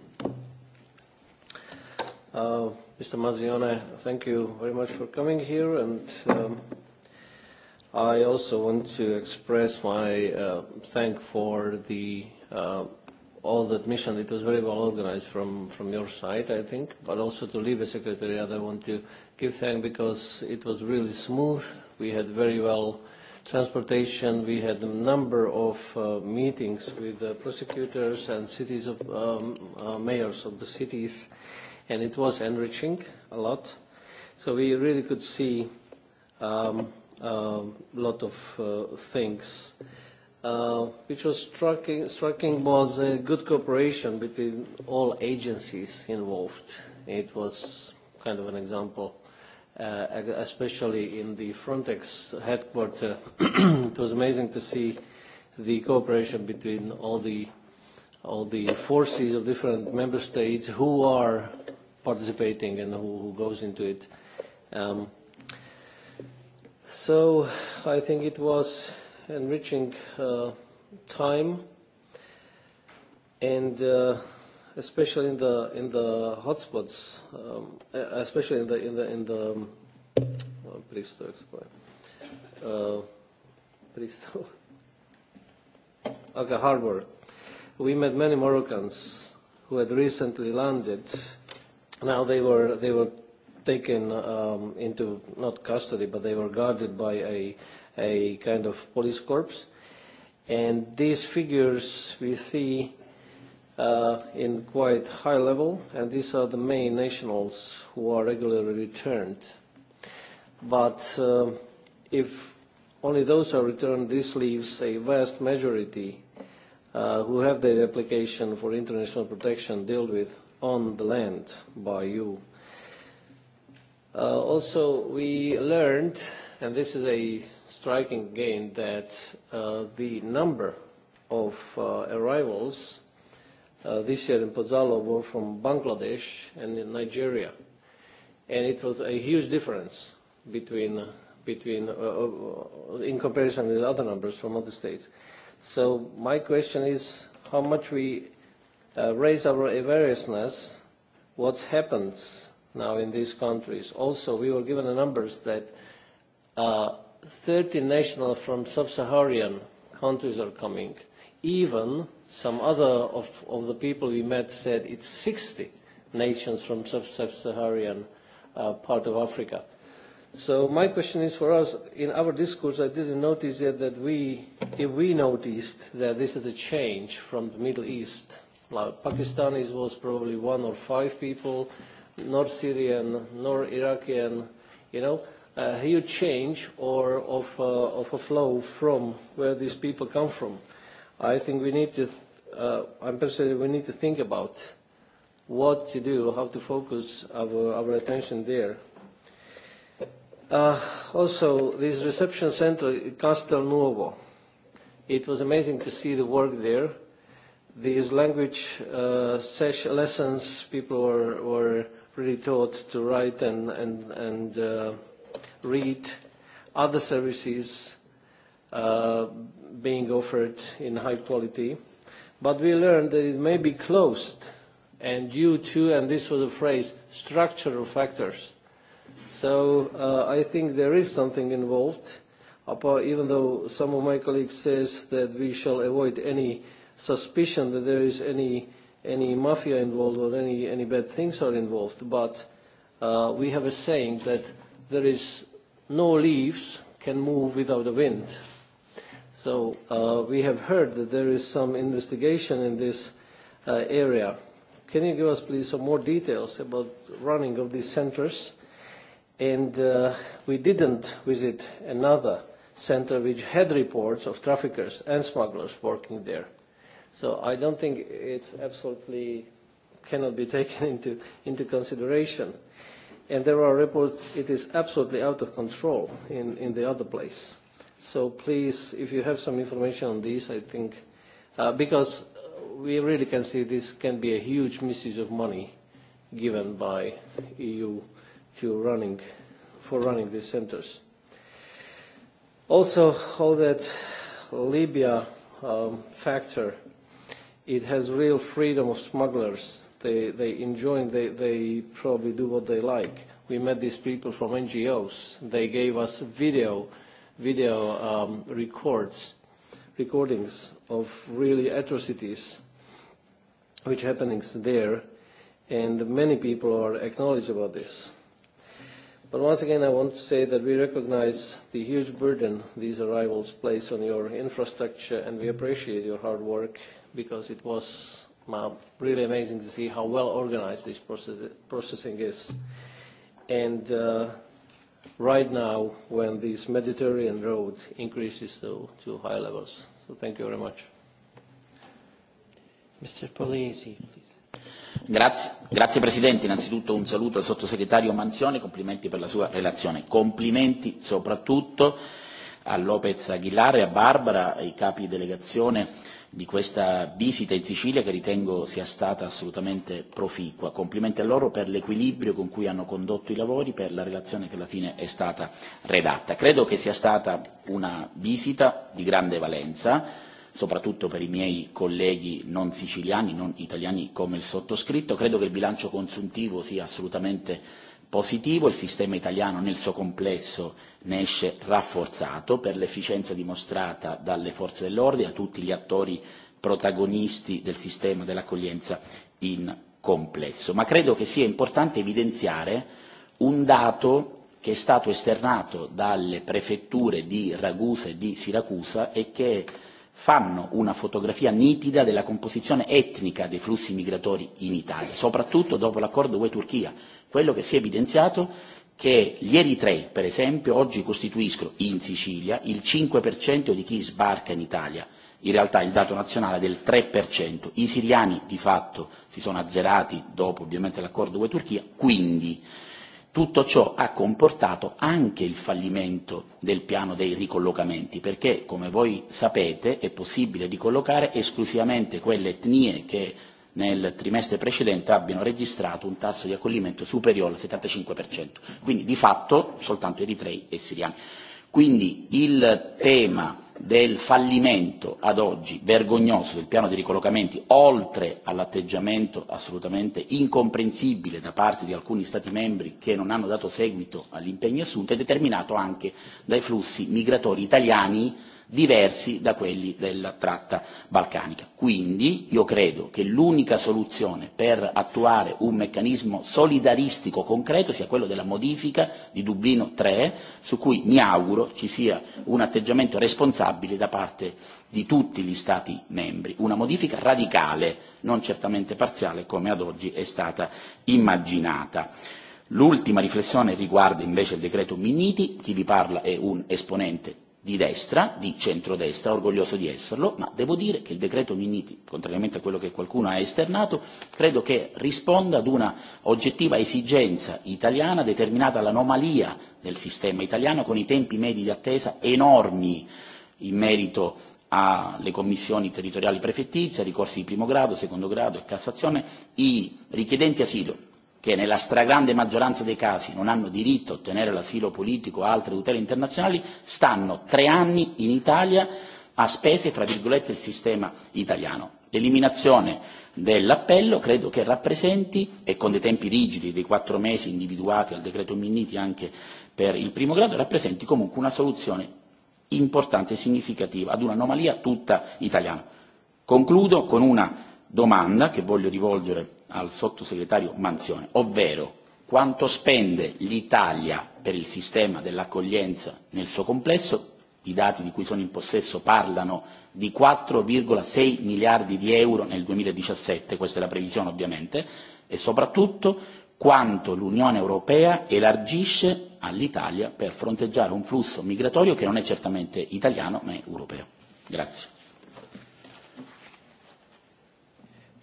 uh, Mr. Mazione, thank you very much for coming here and um, I also want to express my uh, thank for the uh, all that mission. It was very well organized from, from your side, I think, but also to Libe Secretariat, I want to give thanks because it was really smooth. We had very well transportation. We had a number of uh, meetings with the prosecutors and cities of um, uh, mayors of the cities, and it was enriching a lot. So we really could see um, a uh, lot of uh, things. Uh, which was striking, striking was a good cooperation between all agencies involved. It was kind of an example, uh, e-, especially in the Frontex headquarter. it was amazing to see the cooperation between all the all the forces of different member states who are participating and who, who goes into it. Um, So I think it was enriching uh, time and uh, especially in the in the hotspots, um, e-, especially in the in the in the um, oh, please to explain. Uh, please to okay harbor. We met many Moroccans who had recently landed. Now they were they were taken um, into not custody, but they were guarded by a, a kind of police corps. And these figures we see uh, in quite high level, and these are the main nationals who are regularly returned. But uh, if only those are returned, this leaves a vast majority uh, who have their application for international protection dealt with on the land by you. Uh, Uh, also, we learned, and this is a striking gain, that uh, the number of uh, arrivals uh, this year in Pozzallo were from Bangladesh and in Nigeria. And it was a huge difference between, between uh, uh, in comparison with other numbers from other states. So my question is how much we uh, raise our awareness, what happens now in these countries. Also, we were given the numbers that uh, 30 nationals from sub-Saharan countries are coming. Even some other of, of the people we met said it's 60 nations from sub-Saharan uh, part of Africa. So my question is for us, in our discourse, I didn't notice yet that we, if we noticed that this is a change from the Middle East. Now, Pakistanis was probably one or five people, nor Syrian, nor Iraqian, you know, a uh, huge change or of, uh, of a flow from where these people come from. I think we need to, uh, I'm personally, we need to think about what to do, how to focus our, our attention there. Uh, also, this reception center, Castel Nuovo, it was amazing to see the work there. These language uh, session lessons, people were, were really taught to write and, and, and uh, read other services uh, being offered in high quality. But we learned that it may be closed and due to, and this was a phrase, structural factors. So uh, I think there is something involved, even though some of my colleagues says that we shall avoid any suspicion that there is any uh, any mafia involved or any, any bad things are involved, but uh, we have a saying that there is no leaves can move without the wind. So uh, we have heard that there is some investigation in this uh, area. Can you give us, please, some more details about running of these centers? And uh, we didn't visit another center which had reports of traffickers and smugglers working there So I don't think it's absolutely cannot be taken into, into consideration. And there are reports it is absolutely out of control in, in the other place. So please, if you have some information on this, I think, uh, because we really can see this can be a huge misuse of money given by EU to running, for running these centers. Also, all that Libya um, factor, uh, it has real freedom of smugglers. They, they enjoy, they, they probably do what they like. We met these people from NGOs. They gave us video, video um, records, recordings of really atrocities which happenings there, and many people are acknowledged about this. But once again, I want to say that we recognize the huge burden these arrivals place on your infrastructure, and we appreciate your hard work because it was uh, really amazing to see how well organized this process, processing is. And uh, right now, when this Mediterranean road increases to, to high levels. So thank you very much. Mr. Polesi, please. Grazie, grazie Presidente, innanzitutto un saluto al sottosegretario Manzione, complimenti per la sua relazione, complimenti soprattutto a Lopez Aguilar e a Barbara, ai capi delegazione di questa visita in Sicilia che ritengo sia stata assolutamente proficua. Complimenti a loro per l'equilibrio con cui hanno condotto i lavori, per la relazione che alla fine è stata redatta. Credo che sia stata una visita di grande valenza soprattutto per i miei colleghi non siciliani, non italiani come il sottoscritto. Credo che il bilancio consuntivo sia assolutamente positivo, il sistema italiano nel suo complesso ne esce rafforzato per l'efficienza dimostrata dalle forze dell'ordine, a tutti gli attori protagonisti del sistema dell'accoglienza in complesso. Ma credo che sia importante evidenziare un dato che è stato esternato dalle prefetture di Ragusa e di Siracusa e che fanno una fotografia nitida della composizione etnica dei flussi migratori in Italia, soprattutto dopo l'accordo UE-Turchia. Quello che si è evidenziato che gli eritrei, per esempio, oggi costituiscono in Sicilia il 5% di chi sbarca in Italia, in realtà il dato nazionale è del 3%, i siriani di fatto si sono azzerati dopo ovviamente l'accordo UE-Turchia, quindi Tutto ciò ha comportato anche il fallimento del piano dei ricollocamenti, perché, come voi sapete, è possibile ricollocare esclusivamente quelle etnie che nel trimestre precedente abbiano registrato un tasso di accoglimento superiore al 75%, quindi di fatto soltanto eritrei e siriani. Quindi il tema del fallimento ad oggi vergognoso del piano di ricollocamenti, oltre all'atteggiamento assolutamente incomprensibile da parte di alcuni Stati membri che non hanno dato seguito agli impegni assunti, è determinato anche dai flussi migratori italiani diversi da quelli della tratta balcanica. Quindi io credo che l'unica soluzione per attuare un meccanismo solidaristico concreto sia quello della modifica di Dublino 3, su cui mi auguro ci sia un atteggiamento responsabile da parte di tutti gli Stati membri, una modifica radicale, non certamente parziale come ad oggi è stata immaginata. L'ultima riflessione riguarda invece il decreto Miniti, chi vi parla è un esponente di destra, di centrodestra, orgoglioso di esserlo, ma devo dire che il decreto Minniti, contrariamente a quello che qualcuno ha esternato, credo che risponda ad una oggettiva esigenza italiana determinata dall'anomalia del sistema italiano con i tempi medi di attesa enormi in merito alle commissioni territoriali prefettizie, ricorsi di primo grado, secondo grado e Cassazione, i richiedenti asilo che nella stragrande maggioranza dei casi non hanno diritto a ottenere l'asilo politico o altre tutele internazionali, stanno tre anni in Italia a spese, fra virgolette, del sistema italiano. L'eliminazione dell'appello credo che rappresenti, e con dei tempi rigidi dei quattro mesi individuati al decreto Minniti anche per il primo grado, rappresenti comunque una soluzione importante e significativa ad un'anomalia tutta italiana. Concludo con una domanda che voglio rivolgere al sottosegretario Manzione, ovvero quanto spende l'Italia per il sistema dell'accoglienza nel suo complesso. I dati di cui sono in possesso parlano di 4,6 miliardi di euro nel 2017, questa è la previsione ovviamente, e soprattutto quanto l'Unione Europea elargisce all'Italia per fronteggiare un flusso migratorio che non è certamente italiano ma è europeo. Grazie.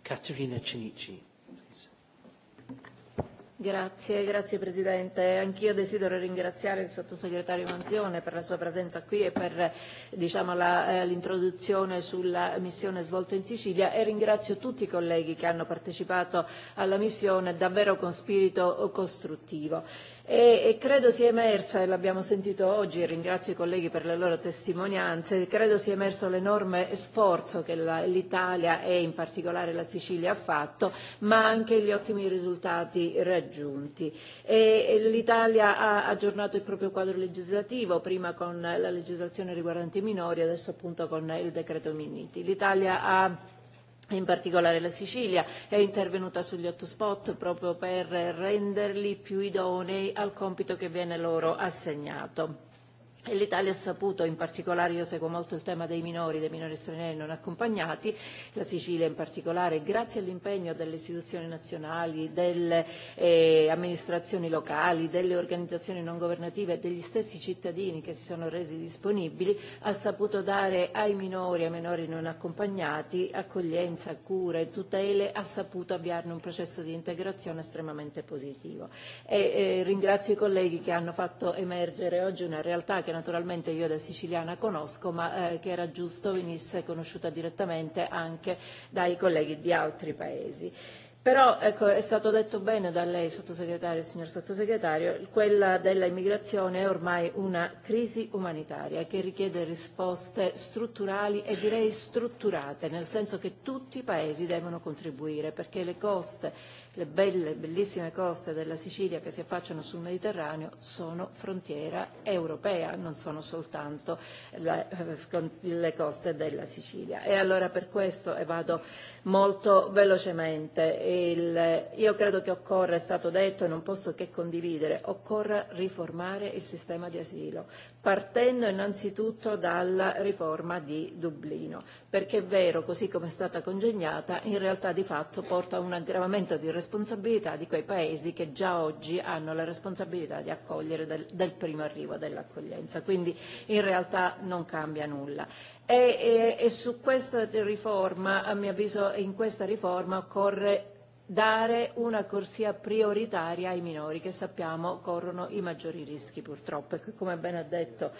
Caterina Cinici. Grazie, grazie Presidente. Anch'io desidero ringraziare il sottosegretario Manzione per la sua presenza qui e per diciamo, la, eh, l'introduzione sulla missione svolta in Sicilia e ringrazio tutti i colleghi che hanno partecipato alla missione davvero con spirito costruttivo e, e credo sia emersa, e l'abbiamo sentito oggi e ringrazio i colleghi per le loro testimonianze, credo sia emerso l'enorme sforzo che la, l'Italia e in particolare la Sicilia ha fatto, ma anche gli ottimi risultati raggiunti. E, e L'Italia ha aggiornato il proprio quadro legislativo, prima con la legislazione riguardante i minori, adesso appunto con il decreto Miniti. L'Italia ha in particolare la Sicilia, è intervenuta sugli hotspot proprio per renderli più idonei al compito che viene loro assegnato e l'Italia ha saputo, in particolare io seguo molto il tema dei minori, dei minori stranieri non accompagnati, la Sicilia in particolare, grazie all'impegno delle istituzioni nazionali, delle eh, amministrazioni locali, delle organizzazioni non governative e degli stessi cittadini che si sono resi disponibili, ha saputo dare ai minori, ai minori non accompagnati, accoglienza, cure, tutele, ha saputo avviarne un processo di integrazione estremamente positivo. E, eh, ringrazio i colleghi che hanno fatto emergere oggi una realtà che naturalmente io da siciliana conosco, ma eh, che era giusto venisse conosciuta direttamente anche dai colleghi di altri paesi. Però ecco, è stato detto bene da lei, sottosegretario, signor sottosegretario, quella dell'immigrazione è ormai una crisi umanitaria che richiede risposte strutturali e direi strutturate, nel senso che tutti i paesi devono contribuire, perché le coste, le belle, bellissime coste della Sicilia che si affacciano sul Mediterraneo sono frontiera europea, non sono soltanto le, le coste della Sicilia. E allora per questo, e vado molto velocemente, il, io credo che occorra, è stato detto e non posso che condividere, occorra riformare il sistema di asilo, partendo innanzitutto dalla riforma di Dublino, perché è vero, così come è stata congegnata, in realtà di fatto porta a un aggravamento di responsabilità di quei paesi che già oggi hanno la responsabilità di accogliere del, del primo arrivo dell'accoglienza, quindi in realtà non cambia nulla. E, e, e su questa riforma, a mio avviso, in questa riforma occorre dare una corsia prioritaria ai minori che sappiamo corrono i maggiori rischi purtroppo e che come ben ha detto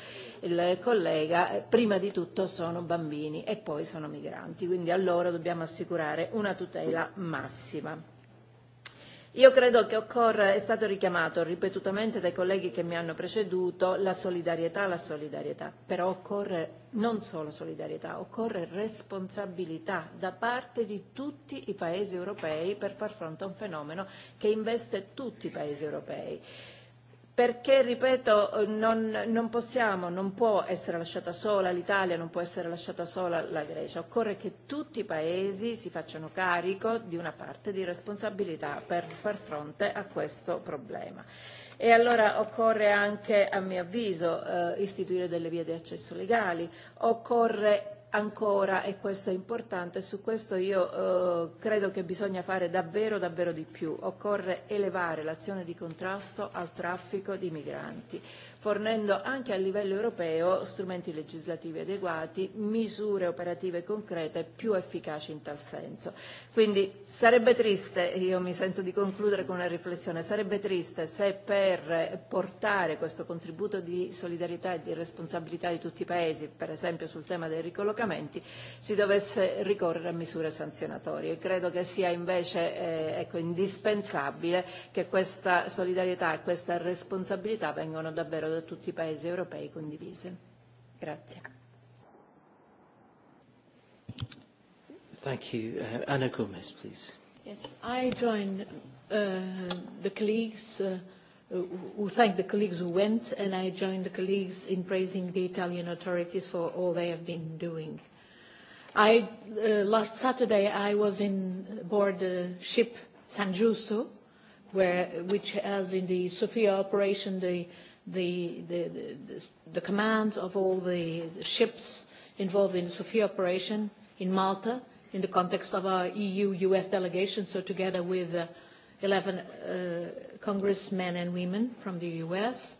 il collega eh, prima di tutto sono bambini e poi sono migranti quindi a loro dobbiamo assicurare una tutela massima. Io credo che occorra, è stato richiamato ripetutamente dai colleghi che mi hanno preceduto, la solidarietà, la solidarietà, però occorre non solo solidarietà, occorre responsabilità da parte di tutti i paesi europei per far fronte a un fenomeno che investe tutti i paesi europei perché, ripeto, non, non possiamo, non può essere lasciata sola l'Italia, non può essere lasciata sola la Grecia. Occorre che tutti i Paesi si facciano carico di una parte di responsabilità per far fronte a questo problema. E allora occorre anche, a mio avviso, eh, istituire delle vie di accesso legali, occorre ancora, e questo è importante, su questo io eh, credo che bisogna fare davvero, davvero di più. Occorre elevare l'azione di contrasto al traffico di migranti fornendo anche a livello europeo strumenti legislativi adeguati, misure operative concrete e più efficaci in tal senso. Quindi sarebbe triste, io mi sento di concludere con una riflessione, sarebbe triste se per portare questo contributo di solidarietà e di responsabilità di tutti i Paesi, per esempio sul tema dei ricollocamenti, si dovesse ricorrere a misure sanzionatorie. E credo che sia invece eh, ecco, indispensabile che questa solidarietà e questa responsabilità vengano davvero da tutti i paesi europei condivise. Grazie. Thank you. Uh, Anna Gomez, please. Yes, I join uh, the colleagues uh, who thank the colleagues who went, and I join the colleagues in praising the Italian authorities for all they have been doing. I, uh, last Saturday, I was in board the ship San Giusto, where, which has in the Sofia operation the the, the, the, the command of all the ships involved in the Sophia operation in Malta in the context of our EU-US delegation, so together with uh, 11 uh, congressmen and women from the US.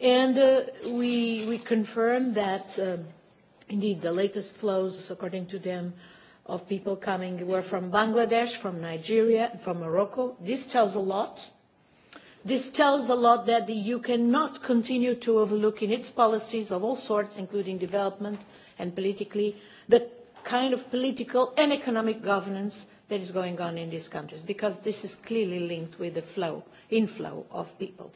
And uh, we, we confirm that uh, indeed the latest flows, according to them, of people coming were from Bangladesh, from Nigeria, and from Morocco. This tells a lot This tells a lot that the EU cannot continue to overlook in its policies of all sorts, including development and politically, the kind of political and economic governance that is going on in these countries, because this is clearly linked with the flow, inflow of people.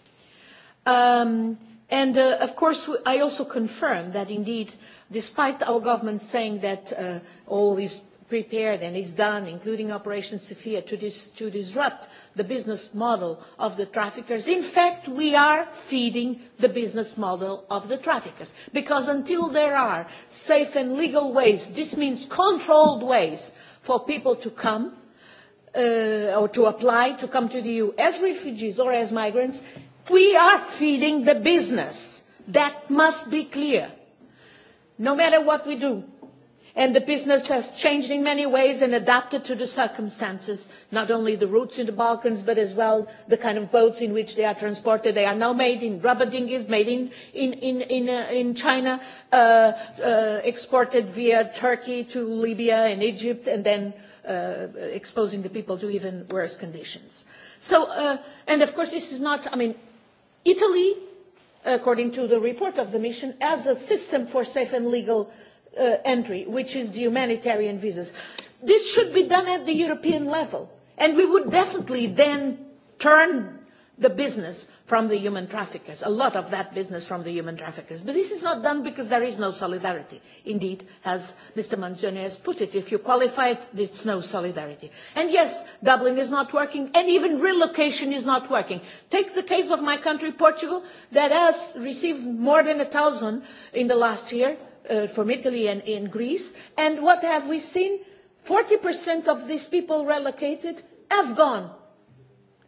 Um, and uh, of course, I also confirm that indeed, despite our government saying that uh, all these prepared and is done, including Operation Sophia, to, dis to disrupt the business model of the traffickers. In fact, we are feeding the business model of the traffickers. Because until there are safe and legal ways, this means controlled ways for people to come uh, or to apply to come to the EU as refugees or as migrants, we are feeding the business. That must be clear. No matter what we do, and the business has changed in many ways and adapted to the circumstances, not only the routes in the Balkans, but as well the kind of boats in which they are transported. They are now made in rubber dinghies, made in, in, in, in, uh, in China, uh, uh, exported via Turkey to Libya and Egypt, and then uh, exposing the people to even worse conditions. So, uh, and of course, this is not, I mean, Italy, according to the report of the mission, as a system for safe and legal uh, uh, entry, which is the humanitarian visas. This should be done at the European level. And we would definitely then turn the business from the human traffickers, a lot of that business from the human traffickers. But this is not done because there is no solidarity. Indeed, as Mr. Manzoni has put it, if you qualify it, it's no solidarity. And yes, Dublin is not working, and even relocation is not working. Take the case of my country, Portugal, that has received more than a thousand in the last year, uh, from Italy and in Greece. And what have we seen? 40% of these people relocated have gone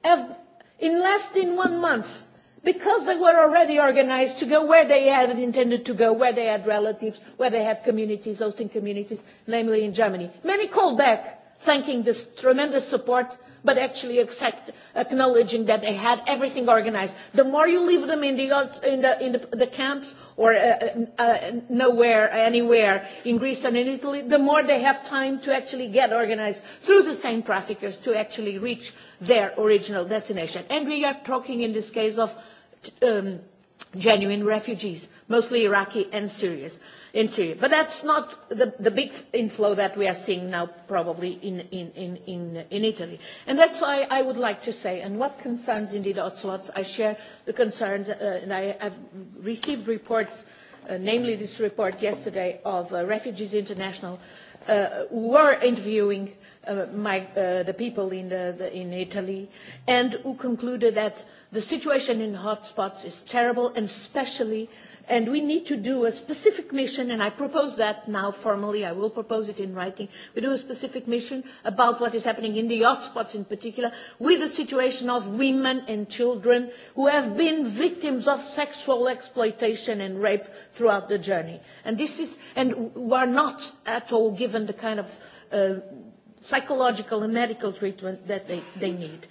have, in less than one month because they were already organized to go where they had intended to go, where they had relatives, where they had communities, hosting communities, namely in Germany. Many called back thanking this tremendous support, but actually accept, acknowledging that they had everything organized. The more you leave them in the, in the, in the, the camps or uh, uh, nowhere, anywhere in Greece and in Italy, the more they have time to actually get organized through the same traffickers to actually reach their original destination. And we are talking in this case of um, genuine refugees, mostly Iraqi and Syrians. Uh, in Syria. But that's not the, the big inflow that we are seeing now probably in, in, in, in, in Italy. And that's why I would like to say, and what concerns indeed hotspots, I share the concerns, uh, and I have received reports, uh, namely this report yesterday of uh, Refugees International, uh, who are interviewing uh, my, uh, the people in, the, the, in Italy and who concluded that the situation in hotspots is terrible and especially uh, And we need to do a specific mission, and I propose that now formally, I will propose it in writing. We do a specific mission about what is happening in the hotspots in particular, with the situation of women and children who have been victims of sexual exploitation and rape throughout the journey. And this is, and who are not at all given the kind of uh, psychological and medical treatment that they, they need. Uh,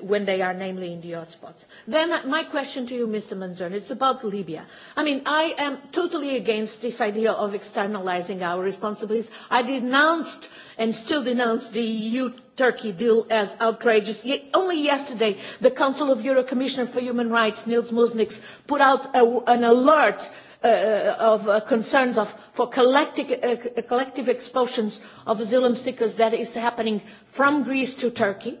when they are namely in the hotspots. Then my question to you, Mr. Manzoni, it's about Libya. I mean, I am totally against this idea of externalizing our responsibilities. I denounced and still denounce the EU Turkey deal as outrageous. Yet only yesterday, the Council of Europe Commissioner for Human Rights, Nils Musniks, put out a, an alert uh, of uh, concerns of, for collective, uh, collective expulsions of asylum seekers that is happening from Greece to Turkey. Uh,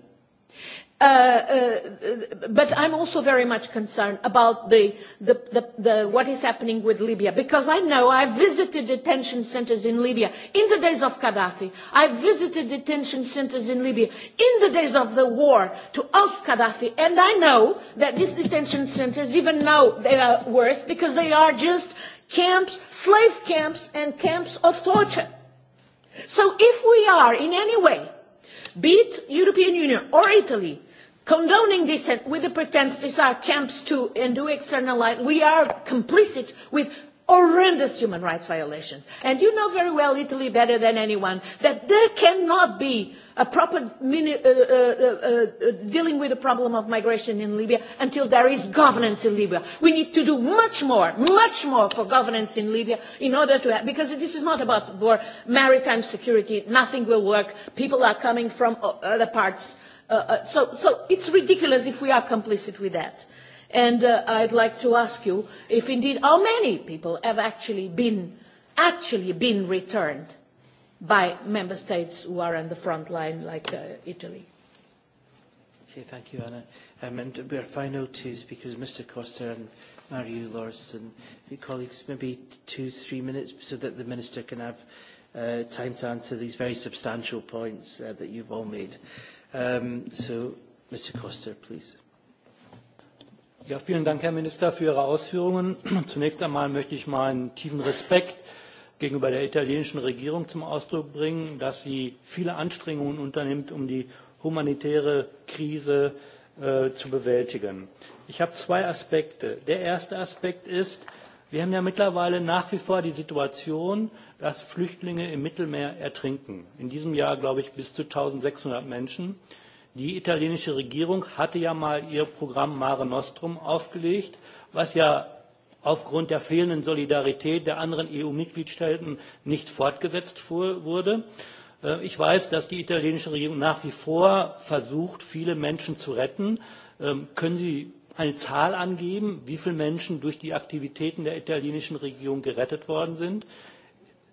Uh, uh, but I'm also very much concerned about the, the, the, the, what is happening with Libya, because I know I visited detention centers in Libya in the days of Gaddafi. I visited detention centers in Libya in the days of the war to oust Gaddafi, and I know that these detention centers, even now they are worse, because they are just camps, slave camps, and camps of torture. So if we are in any way, be it European Union or Italy, condoning this and with the pretense these are camps too and do external line, we are complicit with horrendous human rights violations. And you know very well Italy better than anyone that there cannot be a proper mini, uh, uh, uh, uh, dealing with the problem of migration in Libya until there is governance in Libya. We need to do much more, much more for governance in Libya in order to have, because this is not about war, maritime security, nothing will work, people are coming from other parts uh, Uh, uh, so, so it's ridiculous if we are complicit with that. And uh, I'd like to ask you if indeed how many people have actually been, actually been returned by member states who are on the front line like uh, Italy. Okay, thank you, Anna. Um, and our final two speakers, Mr Costa and Mario Lorson. Colleagues, maybe two, three minutes so that the Minister can have uh, time to answer these very substantial points uh, that you've all made. Uh, Um, so, Mr. Koster, please. Ja, vielen Dank, Herr Minister, für Ihre Ausführungen. Zunächst einmal möchte ich meinen tiefen Respekt gegenüber der italienischen Regierung zum Ausdruck bringen, dass sie viele Anstrengungen unternimmt, um die humanitäre Krise äh, zu bewältigen. Ich habe zwei Aspekte. Der erste Aspekt ist, äh, Wir haben ja mittlerweile nach wie vor die Situation, dass Flüchtlinge im Mittelmeer ertrinken. In diesem Jahr, glaube ich, bis zu 1600 Menschen. Die italienische Regierung hatte ja mal ihr Programm Mare Nostrum aufgelegt, was ja aufgrund der fehlenden Solidarität der anderen EU-Mitgliedstaaten nicht fortgesetzt wurde. Äh, ich weiß, dass die italienische Regierung nach wie vor versucht, viele Menschen zu retten. Ähm, können Sie eine Zahl angeben, wie viele Menschen durch die Aktivitäten der italienischen Regierung gerettet worden sind?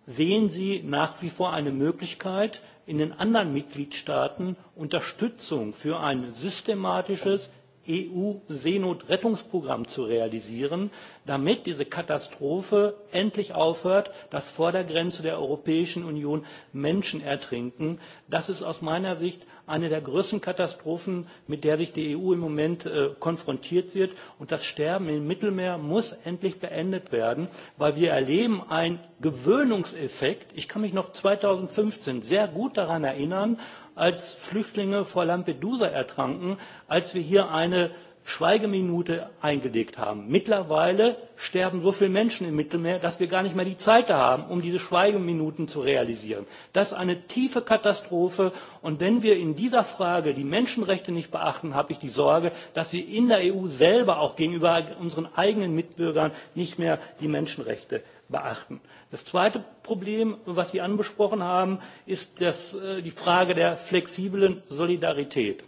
Sehen Sie nach wie vor eine Möglichkeit, in den anderen Mitgliedstaaten Unterstützung für ein systematisches EU-Seenotrettungsprogramm zu realisieren, damit diese Katastrophe endlich aufhört, dass vor der Grenze der Europäischen Union Menschen ertrinken? Das ist aus meiner Sicht eine der größten Katastrophen, mit der sich die EU im Moment äh, konfrontiert wird. Und das Sterben im Mittelmeer muss endlich beendet werden, weil wir erleben einen Gewöhnungseffekt. Ich kann mich noch 2015 sehr gut daran erinnern, als Flüchtlinge vor Lampedusa ertranken, als wir hier eine Schweigeminute eingelegt haben. Mittlerweile sterben so viele Menschen im Mittelmeer, dass wir gar nicht mehr die Zeit haben, um diese Schweigeminuten zu realisieren. Das ist eine tiefe Katastrophe. Und wenn wir in dieser Frage die Menschenrechte nicht beachten, habe ich die Sorge, dass wir in der EU selber auch gegenüber unseren eigenen Mitbürgern nicht mehr die Menschenrechte beachten. Das zweite Problem, was Sie angesprochen haben, ist das, äh, die Frage der flexiblen Solidarität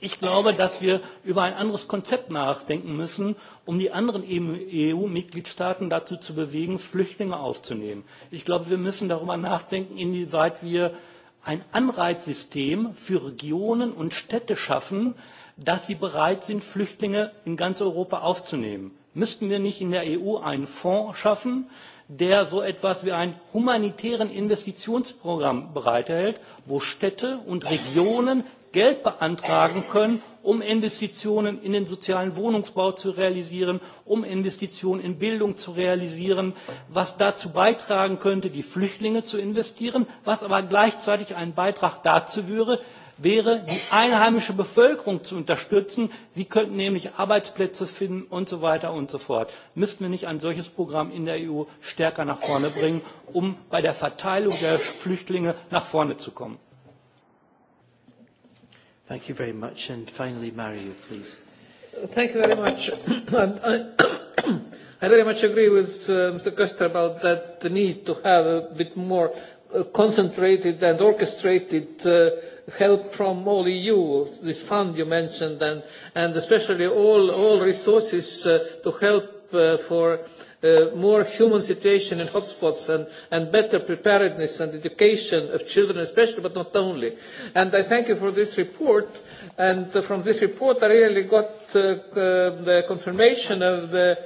Ich glaube, dass wir über ein anderes Konzept nachdenken müssen, um die anderen EU-Mitgliedstaaten e dazu zu bewegen, Flüchtlinge aufzunehmen. Ich glaube, wir müssen darüber nachdenken, inwieweit wir ein Anreizsystem für Regionen und Städte schaffen, dass sie bereit sind, Flüchtlinge in ganz Europa aufzunehmen. Müssten wir nicht in der EU einen Fonds schaffen, der so etwas wie einen humanitären Investitionsprogramm bereithält, wo Städte und Regionen Geld beantragen können, um Investitionen in den sozialen Wohnungsbau zu realisieren, um Investitionen in Bildung zu realisieren, was dazu beitragen könnte, die Flüchtlinge zu investieren, was aber gleichzeitig ein Beitrag dazu wäre, wäre, die einheimische Bevölkerung zu unterstützen. Sie könnten nämlich Arbeitsplätze finden und so weiter und so fort. Müssten wir nicht ein solches Programm in der EU stärker nach vorne bringen, um bei der Verteilung der Flüchtlinge nach vorne zu kommen? Thank you very much. And finally, Mario, please. Thank you very much. I, I very much agree with uh, Mr. Costa about that the need to have a bit more uh, concentrated and orchestrated uh, help from all EU, this fund you mentioned, and, and especially all, all resources uh, to help uh, for uh, uh, more human situation in hotspots and, and better preparedness and education of children especially, but not only. And I thank you for this report. And uh, from this report, I really got uh, uh, the confirmation of the,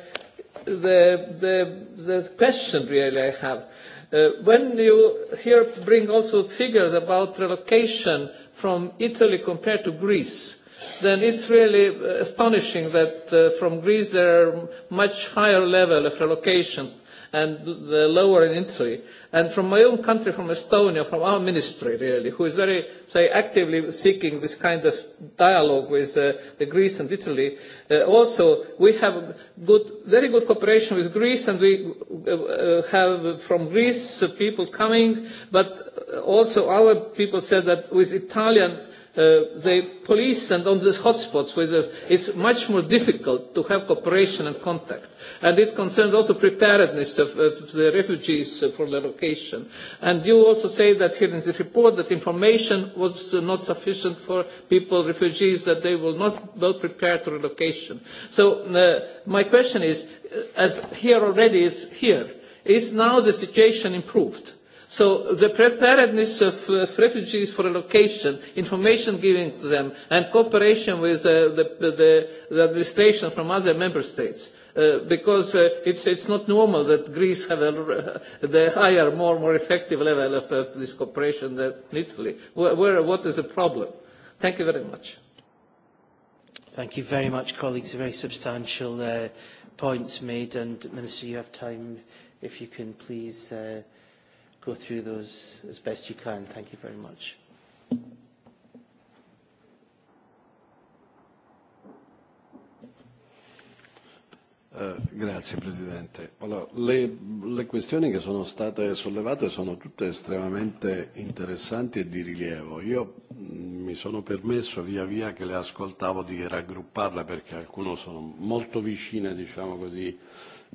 the, the, the question really I have. Uh, when you here bring also figures about relocation from Italy compared to Greece, then it's really uh, astonishing that uh, from Greece there are much higher level of relocations and the lower in Italy. And from my own country, from Estonia, from our ministry, really, who is very, say, actively seeking this kind of dialogue with uh, the Greece and Italy, uh, also we have good, very good cooperation with Greece, and we uh, uh have from Greece people coming, but also our people said that with Italian uh, the police and on these hotspots where there's, it's much more difficult to have cooperation and contact. And it concerns also preparedness of, of the refugees uh, for relocation. And you also say that here in this report that information was uh, not sufficient for people, refugees, that they were not well prepared to relocation. So uh, my question is, uh, as here already is here, is now the situation improved? So the preparedness of uh, refugees for relocation, information giving to them, and cooperation with uh, the, the, the administration from other member states. Uh, because uh, it's, it's not normal that Greece have a, uh, the higher, more, more effective level of, of this cooperation than Italy. Where, where, what is the problem? Thank you very much. Thank you very much, colleagues. Very substantial uh, points made. And, Minister, you have time, if you can please... Uh go through those as best you can. Thank you very much. Eh, grazie Presidente. Allora, le, le questioni che sono state sollevate sono tutte estremamente interessanti e di rilievo. Io mh, mm, mi sono permesso via via che le ascoltavo di raggrupparle perché alcune sono molto vicine, diciamo così, eh,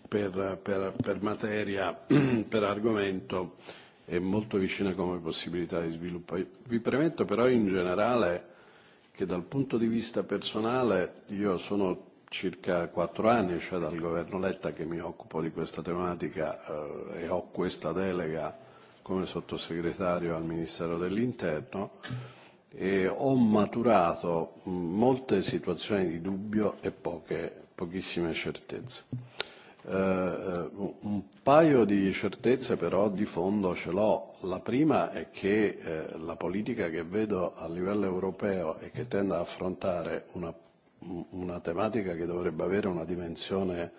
per, per, per materia, per argomento è molto vicina come possibilità di sviluppo. Vi premetto però in generale che dal punto di vista personale io sono circa quattro anni, cioè dal governo Letta, che mi occupo di questa tematica eh, e ho questa delega come sottosegretario al Ministero dell'Interno e ho maturato molte situazioni di dubbio e poche, pochissime certezze. Eh, eh, un paio di certezze però di fondo ce l'ho. La prima è che eh, la politica che vedo a livello europeo e che tende ad affrontare una, una tematica che dovrebbe avere una dimensione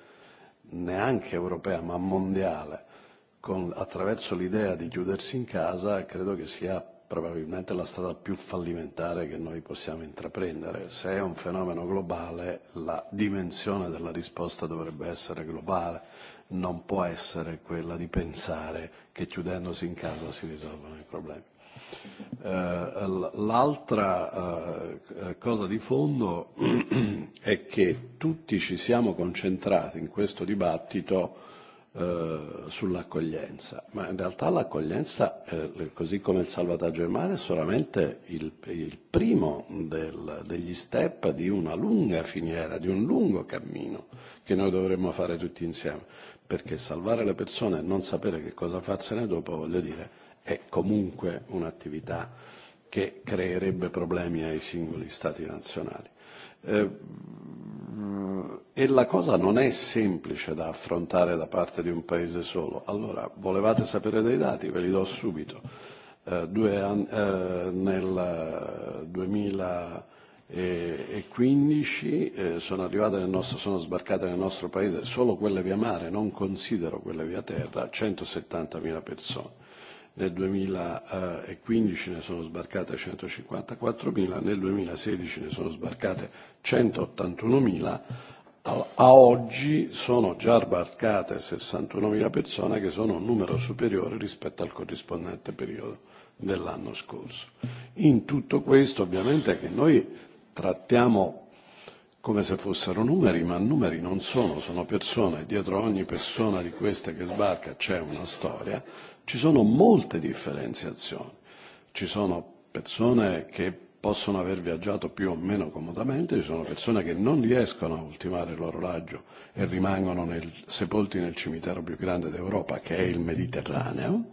neanche europea ma mondiale con, attraverso l'idea di chiudersi in casa credo che sia probabilmente la strada più fallimentare che noi possiamo intraprendere. Se è un fenomeno globale, la dimensione della risposta dovrebbe essere globale, non può essere quella di pensare che chiudendosi in casa si risolvono i problemi. Eh, l'altra eh, eh, cosa di fondo è che tutti ci siamo concentrati in questo dibattito eh, sull'accoglienza, ma in realtà l'accoglienza, eh, così come il salvataggio in mare, è solamente il, il primo del, degli step di una lunga finiera, di un lungo cammino che noi dovremmo fare tutti insieme, perché salvare le persone e non sapere che cosa farsene dopo, voglio dire, è comunque un'attività che creerebbe problemi ai singoli Stati nazionali. Eh, Eh, e la cosa non è semplice da affrontare da parte di un paese solo. Allora, volevate sapere dei dati, ve li do subito. Eh, due an- eh, nel 2015 eh, eh, sono arrivate nel nostro, sono sbarcate nel nostro paese solo quelle via mare, non considero quelle via terra, 170.000 persone nel 2015 eh, e ne sono sbarcate 154.000, nel 2016 ne sono sbarcate 181.000, a oggi sono già sbarcate 61.000 persone che sono un numero superiore rispetto al corrispondente periodo dell'anno scorso. In tutto questo ovviamente che noi trattiamo come se fossero numeri, ma numeri non sono, sono persone, dietro ogni persona di queste che sbarca c'è una storia, ci sono molte differenziazioni. Ci sono persone che possono aver viaggiato più o meno comodamente, ci sono persone che non riescono a ultimare il loro raggio e rimangono nel, sepolti nel cimitero più grande d'Europa, che è il Mediterraneo,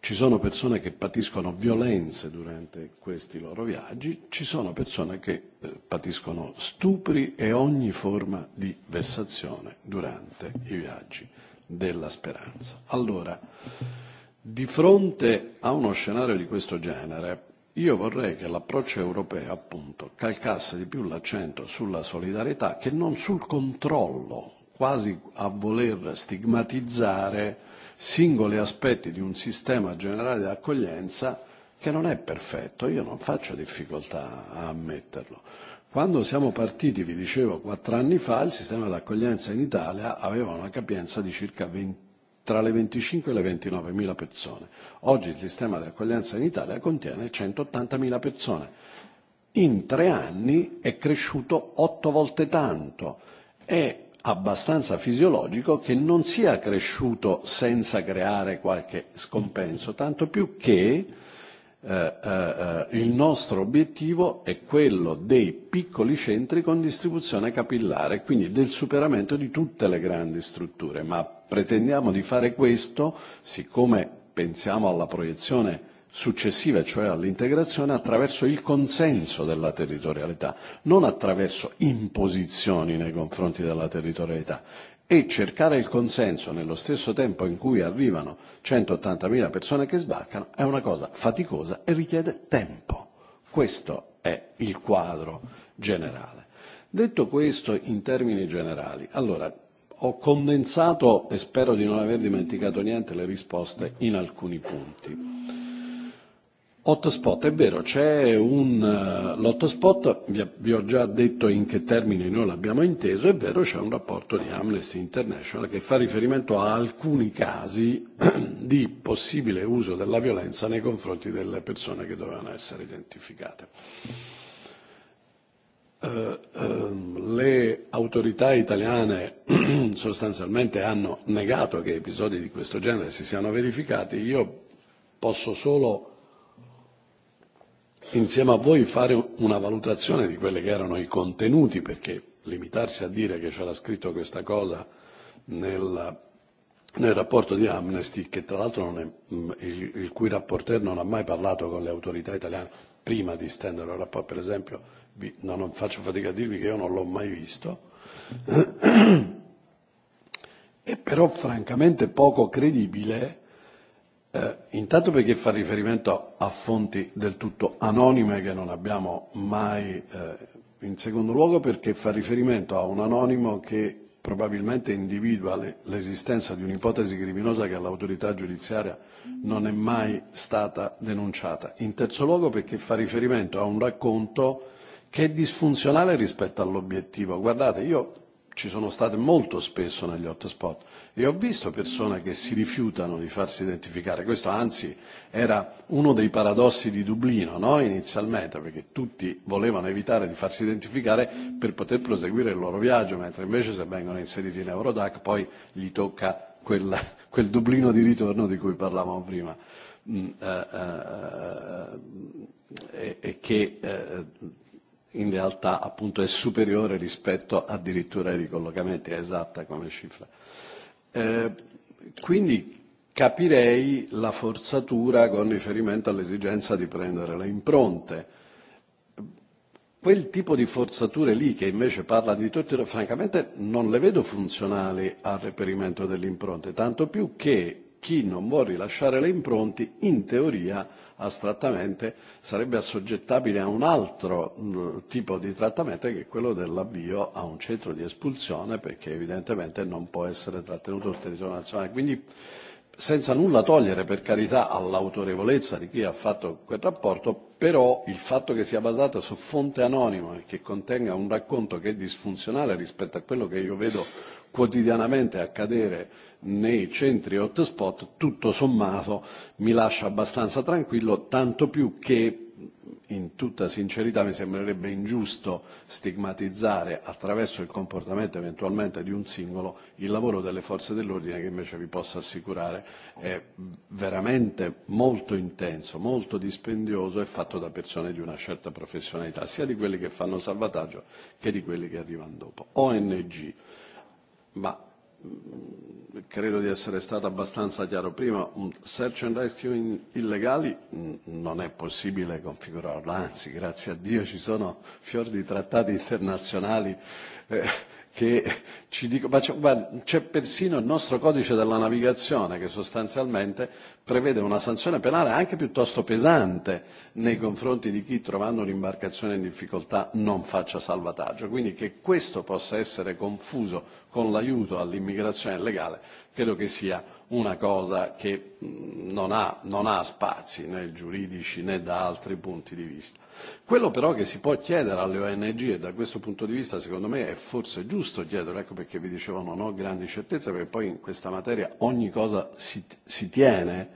Ci sono persone che patiscono violenze durante questi loro viaggi, ci sono persone che eh, patiscono stupri e ogni forma di vessazione durante i viaggi della speranza. Allora, di fronte a uno scenario di questo genere, io vorrei che l'approccio europeo appunto calcasse di più l'accento sulla solidarietà che non sul controllo, quasi a voler stigmatizzare singoli aspetti di un sistema generale di accoglienza che non è perfetto, io non faccio difficoltà a ammetterlo. Quando siamo partiti, vi dicevo, quattro anni fa, il sistema d'accoglienza in Italia aveva una capienza di circa 20, tra le 25 e le 29 mila persone. Oggi il sistema di accoglienza in Italia contiene 180 mila persone. In tre anni è cresciuto otto volte tanto e abbastanza fisiologico che non sia cresciuto senza creare qualche scompenso, tanto più che eh, eh, il nostro obiettivo è quello dei piccoli centri con distribuzione capillare, quindi del superamento di tutte le grandi strutture, ma pretendiamo di fare questo, siccome pensiamo alla proiezione successive, cioè all'integrazione, attraverso il consenso della territorialità, non attraverso imposizioni nei confronti della territorialità. E cercare il consenso nello stesso tempo in cui arrivano 180.000 persone che sbarcano è una cosa faticosa e richiede tempo. Questo è il quadro generale. Detto questo in termini generali, allora ho condensato e spero di non aver dimenticato niente le risposte in alcuni punti Hotspot, è vero, c'è un, eh, l'hotspot, vi, vi ho già detto in che termini noi l'abbiamo inteso, è vero c'è un rapporto di Amnesty International che fa riferimento a alcuni casi di possibile uso della violenza nei confronti delle persone che dovevano essere identificate. Eh, eh, le autorità italiane sostanzialmente hanno negato che episodi di questo genere si siano verificati, io posso solo insieme a voi fare una valutazione di quelli che erano i contenuti, perché limitarsi a dire che c'era scritto questa cosa nel, nel rapporto di Amnesty, che tra l'altro non è, mh, mm, il, il cui rapporteur non ha mai parlato con le autorità italiane prima di stendere il rapporto, per esempio, vi, no, non faccio fatica a dirvi che io non l'ho mai visto, è e però francamente poco credibile Eh, intanto perché fa riferimento a fonti del tutto anonime che non abbiamo mai, eh, in secondo luogo perché fa riferimento a un anonimo che probabilmente individua l'esistenza di un'ipotesi criminosa che all'autorità giudiziaria non è mai stata denunciata. In terzo luogo perché fa riferimento a un racconto che è disfunzionale rispetto all'obiettivo. Guardate, io ci sono state molto spesso negli hotspot e ho visto persone che si rifiutano di farsi identificare. Questo anzi era uno dei paradossi di Dublino no? inizialmente, perché tutti volevano evitare di farsi identificare per poter proseguire il loro viaggio, mentre invece se vengono inseriti in Eurodac poi gli tocca quella, quel Dublino di ritorno di cui parlavamo prima. Mm, eh, eh, eh e, e che eh, in realtà appunto è superiore rispetto addirittura ai ricollocamenti, è esatta come cifra. Eh, Eh, quindi capirei la forzatura con riferimento all'esigenza di prendere le impronte. Quel tipo di forzature lì che invece parla di tutto, francamente non le vedo funzionali al reperimento delle impronte, tanto più che chi non vuole rilasciare le impronte in teoria astrattamente, sarebbe assoggettabile a un altro mh, mm, tipo di trattamento che è quello dell'avvio a un centro di espulsione perché evidentemente non può essere trattenuto sul territorio nazionale. Quindi senza nulla togliere per carità all'autorevolezza di chi ha fatto quel rapporto, però il fatto che sia basata su fonte anonima e che contenga un racconto che è disfunzionale rispetto a quello che io vedo quotidianamente accadere nei centri hotspot, tutto sommato mi lascia abbastanza tranquillo, tanto più che in tutta sincerità mi sembrerebbe ingiusto stigmatizzare attraverso il comportamento eventualmente di un singolo il lavoro delle forze dell'ordine che invece vi posso assicurare è veramente molto intenso, molto dispendioso e fatto da persone di una certa professionalità, sia di quelli che fanno salvataggio che di quelli che arrivano dopo. ONG, ma credo di essere stato abbastanza chiaro prima, un search and rescue in, illegali mh, non è possibile configurarlo, anzi grazie a Dio ci sono fior di trattati internazionali eh, che ci dicono, ma c'è, guarda, c'è persino il nostro codice della navigazione che sostanzialmente prevede una sanzione penale anche piuttosto pesante nei confronti di chi trovando un'imbarcazione in difficoltà non faccia salvataggio. Quindi che questo possa essere confuso con l'aiuto all'immigrazione legale credo che sia una cosa che mm, non ha, non ha spazi né giuridici né da altri punti di vista. Quello però che si può chiedere alle ONG e da questo punto di vista secondo me è forse giusto chiedere, ecco perché vi dicevo non ho grandi certezze perché poi in questa materia ogni cosa si, si tiene,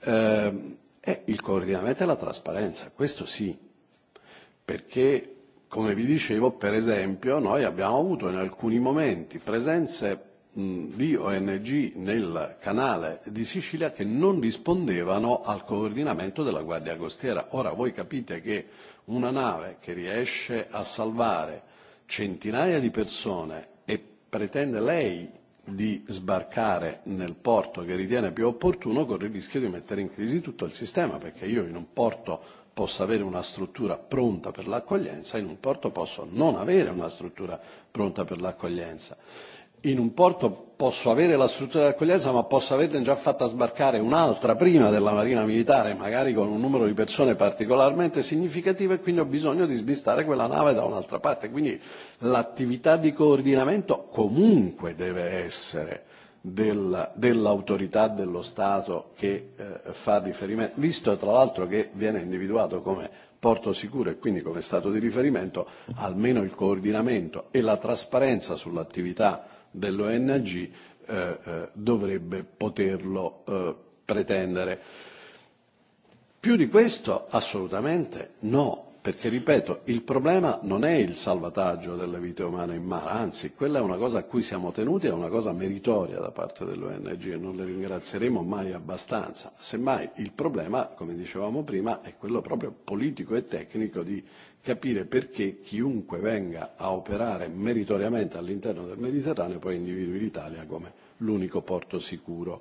eh, è il coordinamento e la trasparenza, questo sì, perché come vi dicevo per esempio noi abbiamo avuto in alcuni momenti presenze di ONG nel canale di Sicilia che non rispondevano al coordinamento della Guardia Costiera. Ora voi capite che una nave che riesce a salvare centinaia di persone e pretende lei di sbarcare nel porto che ritiene più opportuno, corre il rischio di mettere in crisi tutto il sistema, perché io in un porto posso avere una struttura pronta per l'accoglienza, in un porto posso non avere una struttura pronta per l'accoglienza in un porto posso avere la struttura di accoglienza ma posso averne già fatta sbarcare un'altra prima della marina militare, magari con un numero di persone particolarmente significativo e quindi ho bisogno di smistare quella nave da un'altra parte. Quindi l'attività di coordinamento comunque deve essere del, dell'autorità dello Stato che eh, fa riferimento, visto tra l'altro che viene individuato come porto sicuro e quindi come Stato di riferimento, almeno il coordinamento e la trasparenza sull'attività dell'ONG eh, eh, dovrebbe poterlo eh, pretendere. Più di questo assolutamente no, perché ripeto, il problema non è il salvataggio delle vite umane in mare, anzi quella è una cosa a cui siamo tenuti, è una cosa meritoria da parte dell'ONG e non le ringrazieremo mai abbastanza. Semmai il problema, come dicevamo prima, è quello proprio politico e tecnico di capire perché chiunque venga a operare meritoriamente all'interno del Mediterraneo poi individui l'Italia come l'unico porto sicuro.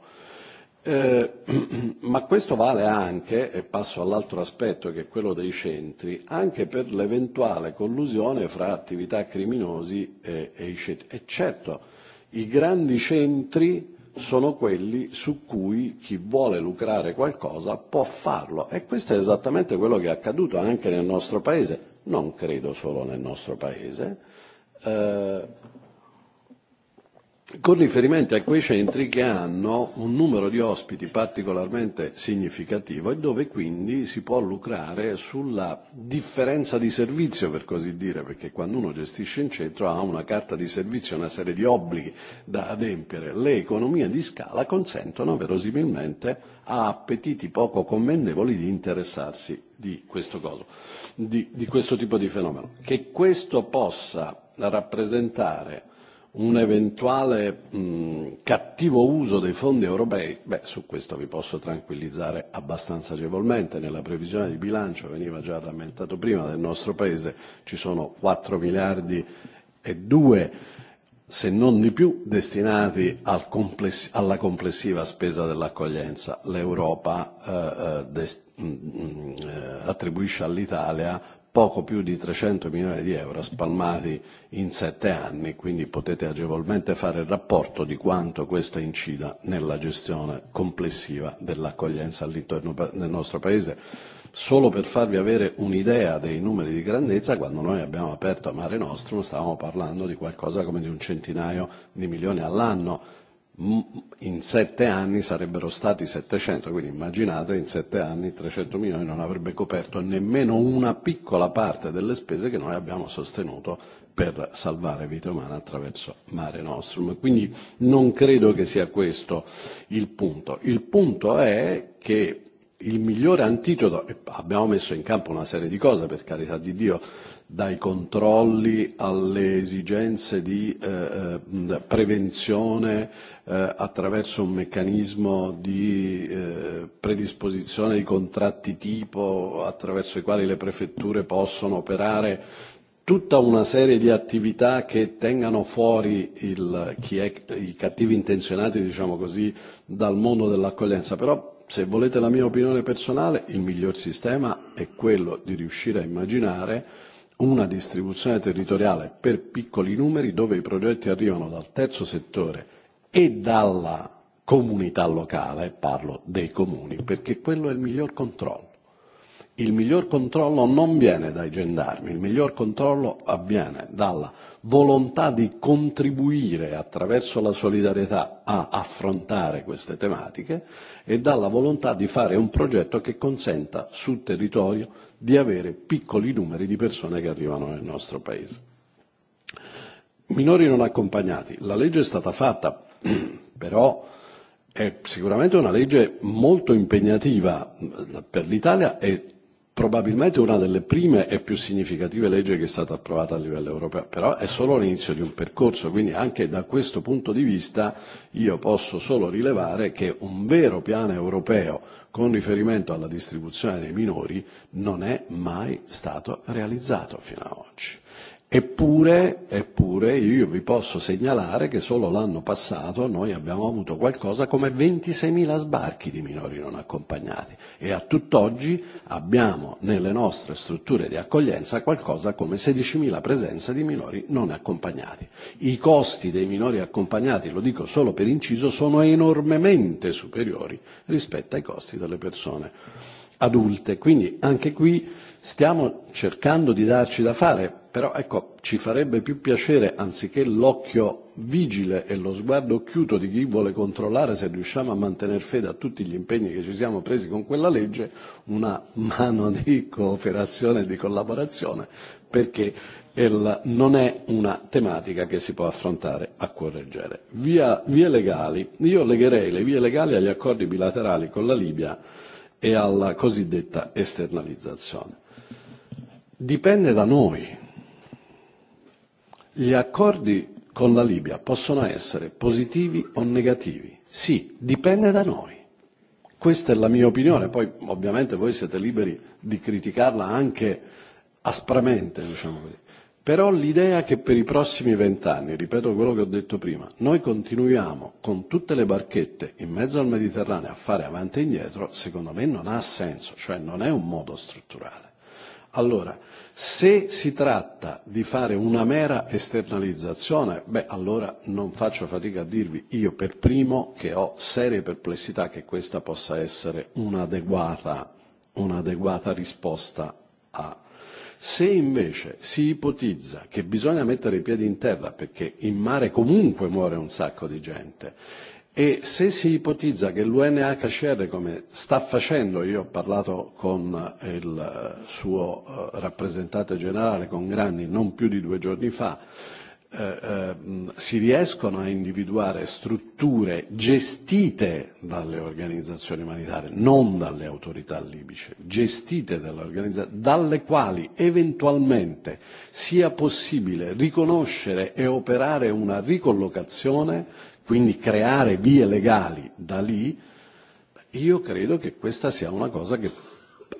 Eh, ma questo vale anche, e passo all'altro aspetto che è quello dei centri, anche per l'eventuale collusione fra attività criminosi e, e i centri. E certo, i grandi centri sono quelli su cui chi vuole lucrare qualcosa può farlo e questo è esattamente quello che è accaduto anche nel nostro paese, non credo solo nel nostro paese. Eh, con riferimento a quei centri che hanno un numero di ospiti particolarmente significativo e dove quindi si può lucrare sulla differenza di servizio, per così dire, perché quando uno gestisce un centro ha una carta di servizio, una serie di obblighi da adempiere. Le economie di scala consentono verosimilmente a appetiti poco commendevoli di interessarsi di questo, coso, di, di questo tipo di fenomeno. Che questo possa rappresentare un eventuale mh, cattivo uso dei fondi europei, beh, su questo vi posso tranquillizzare abbastanza agevolmente. Nella previsione di bilancio, veniva già rammentato prima, del nostro Paese ci sono 4 miliardi e 2, se non di più, destinati al compless- alla complessiva spesa dell'accoglienza. L'Europa eh, eh des- mh, mh, eh, attribuisce all'Italia poco più di 300 milioni di euro spalmati in sette anni, quindi potete agevolmente fare il rapporto di quanto questo incida nella gestione complessiva dell'accoglienza all'interno del nostro Paese. Solo per farvi avere un'idea dei numeri di grandezza, quando noi abbiamo aperto Mare Nostrum stavamo parlando di qualcosa come di un centinaio di milioni all'anno in sette anni sarebbero stati 700, quindi immaginate in sette anni 300 milioni non avrebbe coperto nemmeno una piccola parte delle spese che noi abbiamo sostenuto per salvare vite umane attraverso Mare Nostrum. Quindi non credo che sia questo il punto. Il punto è che il migliore antidoto, e abbiamo messo in campo una serie di cose per carità di Dio, dai controlli alle esigenze di eh, eh, prevenzione eh, attraverso un meccanismo di eh, predisposizione di contratti tipo attraverso i quali le prefetture possono operare tutta una serie di attività che tengano fuori il, chi è, i cattivi intenzionati, diciamo così, dal mondo dell'accoglienza. Però se volete la mia opinione personale, il miglior sistema è quello di riuscire a immaginare una distribuzione territoriale per piccoli numeri dove i progetti arrivano dal terzo settore e dalla comunità locale, parlo dei comuni, perché quello è il miglior controllo il miglior controllo non viene dai gendarmi, il miglior controllo avviene dalla volontà di contribuire attraverso la solidarietà a affrontare queste tematiche e dalla volontà di fare un progetto che consenta sul territorio di avere piccoli numeri di persone che arrivano nel nostro paese. Minori non accompagnati. La legge è stata fatta, però è sicuramente una legge molto impegnativa per l'Italia e probabilmente una delle prime e più significative leggi che è stata approvata a livello europeo, però è solo l'inizio di un percorso, quindi anche da questo punto di vista io posso solo rilevare che un vero piano europeo con riferimento alla distribuzione dei minori non è mai stato realizzato fino ad oggi Eppure, eppure io vi posso segnalare che solo l'anno passato noi abbiamo avuto qualcosa come 26.000 sbarchi di minori non accompagnati e a tutt'oggi abbiamo nelle nostre strutture di accoglienza qualcosa come 16.000 presenze di minori non accompagnati. I costi dei minori accompagnati, lo dico solo per inciso, sono enormemente superiori rispetto ai costi delle persone adulte. Quindi anche qui stiamo cercando di darci da fare però ecco, ci farebbe più piacere, anziché l'occhio vigile e lo sguardo chiuso di chi vuole controllare se riusciamo a mantenere fede a tutti gli impegni che ci siamo presi con quella legge, una mano di cooperazione e di collaborazione, perché el, non è una tematica che si può affrontare a cuor leggero. Via, vie legali, io legherei le vie legali agli accordi bilaterali con la Libia e alla cosiddetta esternalizzazione. Dipende da noi Gli accordi con la Libia possono essere positivi o negativi? Sì, dipende da noi. Questa è la mia opinione, poi ovviamente voi siete liberi di criticarla anche aspramente, diciamo così. Però l'idea che per i prossimi vent'anni, ripeto quello che ho detto prima, noi continuiamo con tutte le barchette in mezzo al Mediterraneo a fare avanti e indietro, secondo me non ha senso, cioè non è un modo strutturale. Allora, Se si tratta di fare una mera esternalizzazione, beh, allora non faccio fatica a dirvi io per primo che ho serie perplessità che questa possa essere un'adeguata, un'adeguata risposta a. Se invece si ipotizza che bisogna mettere i piedi in terra perché in mare comunque muore un sacco di gente E se si ipotizza che l'UNHCR, come sta facendo, io ho parlato con eh, il eh, suo eh, rappresentante generale, con Grandi, non più di due giorni fa, eh, eh, si riescono a individuare strutture gestite dalle organizzazioni umanitarie, non dalle autorità libice, gestite dalle organizzazioni, dalle quali eventualmente sia possibile riconoscere e operare una ricollocazione quindi creare vie legali da lì, io credo che questa sia una cosa che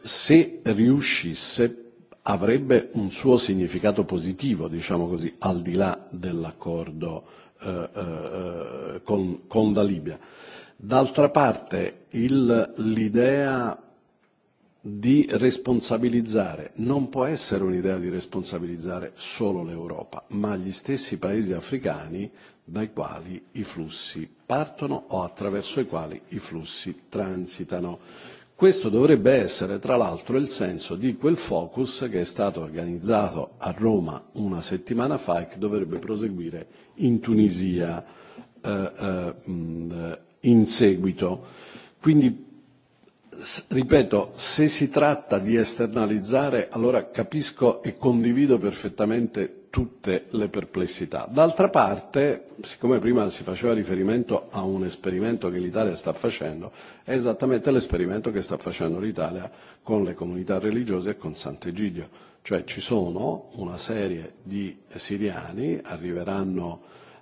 se riuscisse avrebbe un suo significato positivo, diciamo così, al di là dell'accordo eh, eh, con, con la Libia. D'altra parte il, l'idea di responsabilizzare non può essere un'idea di responsabilizzare solo l'Europa, ma gli stessi paesi africani dai quali i flussi partono o attraverso i quali i flussi transitano. Questo dovrebbe essere tra l'altro il senso di quel focus che è stato organizzato a Roma una settimana fa e che dovrebbe proseguire in Tunisia eh, eh, mh, in seguito. Quindi ripeto, se si tratta di esternalizzare, allora capisco e condivido perfettamente tutte le perplessità. D'altra parte, siccome prima si faceva riferimento a un esperimento che l'Italia sta facendo, è esattamente l'esperimento che sta facendo l'Italia con le comunità religiose e con Sant'Egidio. Cioè ci sono una serie di siriani, arriveranno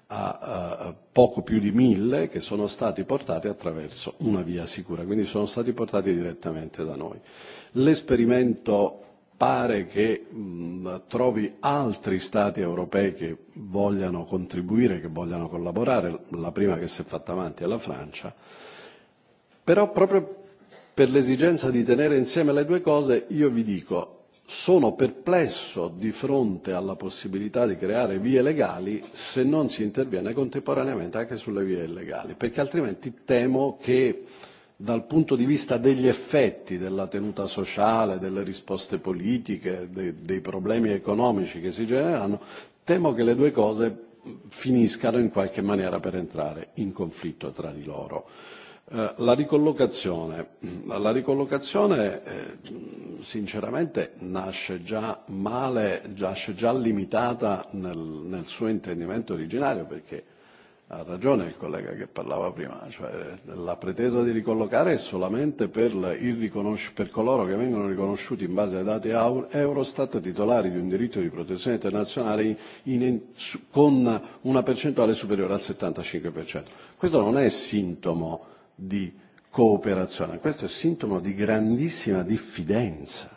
a, a poco più di mille, che sono stati portati attraverso una via sicura, quindi sono stati portati direttamente da noi. L'esperimento pare che mh, mm, trovi altri Stati europei che vogliano contribuire, che vogliano collaborare, la prima che si è fatta avanti è la Francia, però proprio per l'esigenza di tenere insieme le due cose io vi dico sono perplesso di fronte alla possibilità di creare vie legali se non si interviene contemporaneamente anche sulle vie illegali, perché altrimenti temo che eh, dal punto di vista degli effetti della tenuta sociale, delle risposte politiche, dei, dei problemi economici che si genereranno, temo che le due cose finiscano in qualche maniera per entrare in conflitto tra di loro. Eh, la ricollocazione. La ricollocazione eh, sinceramente nasce già male, nasce già limitata nel, nel suo intendimento originario perché Ha ragione il collega che parlava prima, cioè la pretesa di ricollocare è solamente per, il riconosci- per coloro che vengono riconosciuti in base ai dati Eurostat titolari di un diritto di protezione internazionale in, in, su, con una percentuale superiore al 75%. Questo non è sintomo di cooperazione, questo è sintomo di grandissima diffidenza.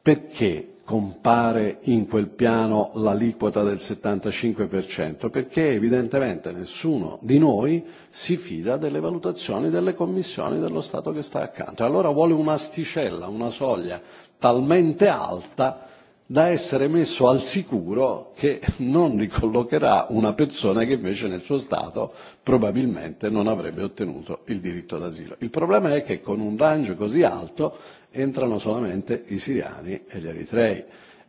Perché compare in quel piano l'aliquota del 75%, perché evidentemente nessuno di noi si fida delle valutazioni delle commissioni dello Stato che sta accanto. E allora vuole un'asticella, una soglia talmente alta da essere messo al sicuro che non ricollocherà una persona che invece nel suo Stato probabilmente non avrebbe ottenuto il diritto d'asilo. Il problema è che con un range così alto entrano solamente i siriani e gli eritrei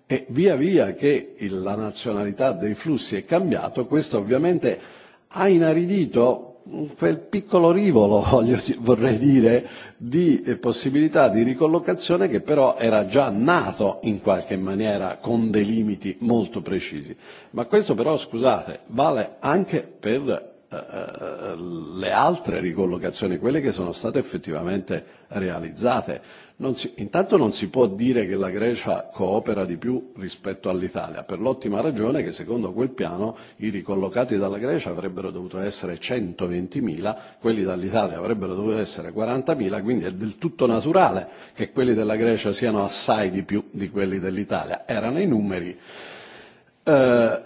e via via che la nazionalità dei flussi è cambiata questo ovviamente ha inaridito quel piccolo rivolo, voglio, vorrei dire, di eh, possibilità di ricollocazione che però era già nato in qualche maniera con dei limiti molto precisi. Ma questo però, scusate, vale anche per Eh, eh, eh, le altre ricollocazioni, quelle che sono state effettivamente realizzate. Non si, intanto non si può dire che la Grecia coopera di più rispetto all'Italia, per l'ottima ragione che secondo quel piano i ricollocati dalla Grecia avrebbero dovuto essere 120.000, quelli dall'Italia avrebbero dovuto essere 40.000, quindi è del tutto naturale che quelli della Grecia siano assai di più di quelli dell'Italia. Erano i numeri. Eh,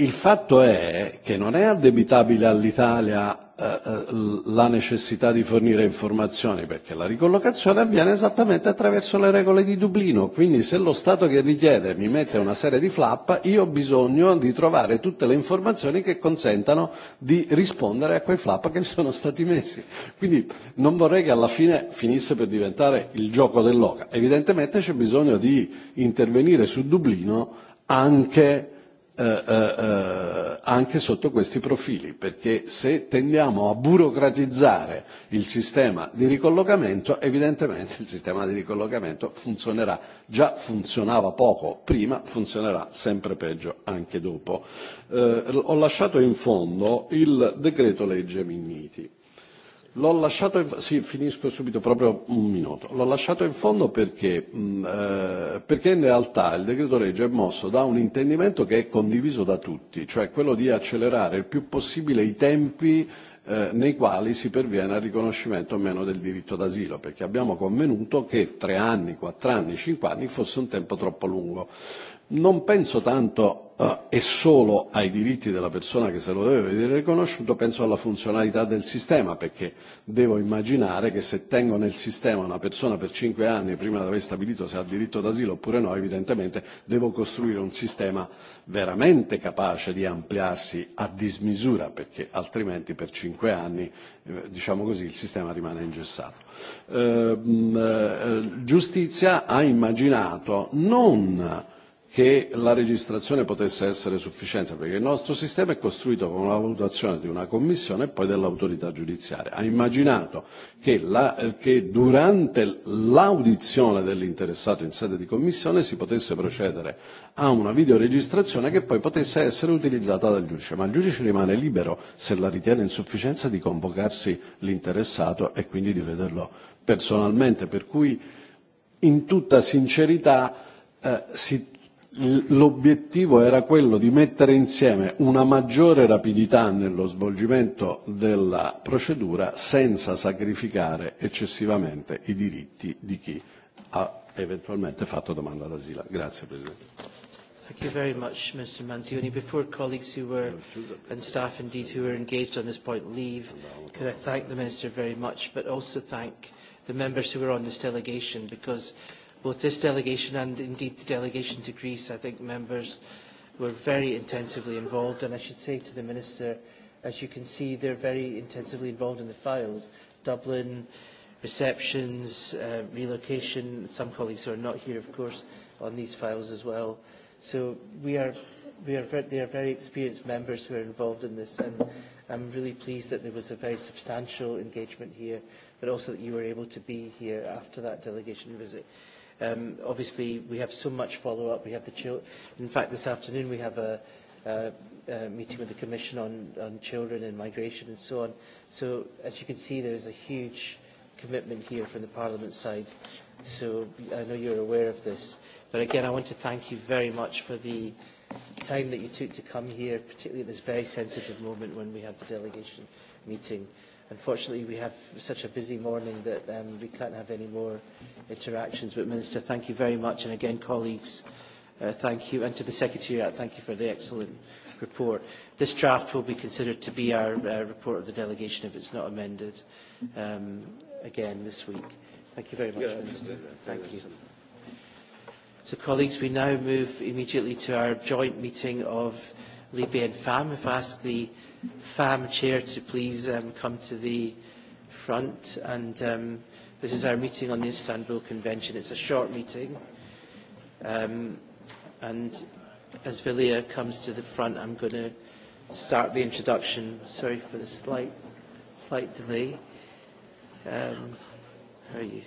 Il fatto è che non è addebitabile all'Italia eh, eh, la necessità di fornire informazioni, perché la ricollocazione avviene esattamente attraverso le regole di Dublino. Quindi se lo Stato che richiede mi mette una serie di flappa, io ho bisogno di trovare tutte le informazioni che consentano di rispondere a quei flappa che mi sono stati messi. Quindi non vorrei che alla fine finisse per diventare il gioco dell'oca. Evidentemente c'è bisogno di intervenire su Dublino anche Eh, eh, eh, anche sotto questi profili, perché se tendiamo a burocratizzare il sistema di ricollocamento, evidentemente il sistema di ricollocamento funzionerà. Già funzionava poco prima, funzionerà sempre peggio anche dopo. Eh, ho lasciato in fondo il decreto legge Minniti L'ho lasciato, in, sì, finisco subito proprio un minuto. L'ho lasciato in fondo perché, mh, mm, eh, perché in realtà il decreto legge è mosso da un intendimento che è condiviso da tutti, cioè quello di accelerare il più possibile i tempi eh, nei quali si perviene al riconoscimento o meno del diritto d'asilo, perché abbiamo convenuto che tre anni, quattro anni, cinque anni fosse un tempo troppo lungo. Non penso tanto eh, e solo ai diritti della persona che se lo deve vedere riconosciuto, penso alla funzionalità del sistema, perché devo immaginare che se tengo nel sistema una persona per cinque anni e prima di aver stabilito se ha diritto d'asilo oppure no, evidentemente devo costruire un sistema veramente capace di ampliarsi a dismisura, perché altrimenti per cinque anni eh, diciamo così, il sistema rimane ingessato. Eh, eh giustizia ha immaginato non che la registrazione potesse essere sufficiente, perché il nostro sistema è costruito con la valutazione di una commissione e poi dell'autorità giudiziaria. Ha immaginato che, la, che durante l'audizione dell'interessato in sede di commissione si potesse procedere a una videoregistrazione che poi potesse essere utilizzata dal giudice, ma il giudice rimane libero, se la ritiene insufficienza, di convocarsi l'interessato e quindi di vederlo personalmente. Per cui, in tutta sincerità, eh, si l'obiettivo era quello di mettere insieme una maggiore rapidità nello svolgimento della procedura senza sacrificare eccessivamente i diritti di chi ha eventualmente fatto domanda d'asilo. Grazie Presidente. Thank you very much, Mr. Manzioni. Before colleagues who were, and staff indeed, who were engaged on this point leave, could I thank the Minister very much, but also thank the members who were on this delegation, because both this delegation and indeed the delegation to Greece, I think members were very intensively involved. And I should say to the Minister, as you can see, they're very intensively involved in the files. Dublin, receptions, uh, relocation, some colleagues who are not here, of course, on these files as well. So we are, we are, they are very experienced members who are involved in this. And I'm really pleased that there was a very substantial engagement here, but also that you were able to be here after that delegation visit. Um, obviously, we have so much follow-up. We have the chil- In fact, this afternoon we have a, a, a meeting with the Commission on, on children and migration and so on. So, as you can see, there's a huge commitment here from the Parliament side. So, I know you're aware of this. But again, I want to thank you very much for the time that you took to come here, particularly at this very sensitive moment when we had the delegation meeting. Unfortunately, we have such a busy morning that um, we can't have any more interactions. But, Minister, thank you very much. And again, colleagues, uh, thank you. And to the Secretariat, thank you for the excellent report. This draft will be considered to be our uh, report of the delegation if it's not amended um, again this week. Thank you very much, yeah, Minister. Thank you. So, colleagues, we now move immediately to our joint meeting of Libya and FAM. If I ask the FAM chair to please um, come to the front. And um, this is our meeting on the Istanbul Convention. It's a short meeting. Um, and as Villia comes to the front, I'm going to start the introduction. Sorry for the slight, slight delay. Um, how are you?